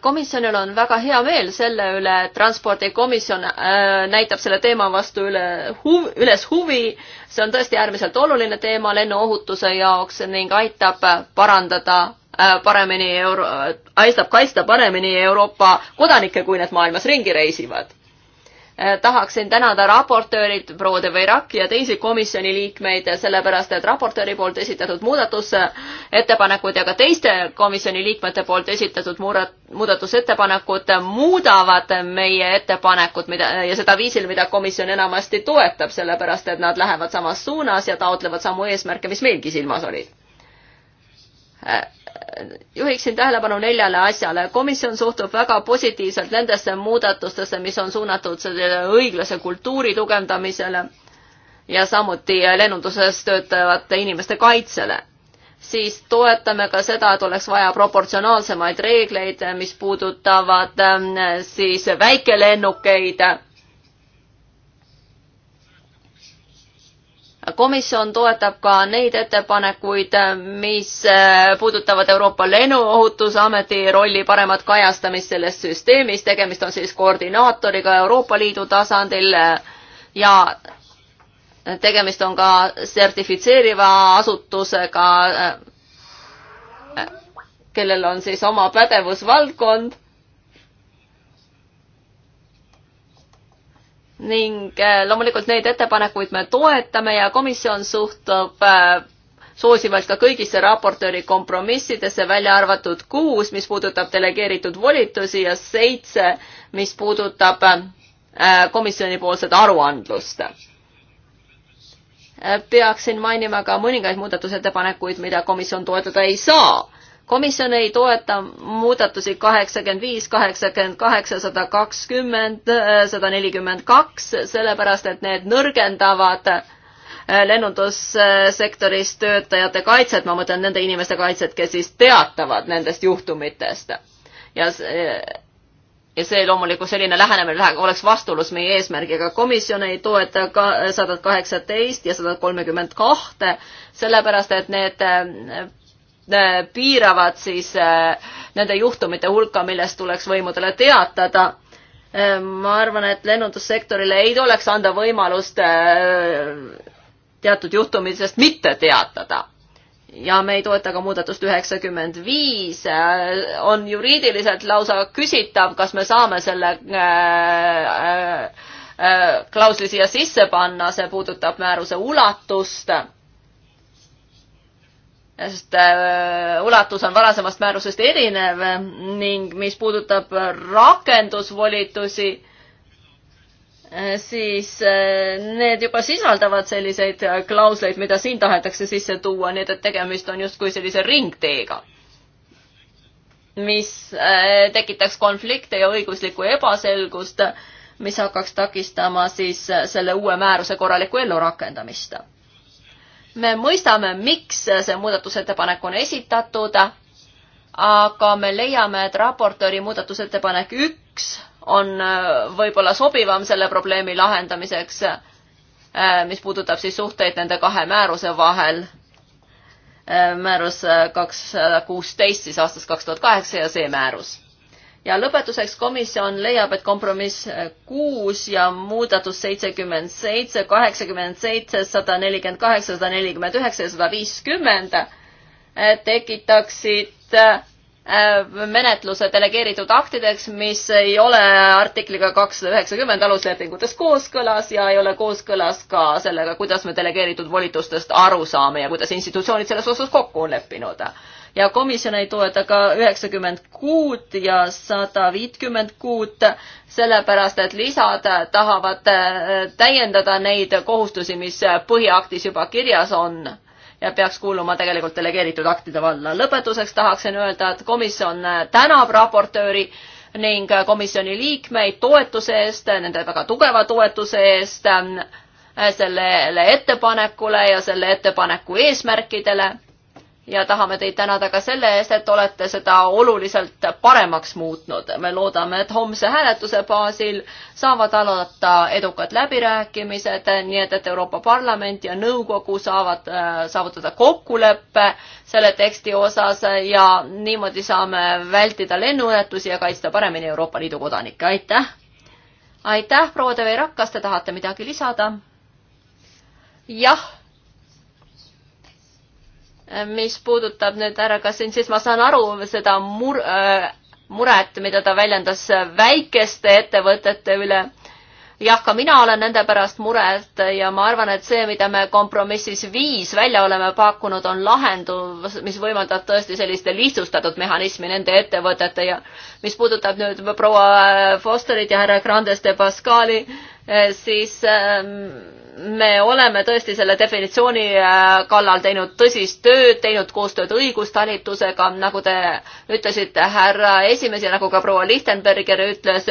komisjonil on väga hea meel selle üle, et transpordikomisjon äh, näitab selle teema vastu üle huv,, üles huvi. see on tõesti äärmiselt oluline teema lennuohutuse jaoks ning aitab parandada äh, paremini euro-, äh, aitab kaitsta paremini Euroopa kodanikke, kui need maailmas ringi reisivad Äh, tahaksin tänada raportöörid proua De Veiraki ja teisi komisjoni liikmeid, sellepärast et raportööri poolt esitatud muudatusettepanekud ja ka teiste komisjoni liikmete poolt esitatud muurat-, muudatusettepanekud muudavad meie ettepanekut, mida, ja seda viisil, mida komisjon enamasti toetab, sellepärast et nad lähevad samas suunas ja taotlevad samu eesmärke, mis meilgi silmas olid äh, juhiksin tähelepanu neljale asjale. komisjon suhtub väga positiivselt nendesse muudatustesse, mis on suunatud sellele õiglase kultuuri tugevdamisele ja samuti lennunduses töötavate inimeste kaitsele. siis toetame ka seda, et oleks vaja proportsionaalsemaid reegleid, mis puudutavad ähm, siis väikelennukeid komisjon toetab ka neid ettepanekuid, mis äh, puudutavad Euroopa Lennuohutusameti rolli paremat kajastamist selles süsteemis, tegemist on siis koordinaatoriga Euroopa Liidu tasandil äh, ja tegemist on ka sertifitseeriva asutusega, äh, kellel on siis oma pädevusvaldkond ning äh, loomulikult neid ettepanekuid me toetame ja komisjon suhtub äh, soosivalt ka kõigisse raportööri kompromissidesse, välja arvatud kuus, mis puudutab delegeeritud volitusi ja seitse, mis puudutab äh, komisjonipoolset aruandlust. peaksin mainima ka mõningaid muudatusettepanekuid, mida komisjon toetada ei saa komisjon ei toeta muudatusi kaheksakümmend viis, kaheksakümmend kaheksa, sada kakskümmend, sada nelikümmend kaks, sellepärast et need nõrgendavad äh, lennundussektoris töötajate kaitset, ma mõtlen nende inimeste kaitset, kes siis teatavad nendest juhtumitest. ja see, ja see loomulikult selline lähenemine lähe, oleks vastuolus meie eesmärgiga. komisjon ei toeta ka sadat kaheksateist ja sadat kolmekümmend kahte, sellepärast et need äh, piiravad siis äh, nende juhtumite hulka, millest tuleks võimudele teatada. Äh, ma arvan, et lennundussektorile ei tuleks anda võimalust äh, teatud juhtumitest mitte teatada ja me ei toeta ka muudatust üheksakümmend viis, on juriidiliselt lausa küsitav, kas me saame selle äh, äh, klausli siia sisse panna, see puudutab määruse ulatust äh, sest äh, ulatus on varasemast määrusest erinev ning mis puudutab rakendusvolitusi, äh, siis äh, need juba sisaldavad selliseid klausleid, mida siin tahetakse sisse tuua, nii et, et tegemist on justkui sellise ringteega, mis tekitaks konflikte ja õiguslikku ebaselgust, mis hakkaks takistama siis selle uue määruse korralikku ellurakendamist me mõistame, miks see muudatusettepanek on esitatud, aga me leiame, et raportööri muudatusettepanek üks on äh, võib-olla sobivam selle probleemi lahendamiseks, äh, mis puudutab siis suhteid nende kahe määruse vahel. Äh, määrus kakssada kuusteist siis aastast kaks tuhat kaheksa ja see määrus ja lõpetuseks komisjon leiab, et kompromiss äh, kuus ja muudatus seitsekümmend seitse, kaheksakümmend seitse, sada nelikümmend kaheksa, sada nelikümmend üheksa ja sada viiskümmend äh, tekitaksid äh, menetluse delegeeritud aktideks, mis ei ole artikliga kakssada üheksakümmend aluslepingutes kooskõlas ja ei ole kooskõlas ka sellega, kuidas me delegeeritud volitustest aru saame ja kuidas institutsioonid selles osas kokku on leppinud ja komisjon ei toeta ka üheksakümmend kuut ja sada viitkümmend kuut, sellepärast et lisad tahavad äh, täiendada neid kohustusi, mis põhiaktis juba kirjas on ja peaks kuuluma tegelikult delegeeritud aktide valla. lõpetuseks tahaksin öelda, et komisjon tänab raportööri ning komisjoni liikmeid toetuse eest, nende väga tugeva toetuse eest äh, sellele ettepanekule ja selle ettepaneku eesmärkidele ja tahame teid tänada ka selle eest, et olete seda oluliselt paremaks muutnud. me loodame, et homse hääletuse baasil saavad alata edukad läbirääkimised, nii et, et Euroopa Parlament ja nõukogu saavad äh, saavutada kokkuleppe selle teksti osas ja niimoodi saame vältida lennuõnnetusi ja kaitsta paremini Euroopa Liidu kodanikke. aitäh! aitäh, proua De Veerak, kas te tahate midagi lisada? jah mis puudutab nüüd härra Kassin, siis ma saan aru seda mur-, äh, muret, mida ta väljendas väikeste ettevõtete üle. jah, ka mina olen nende pärast muret ja ma arvan, et see, mida me kompromissis viis välja oleme pakkunud, on lahendus, mis võimaldab tõesti sellist lihtsustatud mehhanismi nende ettevõtete ja mis puudutab nüüd proua Fosterit ja härra Grandes de Pascali, eh, siis ähm, me oleme tõesti selle definitsiooni äh, kallal teinud tõsist tööd, teinud koostööd õigustalitusega, nagu te ütlesite, härra esimees ja nagu ka proua Lichtenberger ütles,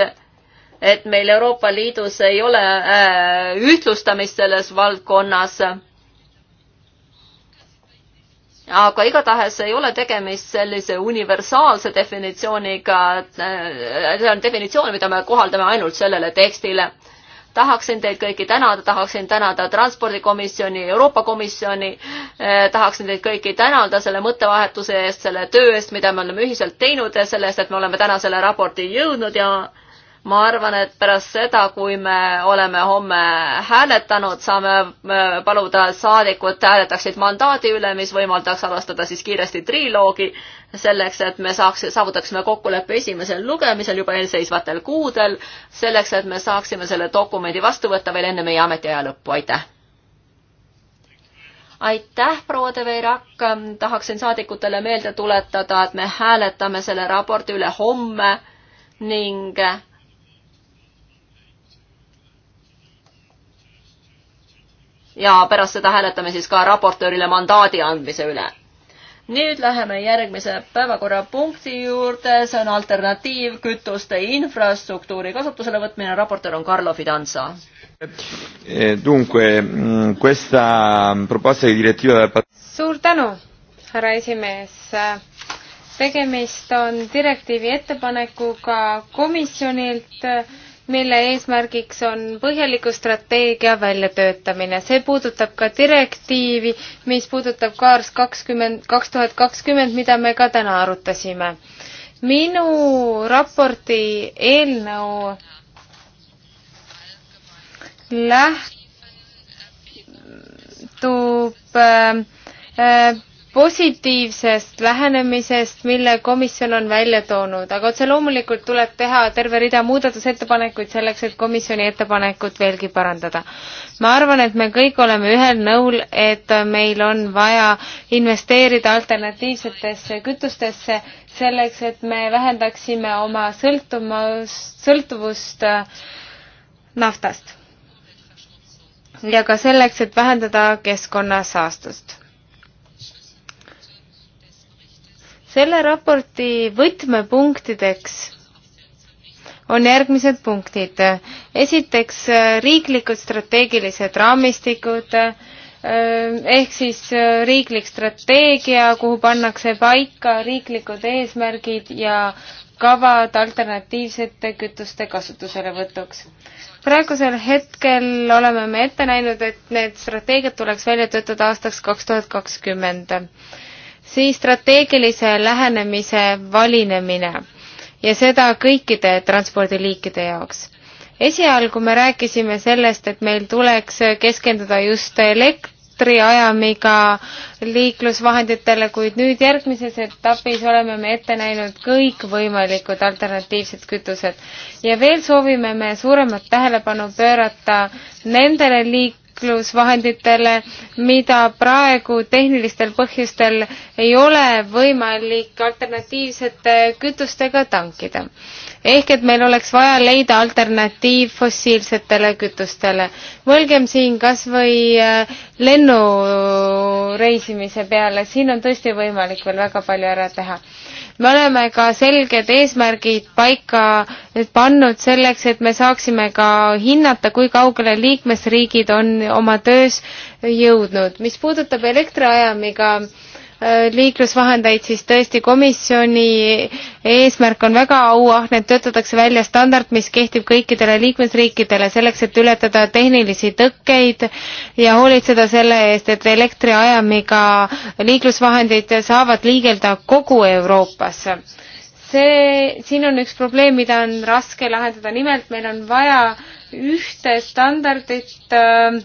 et meil Euroopa Liidus ei ole äh, ühtlustamist selles valdkonnas. aga igatahes ei ole tegemist sellise universaalse definitsiooniga, äh, see on definitsioon, mida me kohaldame ainult sellele tekstile tahaksin teid kõiki tänada, tahaksin tänada Transpordikomisjoni, Euroopa Komisjoni, eh, tahaksin teid kõiki tänada selle mõttevahetuse eest, selle töö eest, mida me oleme ühiselt teinud ja selle eest, et me oleme täna selle raporti jõudnud ja ma arvan, et pärast seda, kui me oleme homme hääletanud, saame äh, paluda, et saadikud hääletaksid mandaadi üle, mis võimaldaks alustada siis kiiresti triloogi, selleks et me saaks, saavutaksime kokkuleppe esimesel lugemisel juba eelseisvatel kuudel, selleks et me saaksime selle dokumendi vastu võtta veel enne meie ametiaja lõppu, aitäh! aitäh, proua De Veirak, tahaksin saadikutele meelde tuletada, et me hääletame selle raporti üle homme ning ja pärast seda hääletame siis ka raportöörile mandaadi andmise üle. nüüd läheme järgmise päevakorrapunkti juurde, see on alternatiivkütuste infrastruktuuri kasutusele võtmine, raportöör on Carlo Fidanza. Eh, mm, suur tänu, härra esimees tegemist on direktiivi ettepanekuga komisjonilt mille eesmärgiks on põhjaliku strateegia väljatöötamine. see puudutab ka direktiivi, mis puudutab kaars kakskümmend, kaks tuhat kakskümmend, mida me ka täna arutasime. minu raporti eelnõu lähtub äh, äh, positiivsest lähenemisest, mille komisjon on välja toonud, aga otse loomulikult tuleb teha terve rida muudatusettepanekuid selleks, et komisjoni ettepanekut veelgi parandada. ma arvan, et me kõik oleme ühel nõul, et meil on vaja investeerida alternatiivsetesse kütustesse selleks, et me vähendaksime oma sõltumust, sõltuvust äh, naftast. ja ka selleks, et vähendada keskkonnasaastust selle raporti võtmepunktideks on järgmised punktid. esiteks äh, riiklikud strateegilised raamistikud äh, ehk siis äh, riiklik strateegia, kuhu pannakse paika riiklikud eesmärgid ja kavad alternatiivsete kütuste kasutuselevõtuks. praegusel hetkel oleme me ette näinud, et need strateegiad tuleks välja töötada aastaks kaks tuhat kakskümmend siis strateegilise lähenemise valinemine ja seda kõikide transpordiliikide jaoks. esialgu me rääkisime sellest, et meil tuleks keskenduda just elektriajamiga liiklusvahenditele, kuid nüüd järgmises etapis oleme me ette näinud kõikvõimalikud alternatiivsed kütused. ja veel soovime me suuremat tähelepanu pöörata nendele liik-, liiklusvahenditele, mida praegu tehnilistel põhjustel ei ole võimalik alternatiivsete kütustega tankida. ehk et meil oleks vaja leida alternatiiv fossiilsetele kütustele. mõelgem siin kas või äh, lennureisimise peale, siin on tõesti võimalik veel väga palju ära teha me oleme ka selged eesmärgid paika pannud selleks, et me saaksime ka hinnata, kui kaugele liikmesriigid on oma töös jõudnud. mis puudutab elektriajamiga äh, Äh, liiklusvahendeid, siis tõesti komisjoni eesmärk on väga auahne, et töötatakse välja standard, mis kehtib kõikidele liikmesriikidele selleks, et ületada tehnilisi tõkkeid ja hoolitseda selle eest, et elektriajamiga liiklusvahendid saavad liigelda kogu Euroopas see, siin on üks probleem, mida on raske lahendada, nimelt meil on vaja ühte standardit äh,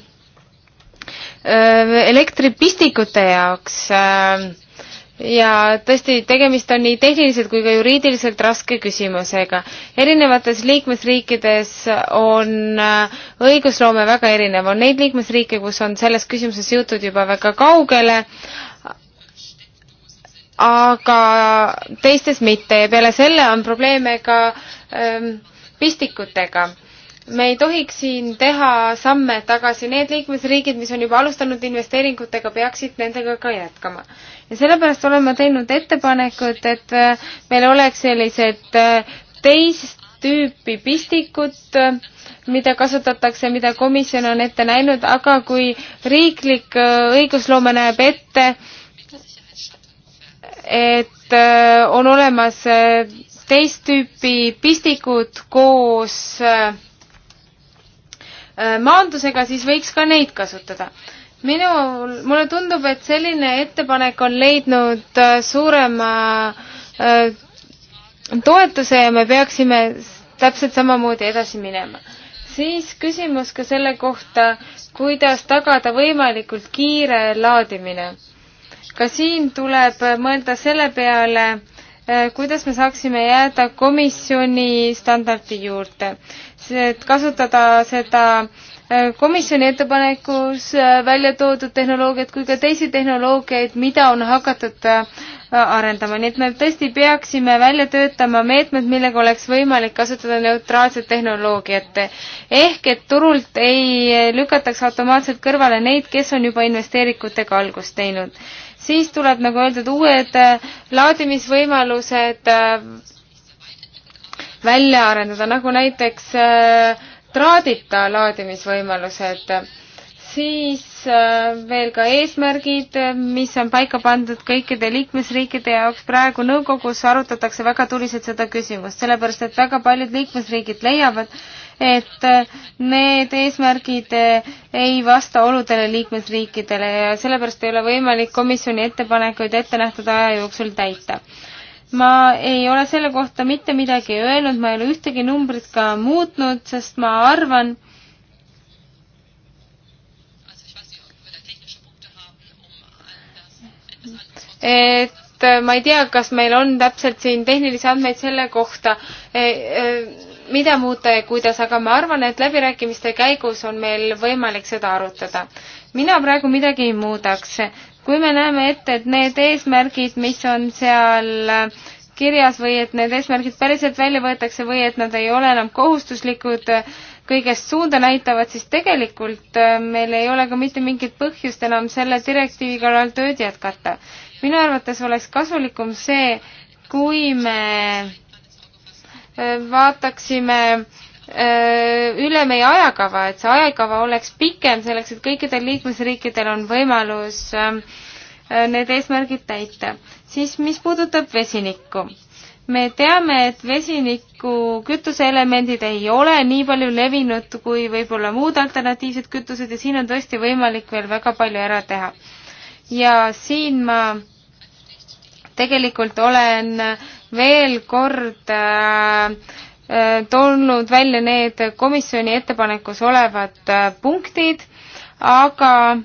Äh, elektripistikute jaoks äh, ja tõesti, tegemist on nii tehniliselt kui ka juriidiliselt raske küsimusega. erinevates liikmesriikides on äh, õigusloome väga erinev, on neid liikmesriike, kus on selles küsimuses jõutud juba väga kaugele, aga teistes mitte ja peale selle on probleeme ka ähm, pistikutega me ei tohiks siin teha samme tagasi, need liikmesriigid, mis on juba alustanud investeeringutega, peaksid nendega ka jätkama. ja sellepärast olen ma teinud ettepanekud, et äh, meil oleks sellised äh, teist tüüpi pistikud, äh, mida kasutatakse, mida komisjon on ette näinud, aga kui riiklik õigusloome näeb ette, et on olemas teist tüüpi pistikud koos äh, Äh, maandusega, siis võiks ka neid kasutada. minul, mulle tundub, et selline ettepanek on leidnud äh, suurema äh, toetuse ja me peaksime täpselt samamoodi edasi minema. siis küsimus ka selle kohta, kuidas tagada võimalikult kiire laadimine. ka siin tuleb mõelda selle peale, kuidas me saaksime jääda komisjoni standardi juurde et kasutada seda äh, komisjoni ettepanekus äh, välja toodud tehnoloogiat kui ka teisi tehnoloogiaid, mida on hakatud äh, arendama, nii et me tõesti peaksime välja töötama meetmed, millega oleks võimalik kasutada neutraalset tehnoloogiat. ehk et turult ei lükataks automaatselt kõrvale neid, kes on juba investeeringutega algust teinud siis tuleb, nagu öeldud, uued laadimisvõimalused välja arendada, nagu näiteks äh, traadita laadimisvõimalused. siis äh, veel ka eesmärgid, mis on paika pandud kõikide liikmesriikide jaoks. praegu nõukogus arutatakse väga tuliselt seda küsimust, sellepärast et väga paljud liikmesriigid leiavad, et äh, need eesmärgid ei vasta oludele liikmesriikidele ja sellepärast ei ole võimalik komisjoni ettepanekuid ettenähtud aja jooksul täita ma ei ole selle kohta mitte midagi öelnud, ma ei ole ühtegi numbrit ka muutnud, sest ma arvan, et ma ei tea, kas meil on täpselt siin tehnilisi andmeid selle kohta, e, e, mida muuta ja kuidas, aga ma arvan, et läbirääkimiste käigus on meil võimalik seda arutada mina praegu midagi ei muudaks kui me näeme ette, et need eesmärgid, mis on seal äh, kirjas või et need eesmärgid päriselt välja võetakse või et nad ei ole enam kohustuslikud, äh, kõigest suunda näitavad, siis tegelikult äh, meil ei ole ka mitte mingit põhjust enam selle direktiivi kallal tööd jätkata. minu arvates oleks kasulikum see, kui me vaataksime äh, Äh, üle meie ajakava, et see ajakava oleks pikem selleks, et kõikidel liikmesriikidel on võimalus ähm, äh, need eesmärgid täita. siis mis puudutab vesinikku me teame, et vesiniku kütuseelemendid ei ole nii palju levinud kui võib-olla muud alternatiivsed kütused ja siin on tõesti võimalik veel väga palju ära teha. ja siin ma tegelikult olen veel kord äh, Äh, tulnud välja need komisjoni ettepanekus olevad äh, punktid, aga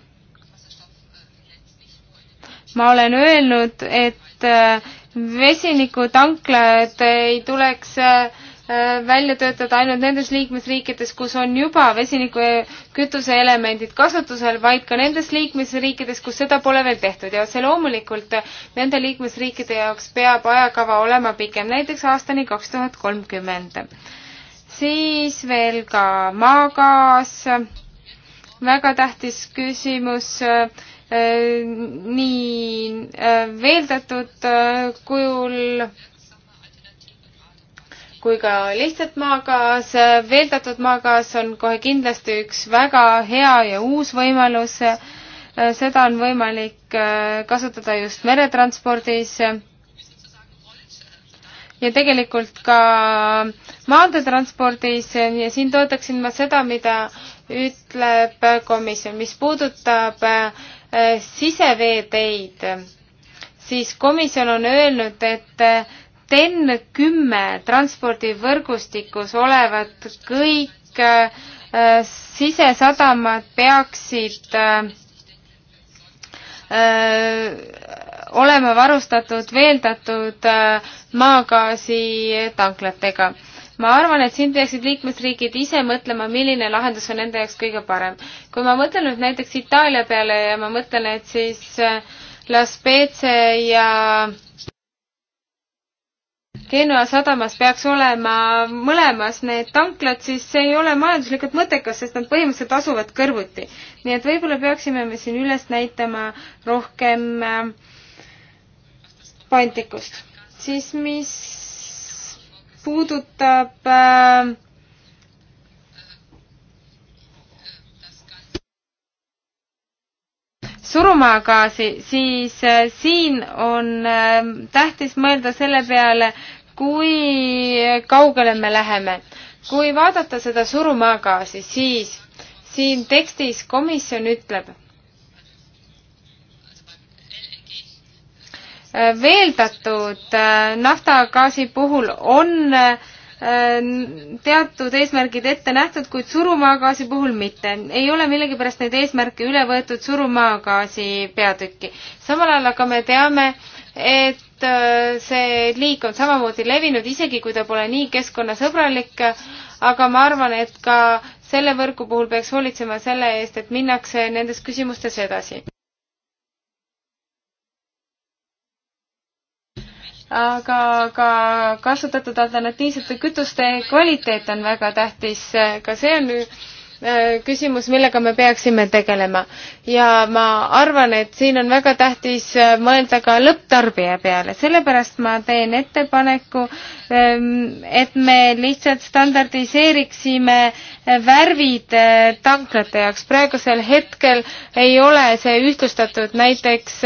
ma olen öelnud, et äh, vesinikutanklad ei tuleks äh, Äh, välja töötada ainult nendes liikmesriikides, kus on juba vesinikukütuse elemendid kasutusel, vaid ka nendes liikmesriikides, kus seda pole veel tehtud ja otse loomulikult nende liikmesriikide jaoks peab ajakava olema pikem, näiteks aastani kaks tuhat kolmkümmend. siis veel ka maagaas, väga tähtis küsimus äh, nii äh, veeldatud kujul kui ka lihtsalt maagaas. veeldatud maagaas on kohe kindlasti üks väga hea ja uus võimalus. seda on võimalik äh, kasutada just meretranspordis. ja tegelikult ka maanteetranspordis ja siin toetaksin ma seda, mida ütleb komisjon, mis puudutab äh, siseveeteid, siis komisjon on öelnud, et äh, TEN kümme transpordivõrgustikus olevad kõik äh, sisesadamad peaksid äh, äh, olema varustatud veeldatud äh, maagaasi tanklatega. ma arvan, et siin peaksid liikmesriigid ise mõtlema, milline lahendus on nende jaoks kõige parem. kui ma mõtlen nüüd näiteks Itaalia peale ja ma mõtlen, et siis äh, La Spezia ja äh, Genua sadamas peaks olema mõlemas need tanklad, siis see ei ole majanduslikult mõttekas, sest nad põhimõtteliselt asuvad kõrvuti. nii et võib-olla peaksime me siin üles näitama rohkem äh, paindlikkust. siis mis puudutab äh, surumaagaasi, siis äh, siin on ähm, tähtis mõelda selle peale, kui kaugele me läheme. kui vaadata seda surumaagaasi, siis siin tekstis komisjon ütleb, äh, veeldatud äh, naftagaasi puhul on äh, Äh, teatud eesmärgid ette nähtud, kuid surumaagaasi puhul mitte. ei ole millegipärast neid eesmärke üle võetud surumaagaasi peatükki. samal ajal aga me teame, et äh, see liik on samamoodi levinud, isegi kui ta pole nii keskkonnasõbralik, aga ma arvan, et ka selle võrgu puhul peaks hoolitsema selle eest, et minnakse nendes küsimustes edasi. aga ka kasutatud alternatiivsete kütuste kvaliteet on väga tähtis, ka see on Äh, küsimus, millega me peaksime tegelema. ja ma arvan, et siin on väga tähtis äh, mõelda ka lõpptarbija peale, sellepärast ma teen ettepaneku, ähm, et me lihtsalt standardiseeriksime äh, värvid tanklate jaoks. praegusel hetkel ei ole see ühtlustatud, näiteks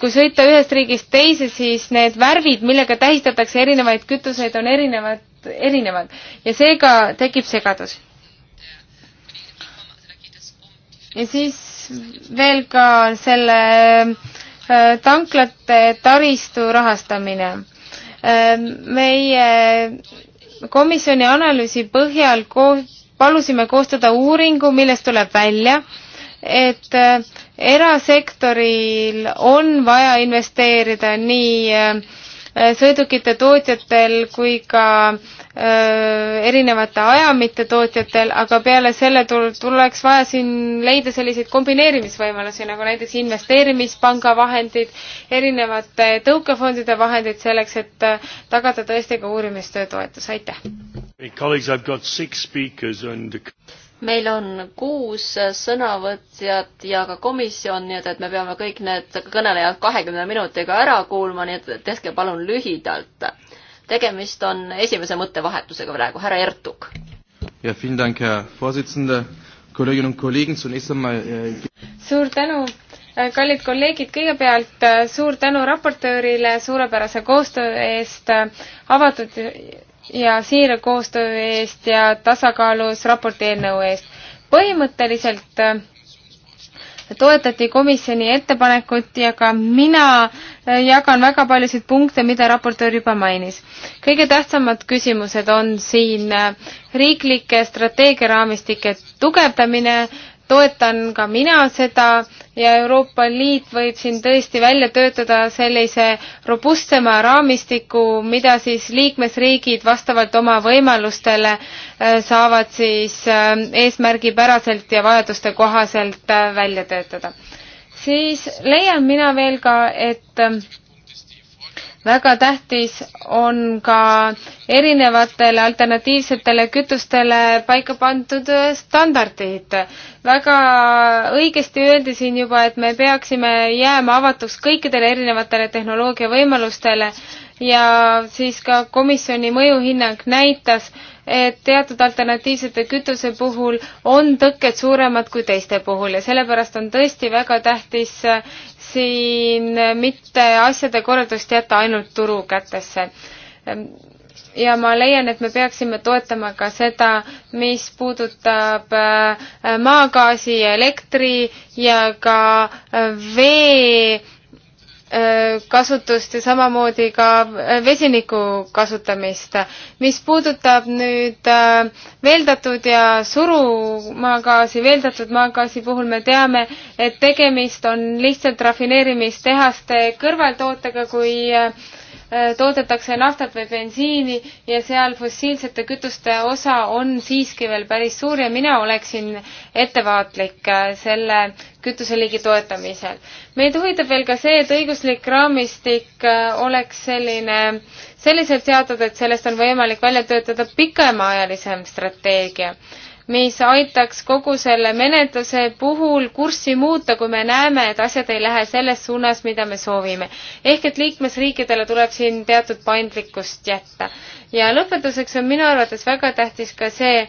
kui sõita ühest riigist teise, siis need värvid, millega tähistatakse erinevaid kütuseid, on erinevad, erinevad ja seega tekib segadus ja siis veel ka selle äh, tanklate taristu rahastamine. Äh, meie komisjoni analüüsi põhjal koos, palusime koostada uuringu, millest tuleb välja, et äh, erasektoril on vaja investeerida nii Äh, sõidukite tootjatel kui ka äh, erinevate ajamite tootjatel, aga peale selle tuleks vaja siin leida selliseid kombineerimisvõimalusi, nagu näiteks investeerimispanga vahendid, erinevate tõukefondide vahendid selleks, et äh, tagada tõesti ka uurimistöö toetus, aitäh! meil on kuus sõnavõtjat ja ka komisjon, nii et, et me peame kõik need kõnelejad kahekümne minutiga ära kuulma, nii et tehke palun lühidalt. tegemist on esimese mõttevahetusega praegu, härra Ertug. Äh, suur tänu, äh, kallid kolleegid, kõigepealt äh, suur tänu raportöörile suurepärase koostöö eest avatud ja siira koostöö eest ja tasakaalus raporti eelnõu eest. põhimõtteliselt äh, toetati komisjoni ettepanekut ja ka mina äh, jagan väga paljusid punkte, mida raportöör juba mainis. kõige tähtsamad küsimused on siin äh, riiklike strateegiaraamistike tugevdamine, toetan ka mina seda ja Euroopa Liit võib siin tõesti välja töötada sellise robustsema raamistiku, mida siis liikmesriigid vastavalt oma võimalustele äh, saavad siis äh, eesmärgipäraselt ja vajaduste kohaselt äh, välja töötada. siis leian mina veel ka, et väga tähtis on ka erinevatele alternatiivsetele kütustele paika pandud standardid. väga õigesti öeldi siin juba, et me peaksime jääma avatuks kõikidele erinevatele tehnoloogia võimalustele ja siis ka komisjoni mõjuhinnang näitas, et teatud alternatiivsete kütuse puhul on tõkked suuremad kui teiste puhul ja sellepärast on tõesti väga tähtis äh, siin mitte asjade korraldust jätta ainult turu kätesse ehm, ja ma leian, et me peaksime toetama ka seda, mis puudutab äh, maagaasi, elektri ja ka äh, vee Äh, kasutust ja samamoodi ka äh, vesiniku kasutamist. mis puudutab nüüd äh, veeldatud ja surumaagaasi, veeldatud maagaasi puhul me teame, et tegemist on lihtsalt rafineerimistehaste kõrvaltootega, kui äh, Äh, toodetakse naftat või bensiini ja seal fossiilsete kütuste osa on siiski veel päris suur ja mina oleksin ettevaatlik äh, selle kütuseliigi toetamisel. meid huvitab veel ka see, et õiguslik raamistik äh, oleks selline, selliselt seatud, et sellest on võimalik välja töötada pikemaajalisem strateegia mis aitaks kogu selle menetluse puhul kurssi muuta, kui me näeme, et asjad ei lähe selles suunas, mida me soovime. ehk et liikmesriikidele tuleb siin teatud paindlikkust jätta ja lõpetuseks on minu arvates väga tähtis ka see,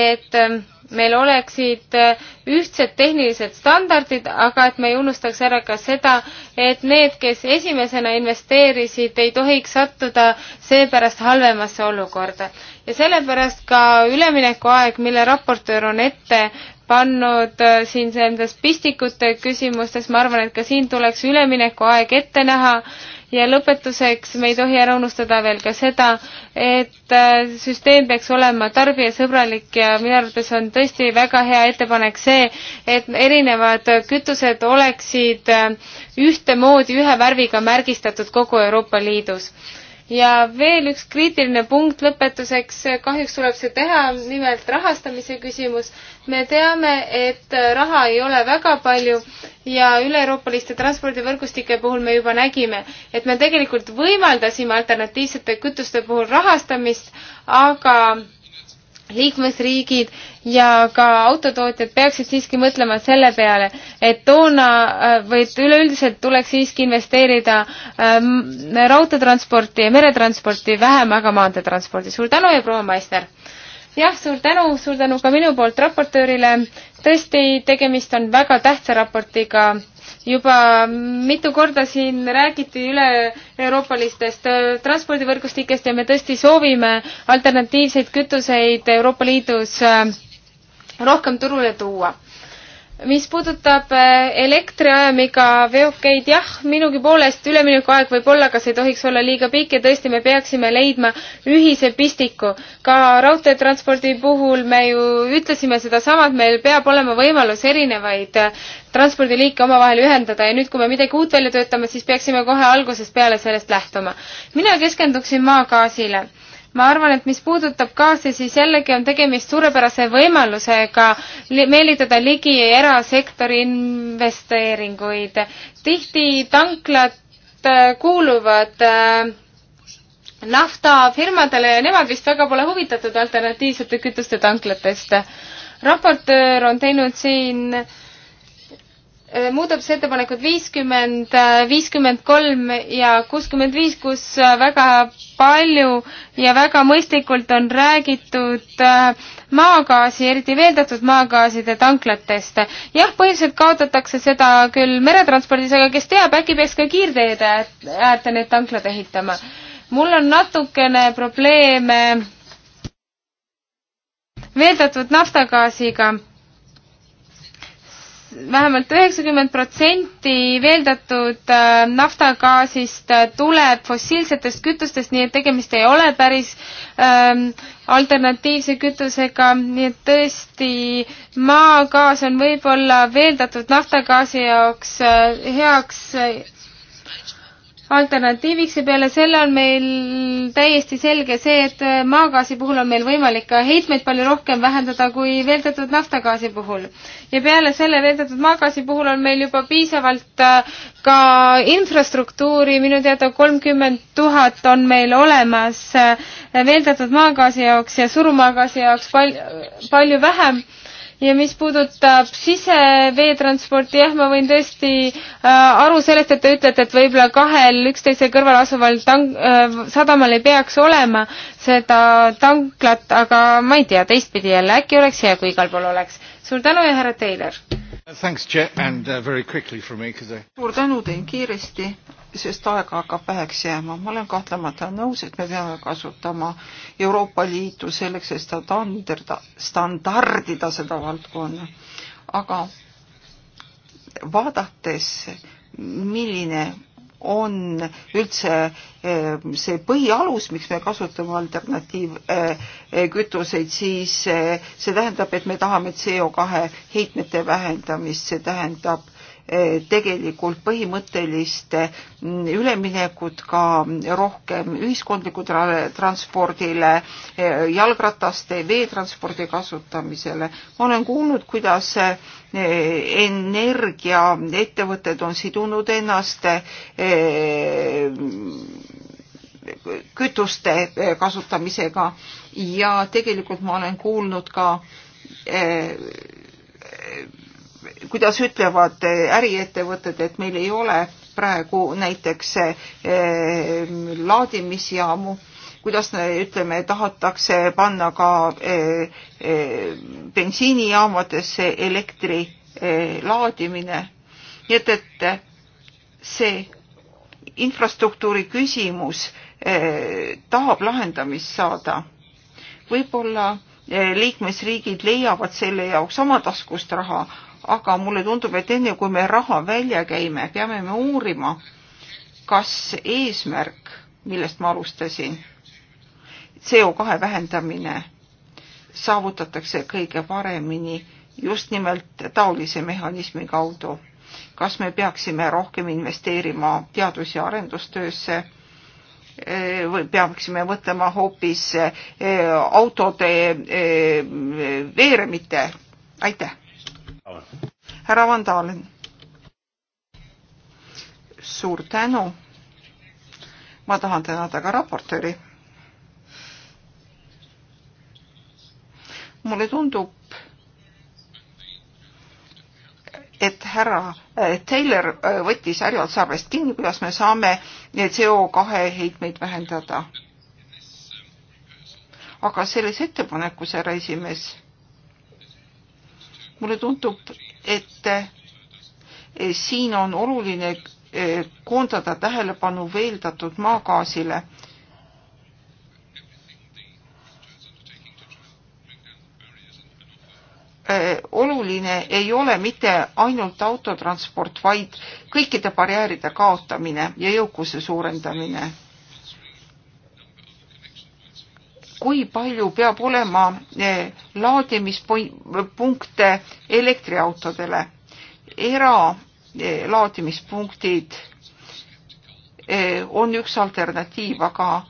et ähm, meil oleksid äh, ühtsed tehnilised standardid, aga et me ei unustaks ära ka seda, et need, kes esimesena investeerisid, ei tohiks sattuda seepärast halvemasse olukorda. ja sellepärast ka üleminekuaeg, mille raportöör on ette pannud äh, siin nendes pistikute küsimustes, ma arvan, et ka siin tuleks üleminekuaeg ette näha ja lõpetuseks me ei tohi ära unustada veel ka seda, et äh, süsteem peaks olema tarbijasõbralik ja minu arvates on tõesti väga hea ettepanek see, et erinevad kütused oleksid äh, ühtemoodi ühe värviga märgistatud kogu Euroopa Liidus ja veel üks kriitiline punkt lõpetuseks, kahjuks tuleb see teha, nimelt rahastamise küsimus. me teame, et raha ei ole väga palju ja üle-euroopaliste transpordivõrgustike puhul me juba nägime, et me tegelikult võimaldasime alternatiivsete kütuste puhul rahastamist, aga liikmesriigid ja ka autotootjad peaksid siiski mõtlema selle peale, et toona äh, või et üleüldiselt tuleks siiski investeerida ähm, raudteetransporti ja meretransporti vähem, aga maanteetranspordi. suur tänu ja proua Maisner! jah, suur tänu, suur tänu ka minu poolt raportöörile. tõesti, tegemist on väga tähtsa raportiga juba mitu korda siin räägiti üle-euroopalistest äh, transpordivõrgustikest ja me tõesti soovime alternatiivseid kütuseid Euroopa Liidus äh, rohkem turule tuua mis puudutab eh, elektriajamiga veokeid, jah, minugi poolest üleminekuaeg võib olla, kas ei tohiks olla liiga pikk ja tõesti, me peaksime leidma ühise pistiku. ka raudteetranspordi puhul me ju ütlesime sedasama, et meil peab olema võimalus erinevaid eh, transpordiliike omavahel ühendada ja nüüd, kui me midagi uut välja töötame, siis peaksime kohe algusest peale sellest lähtuma. mina keskenduksin maagaasile ma arvan, et mis puudutab gaasi, siis jällegi on tegemist suurepärase võimalusega meelitada ligi erasektori investeeringuid. tihti tanklad äh, kuuluvad äh, naftafirmadele ja nemad vist väga pole huvitatud alternatiivsete kütuste tanklatest. raportöör on teinud siin äh, Äh, muudatusettepanekud viiskümmend, äh, viiskümmend kolm ja kuuskümmend viis, kus äh, väga palju ja väga mõistlikult on räägitud maagaasi, eriti veeldatud maagaaside tanklatest. jah, põhiliselt kaotatakse seda küll meretranspordis, aga kes teab, äkki peaks ka kiirteede äärde need tanklad ehitama. mul on natukene probleeme veeldatud naftagaasiga vähemalt üheksakümmend protsenti veeldatud äh, naftagaasist äh, tuleb fossiilsetest kütustest, nii et tegemist ei ole päris ähm, alternatiivse kütusega, nii et tõesti maagaas on võib-olla veeldatud naftagaasi jaoks äh, heaks äh, alternatiiviks ja peale selle on meil täiesti selge see, et maagaasi puhul on meil võimalik ka heitmeid palju rohkem vähendada kui veeldatud naftagaasi puhul. ja peale selle veeldatud maagaasi puhul on meil juba piisavalt äh, ka infrastruktuuri, minu teada kolmkümmend tuhat on meil olemas äh, veeldatud maagaasi jaoks ja surumaagaasi jaoks pal-, palju vähem ja mis puudutab siseveetransporti, jah, ma võin tõesti äh, aru sellest, et te ütlete, et võib-olla kahel üksteise kõrval asuval tank- äh,, sadamal ei peaks olema seda tanklat, aga ma ei tea, teistpidi jälle, äkki oleks hea, kui igal pool oleks. suur tänu ja härra Taylor! Thanks, Chair, and uh, very quickly from me, because I... suur tänu, teen kiiresti, sest aega hakkab väheks jääma. ma olen kahtlemata nõus, et me peame kasutama Euroopa Liitu selleks, et standarda, standardida seda valdkonna. aga vaadates, milline on üldse eh, see põhialus, miks me kasutame alternatiivkütuseid, eh, eh, siis see tähendab, et me tahame CO2 heitmete vähendamist, see tähendab Eh, tegelikult põhimõttelist eh, üleminekut ka rohkem ühiskondliku transpordile, eh, jalgrataste, veetranspordi kasutamisele. ma olen kuulnud, kuidas energiaettevõtted on sidunud ennast kütuste kasutamisega ja tegelikult ma olen kuulnud ka kuidas ütlevad eh, äriettevõtted, et meil ei ole praegu näiteks eh, laadimisjaamu, kuidas eh, ütleme, tahetakse panna ka bensiinijaamadesse elektri laadimine, nii et, et see infrastruktuuri küsimus tahab lahendamist saada. võib-olla liikmesriigid leiavad selle jaoks oma taskust raha, aga mulle tundub, et enne kui me raha välja käime, peame me uurima, kas eesmärk, millest ma alustasin, CO2 vähendamine, saavutatakse kõige paremini just nimelt taolise mehhanismi kaudu. kas me peaksime rohkem investeerima teadus- ja arendustöösse või peaksime mõtlema hoopis eh, autode eh, veeremite, aitäh härra Van Dalen. suur tänu. ma tahan tänada ka raportööri. mulle tundub, et härra Taylor äh, võttis härjalt sarvest kinni, kuidas me saame CO2 heitmeid vähendada. aga selles ettepanekus, härra esimees mulle tundub, et eh, siin on oluline eh, koondada tähelepanu veeldatud maagaasile. Eh, oluline ei ole mitte ainult autotransport, vaid kõikide barjääride kaotamine ja jõukuse suurendamine kui palju peab olema eh, laadimispunkte elektriautodele. eralaadimispunktid eh, eh, on üks alternatiiv, aga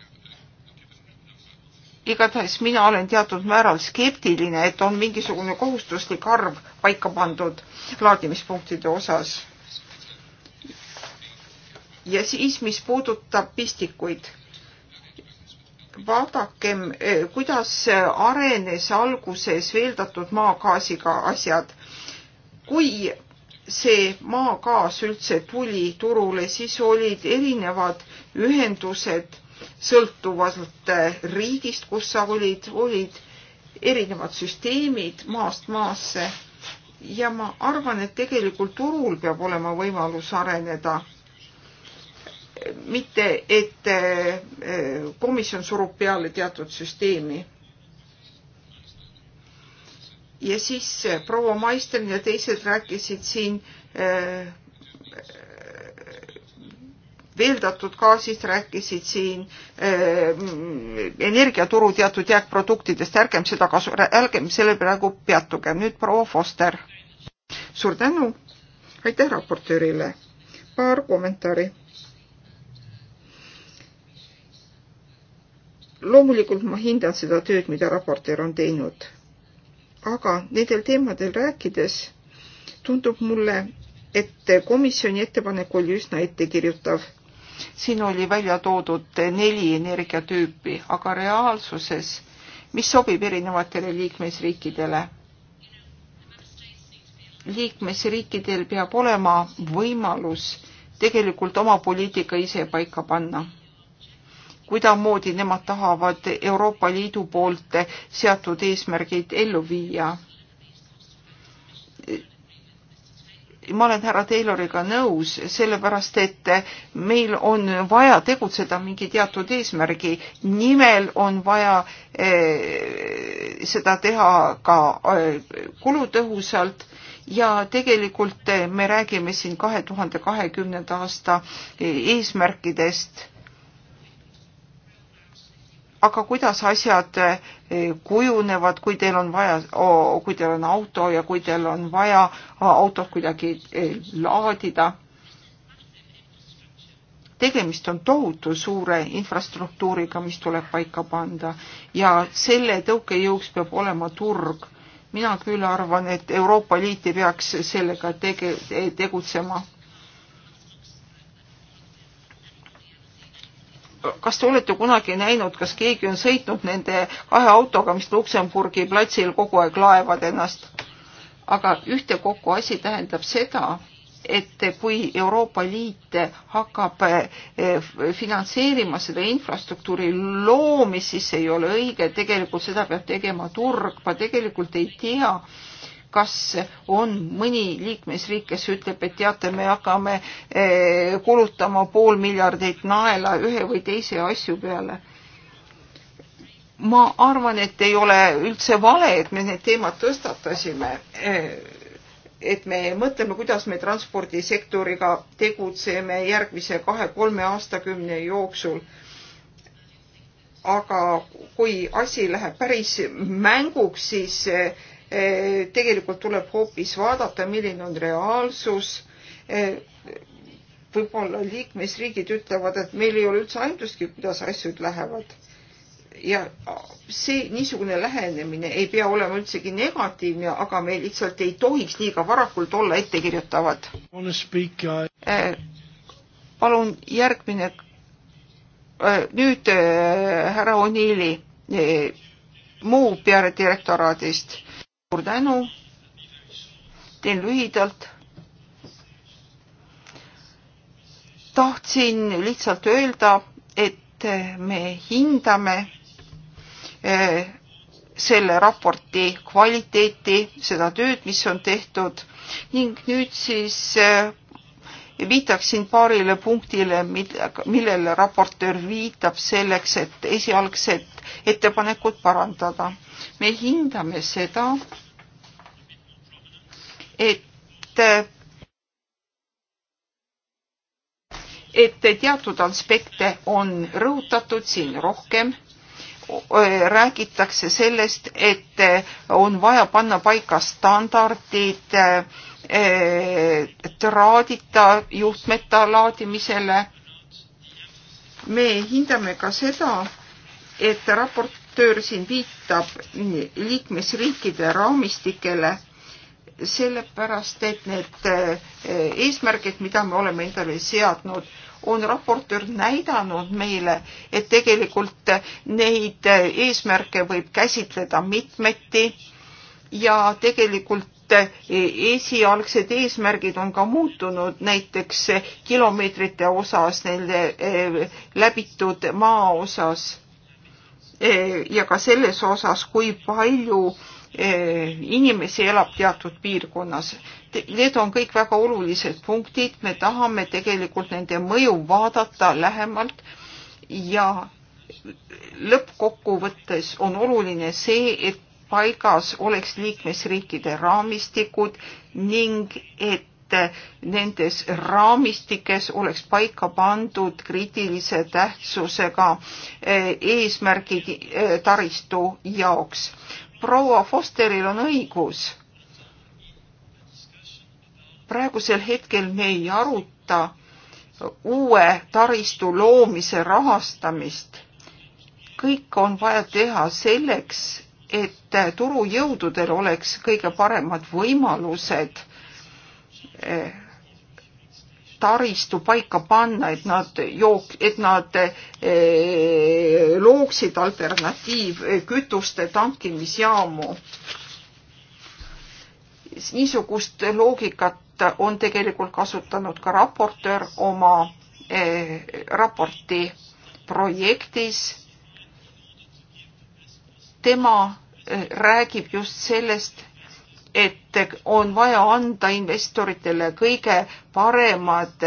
igatahes mina olen teatud määral skeptiline, et on mingisugune kohustuslik arv paika pandud laadimispunktide osas. ja siis, mis puudutab pistikuid vaadakem, eh, kuidas arenes alguses veeldatud maagaasiga asjad. kui see maagaas üldse tuli turule, siis olid erinevad ühendused sõltuvalt eh, riigist, kus sa olid, olid erinevad süsteemid maast maasse ja ma arvan, et tegelikult turul peab olema võimalus areneda mitte, et eh, komisjon surub peale teatud süsteemi. ja siis eh, proua Maistern ja teised rääkisid siin eh, veeldatud gaasist, rääkisid siin äh, energiaturu teatud jääkproduktidest, ärgem seda kasu, ärgem selle praegu peatugem. nüüd proua Foster. suur tänu, aitäh raportöörile. paar kommentaari loomulikult ma hindan seda tööd, mida raportöör on teinud. aga nendel teemadel rääkides tundub mulle, et komisjoni ettepanek oli üsna ettekirjutav. siin oli välja toodud neli energiatüüpi, aga reaalsuses, mis sobib erinevatele liikmesriikidele? liikmesriikidel peab olema võimalus tegelikult oma poliitika ise paika panna kuidamoodi nemad tahavad Euroopa Liidu poolt seatud eesmärgid ellu viia. ma olen härra Tayloriga nõus, sellepärast et meil on vaja tegutseda mingi teatud eesmärgi nimel, on vaja eh, seda teha ka eh, kulutõhusalt ja tegelikult eh, me räägime siin kahe tuhande kahekümnenda aasta eesmärkidest aga kuidas asjad eh, kujunevad, kui teil on vaja, kui teil on auto ja kui teil on vaja autot kuidagi eh, laadida. tegemist on tohutu suure infrastruktuuriga, mis tuleb paika panda ja selle tõukejõuks peab olema turg. mina küll arvan, et Euroopa Liit ei peaks sellega tege-, tegutsema kas te olete kunagi näinud, kas keegi on sõitnud nende kahe autoga, mis Luksemburgi platsil kogu aeg laevad ennast? aga ühtekokku asi tähendab seda, et kui Euroopa Liit hakkab eh, finantseerima seda infrastruktuuri loomist, siis see ei ole õige, tegelikult seda peab tegema turg, ma tegelikult ei tea, kas on mõni liikmesriik, kes ütleb, et teate, me hakkame eh, kulutama pool miljardit naela ühe või teise asju peale. ma arvan, et ei ole üldse vale, et me need teemad tõstatasime. Eh, et me mõtleme, kuidas me transpordisektoriga tegutseme järgmise kahe-kolme aastakümne jooksul aga kui asi läheb päris mänguks, siis eh, Eh, tegelikult tuleb hoopis vaadata, milline on reaalsus. Eh, võib-olla liikmesriigid ütlevad, et meil ei ole üldse aimdustki, kuidas asjad lähevad. ja see niisugune lähenemine ei pea olema üldsegi negatiivne, aga me lihtsalt ei tohiks liiga varakult olla ettekirjutavad. Uh, eh, palun järgmine. nüüd härra Onili Muu peadirektoraadist suur tänu. teen lühidalt. tahtsin lihtsalt öelda, et me hindame eh, selle raporti kvaliteeti, seda tööd, mis on tehtud ning nüüd siis eh, viitaksin paarile punktile, millele raportöör viitab selleks, et esialgset ettepanekut parandada. me hindame seda, et et teatud aspekte on rõhutatud siin rohkem räägitakse sellest, et on vaja panna paika standardid traadita juhtmete laadimisele. me hindame ka seda, et raportöör siin viitab liikmesriikide raamistikele, sellepärast et need eh, eesmärgid, mida me oleme endale seadnud, on raportöör näidanud meile, et tegelikult neid eh, eesmärke võib käsitleda mitmeti ja tegelikult eh, esialgsed eesmärgid on ka muutunud, näiteks kilomeetrite osas, nende läbitud maa osas Eh, ja ka selles osas, kui palju eh, inimesi elab teatud piirkonnas. Need on kõik väga olulised punktid, me tahame tegelikult nende mõju vaadata lähemalt ja lõppkokkuvõttes on oluline see, et paigas oleks liikmesriikide raamistikud ning et et nendes raamistikes oleks paika pandud kriitilise tähtsusega eh, eesmärgid eh, taristu jaoks. proua Fosteril on õigus. praegusel hetkel me ei aruta uue taristu loomise rahastamist. kõik on vaja teha selleks, et turujõududel oleks kõige paremad võimalused taristu paika panna, et nad jook-, et nad eh, looksid alternatiivkütuste tankimisjaamu. niisugust loogikat on tegelikult kasutanud ka raportöör oma eh, raporti projektis. tema eh, räägib just sellest, et on vaja anda investoritele kõige paremad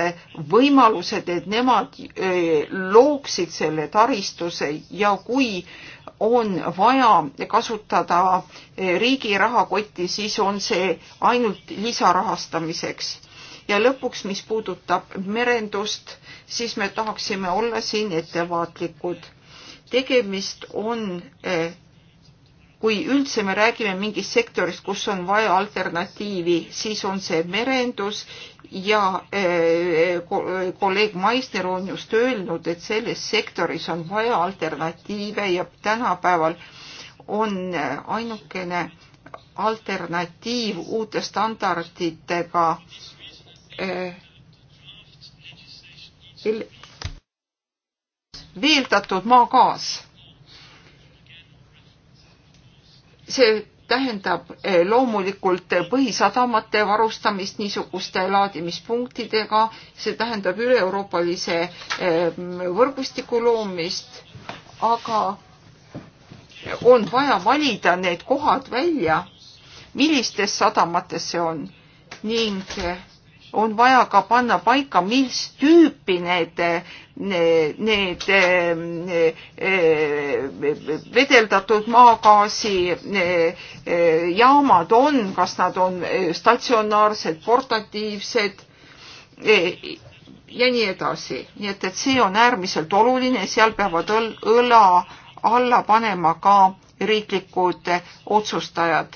võimalused, et nemad eh, looksid selle taristuse ja kui on vaja kasutada eh, riigi rahakotti, siis on see ainult lisarahastamiseks. ja lõpuks, mis puudutab merendust, siis me tahaksime olla siin ettevaatlikud. tegemist on eh, kui üldse me räägime mingist sektorist, kus on vaja alternatiivi, siis on see merendus ja eh, kolleeg Maisner on just öelnud, et selles sektoris on vaja alternatiive ja tänapäeval on ainukene alternatiiv uute standarditega eh, veeldatud maagaas see tähendab eh, loomulikult põhisadamate varustamist niisuguste laadimispunktidega, see tähendab üle-euroopalise eh, võrgustiku loomist, aga on vaja valida need kohad välja, millistes sadamates see on ning eh, on vaja ka panna paika, mis tüüpi need, need, need, eh, eh, need vedeldatud maagaasi eh, jaamad on, kas nad on statsionaarsed, portatiivsed ja nii edasi. nii et, et see on äärmiselt oluline, seal peavad õl-, õla alla panema ka riiklikud otsustajad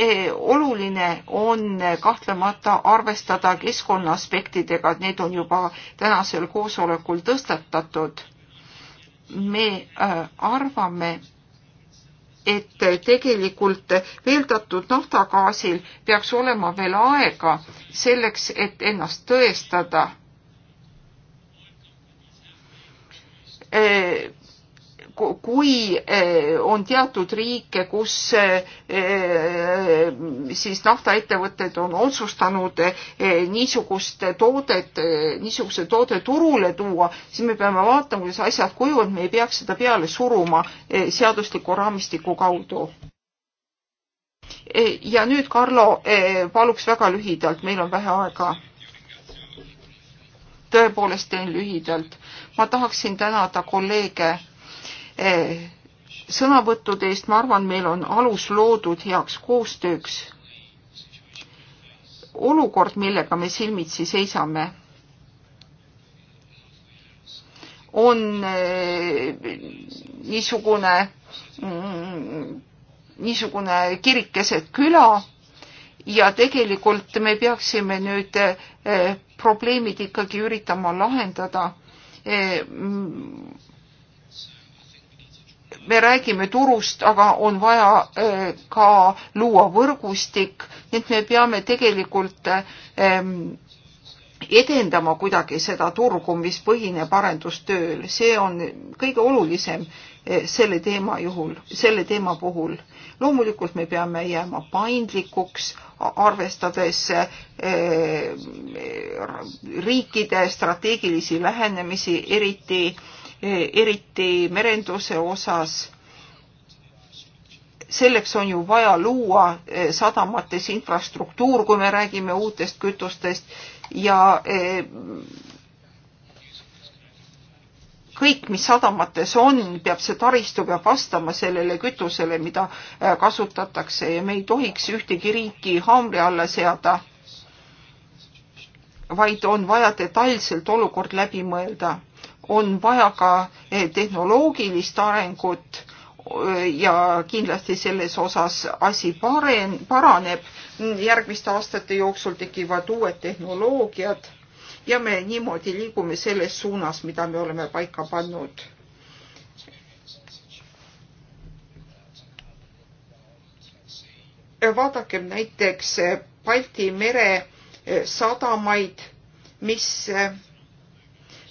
Eh, oluline on kahtlemata arvestada keskkonna aspektidega, need on juba tänasel koosolekul tõstatatud. me äh, arvame, et tegelikult veeldatud naftagaasil peaks olema veel aega selleks, et ennast tõestada eh, kui eh, on teatud riike, kus eh, siis naftaettevõtted on otsustanud eh, niisugust toodet, niisuguse toode turule tuua, siis me peame vaatama, kuidas asjad kujuvad, me ei peaks seda peale suruma seadusliku raamistiku kaudu. ja nüüd, Karlo, paluks väga lühidalt, meil on vähe aega tõepoolest teen lühidalt. ma tahaksin tänada kolleege Eh, sõnavõttude eest, ma arvan, meil on alus loodud heaks koostööks. olukord, millega me silmitsi seisame, on eh, niisugune, mm, niisugune kirik keset küla ja tegelikult me peaksime nüüd eh, probleemid ikkagi üritama lahendada me räägime turust, aga on vaja äh, ka luua võrgustik, nii et me peame tegelikult ähm, edendama kuidagi seda turgu, mis põhineb arendustööl, see on kõige olulisem äh, selle teema juhul, selle teema puhul. loomulikult me peame jääma paindlikuks, arvestades äh, riikide strateegilisi lähenemisi, eriti äh, eriti merenduse osas. selleks on ju vaja luua eh, sadamates infrastruktuur, kui me räägime uutest kütustest ja eh, kõik, mis sadamates on, peab see taristu, peab vastama sellele kütusele, mida eh, kasutatakse ja me ei tohiks ühtegi riiki haamri alla seada, vaid on vaja detailselt olukord läbi mõelda on vaja ka eh, tehnoloogilist arengut eh, ja kindlasti selles osas asi paren, paraneb. järgmiste aastate jooksul tekivad uued tehnoloogiad ja me niimoodi liigume selles suunas, mida me oleme paika pannud. vaadakem näiteks Balti mere eh, sadamaid, mis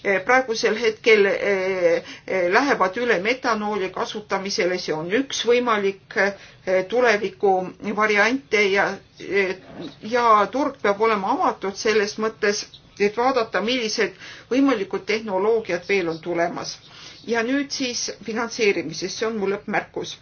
Eh, praegusel hetkel eh, eh, lähevad üle metanooli kasutamisele, see on üks võimalik tulevikuvariante ja, ja turg peab olema avatud selles mõttes, et vaadata, millised võimalikud tehnoloogiad veel on tulemas. ja nüüd siis finantseerimisest, see on mu lõppmärkus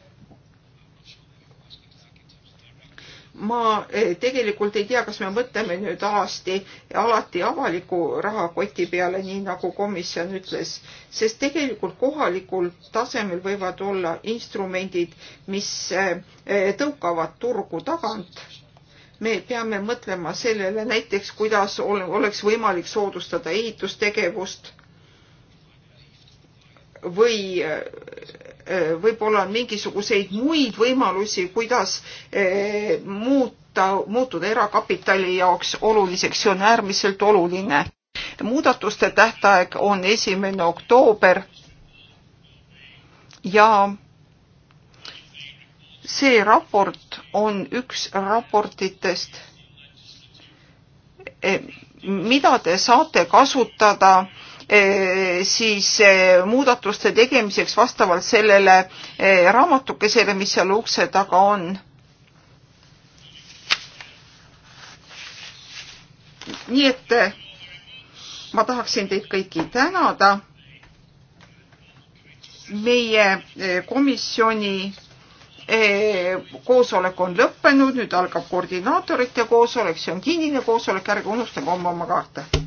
ma eh, tegelikult ei tea, kas me mõtleme nüüd alasti, alati avaliku rahakoti peale, nii nagu komisjon ütles, sest tegelikult kohalikul tasemel võivad olla instrumendid, mis eh, eh, tõukavad turgu tagant. me peame mõtlema sellele näiteks, kuidas oleks võimalik soodustada ehitustegevust või Äh, võib-olla on mingisuguseid muid võimalusi, kuidas äh, muuta, muutuda erakapitali jaoks oluliseks, see on äärmiselt oluline. muudatuste tähtaeg on esimene oktoober ja see raport on üks raportitest, eh, mida te saate kasutada Eh, siis eh, muudatuste tegemiseks vastavalt sellele eh, raamatukesele, mis seal ukse taga on. nii et ma tahaksin teid kõiki tänada. meie komisjoni koosolek on lõppenud, nüüd algab koordinaatorite koosolek, see on kinnine koosolek, ärge unustage homme oma kaarte.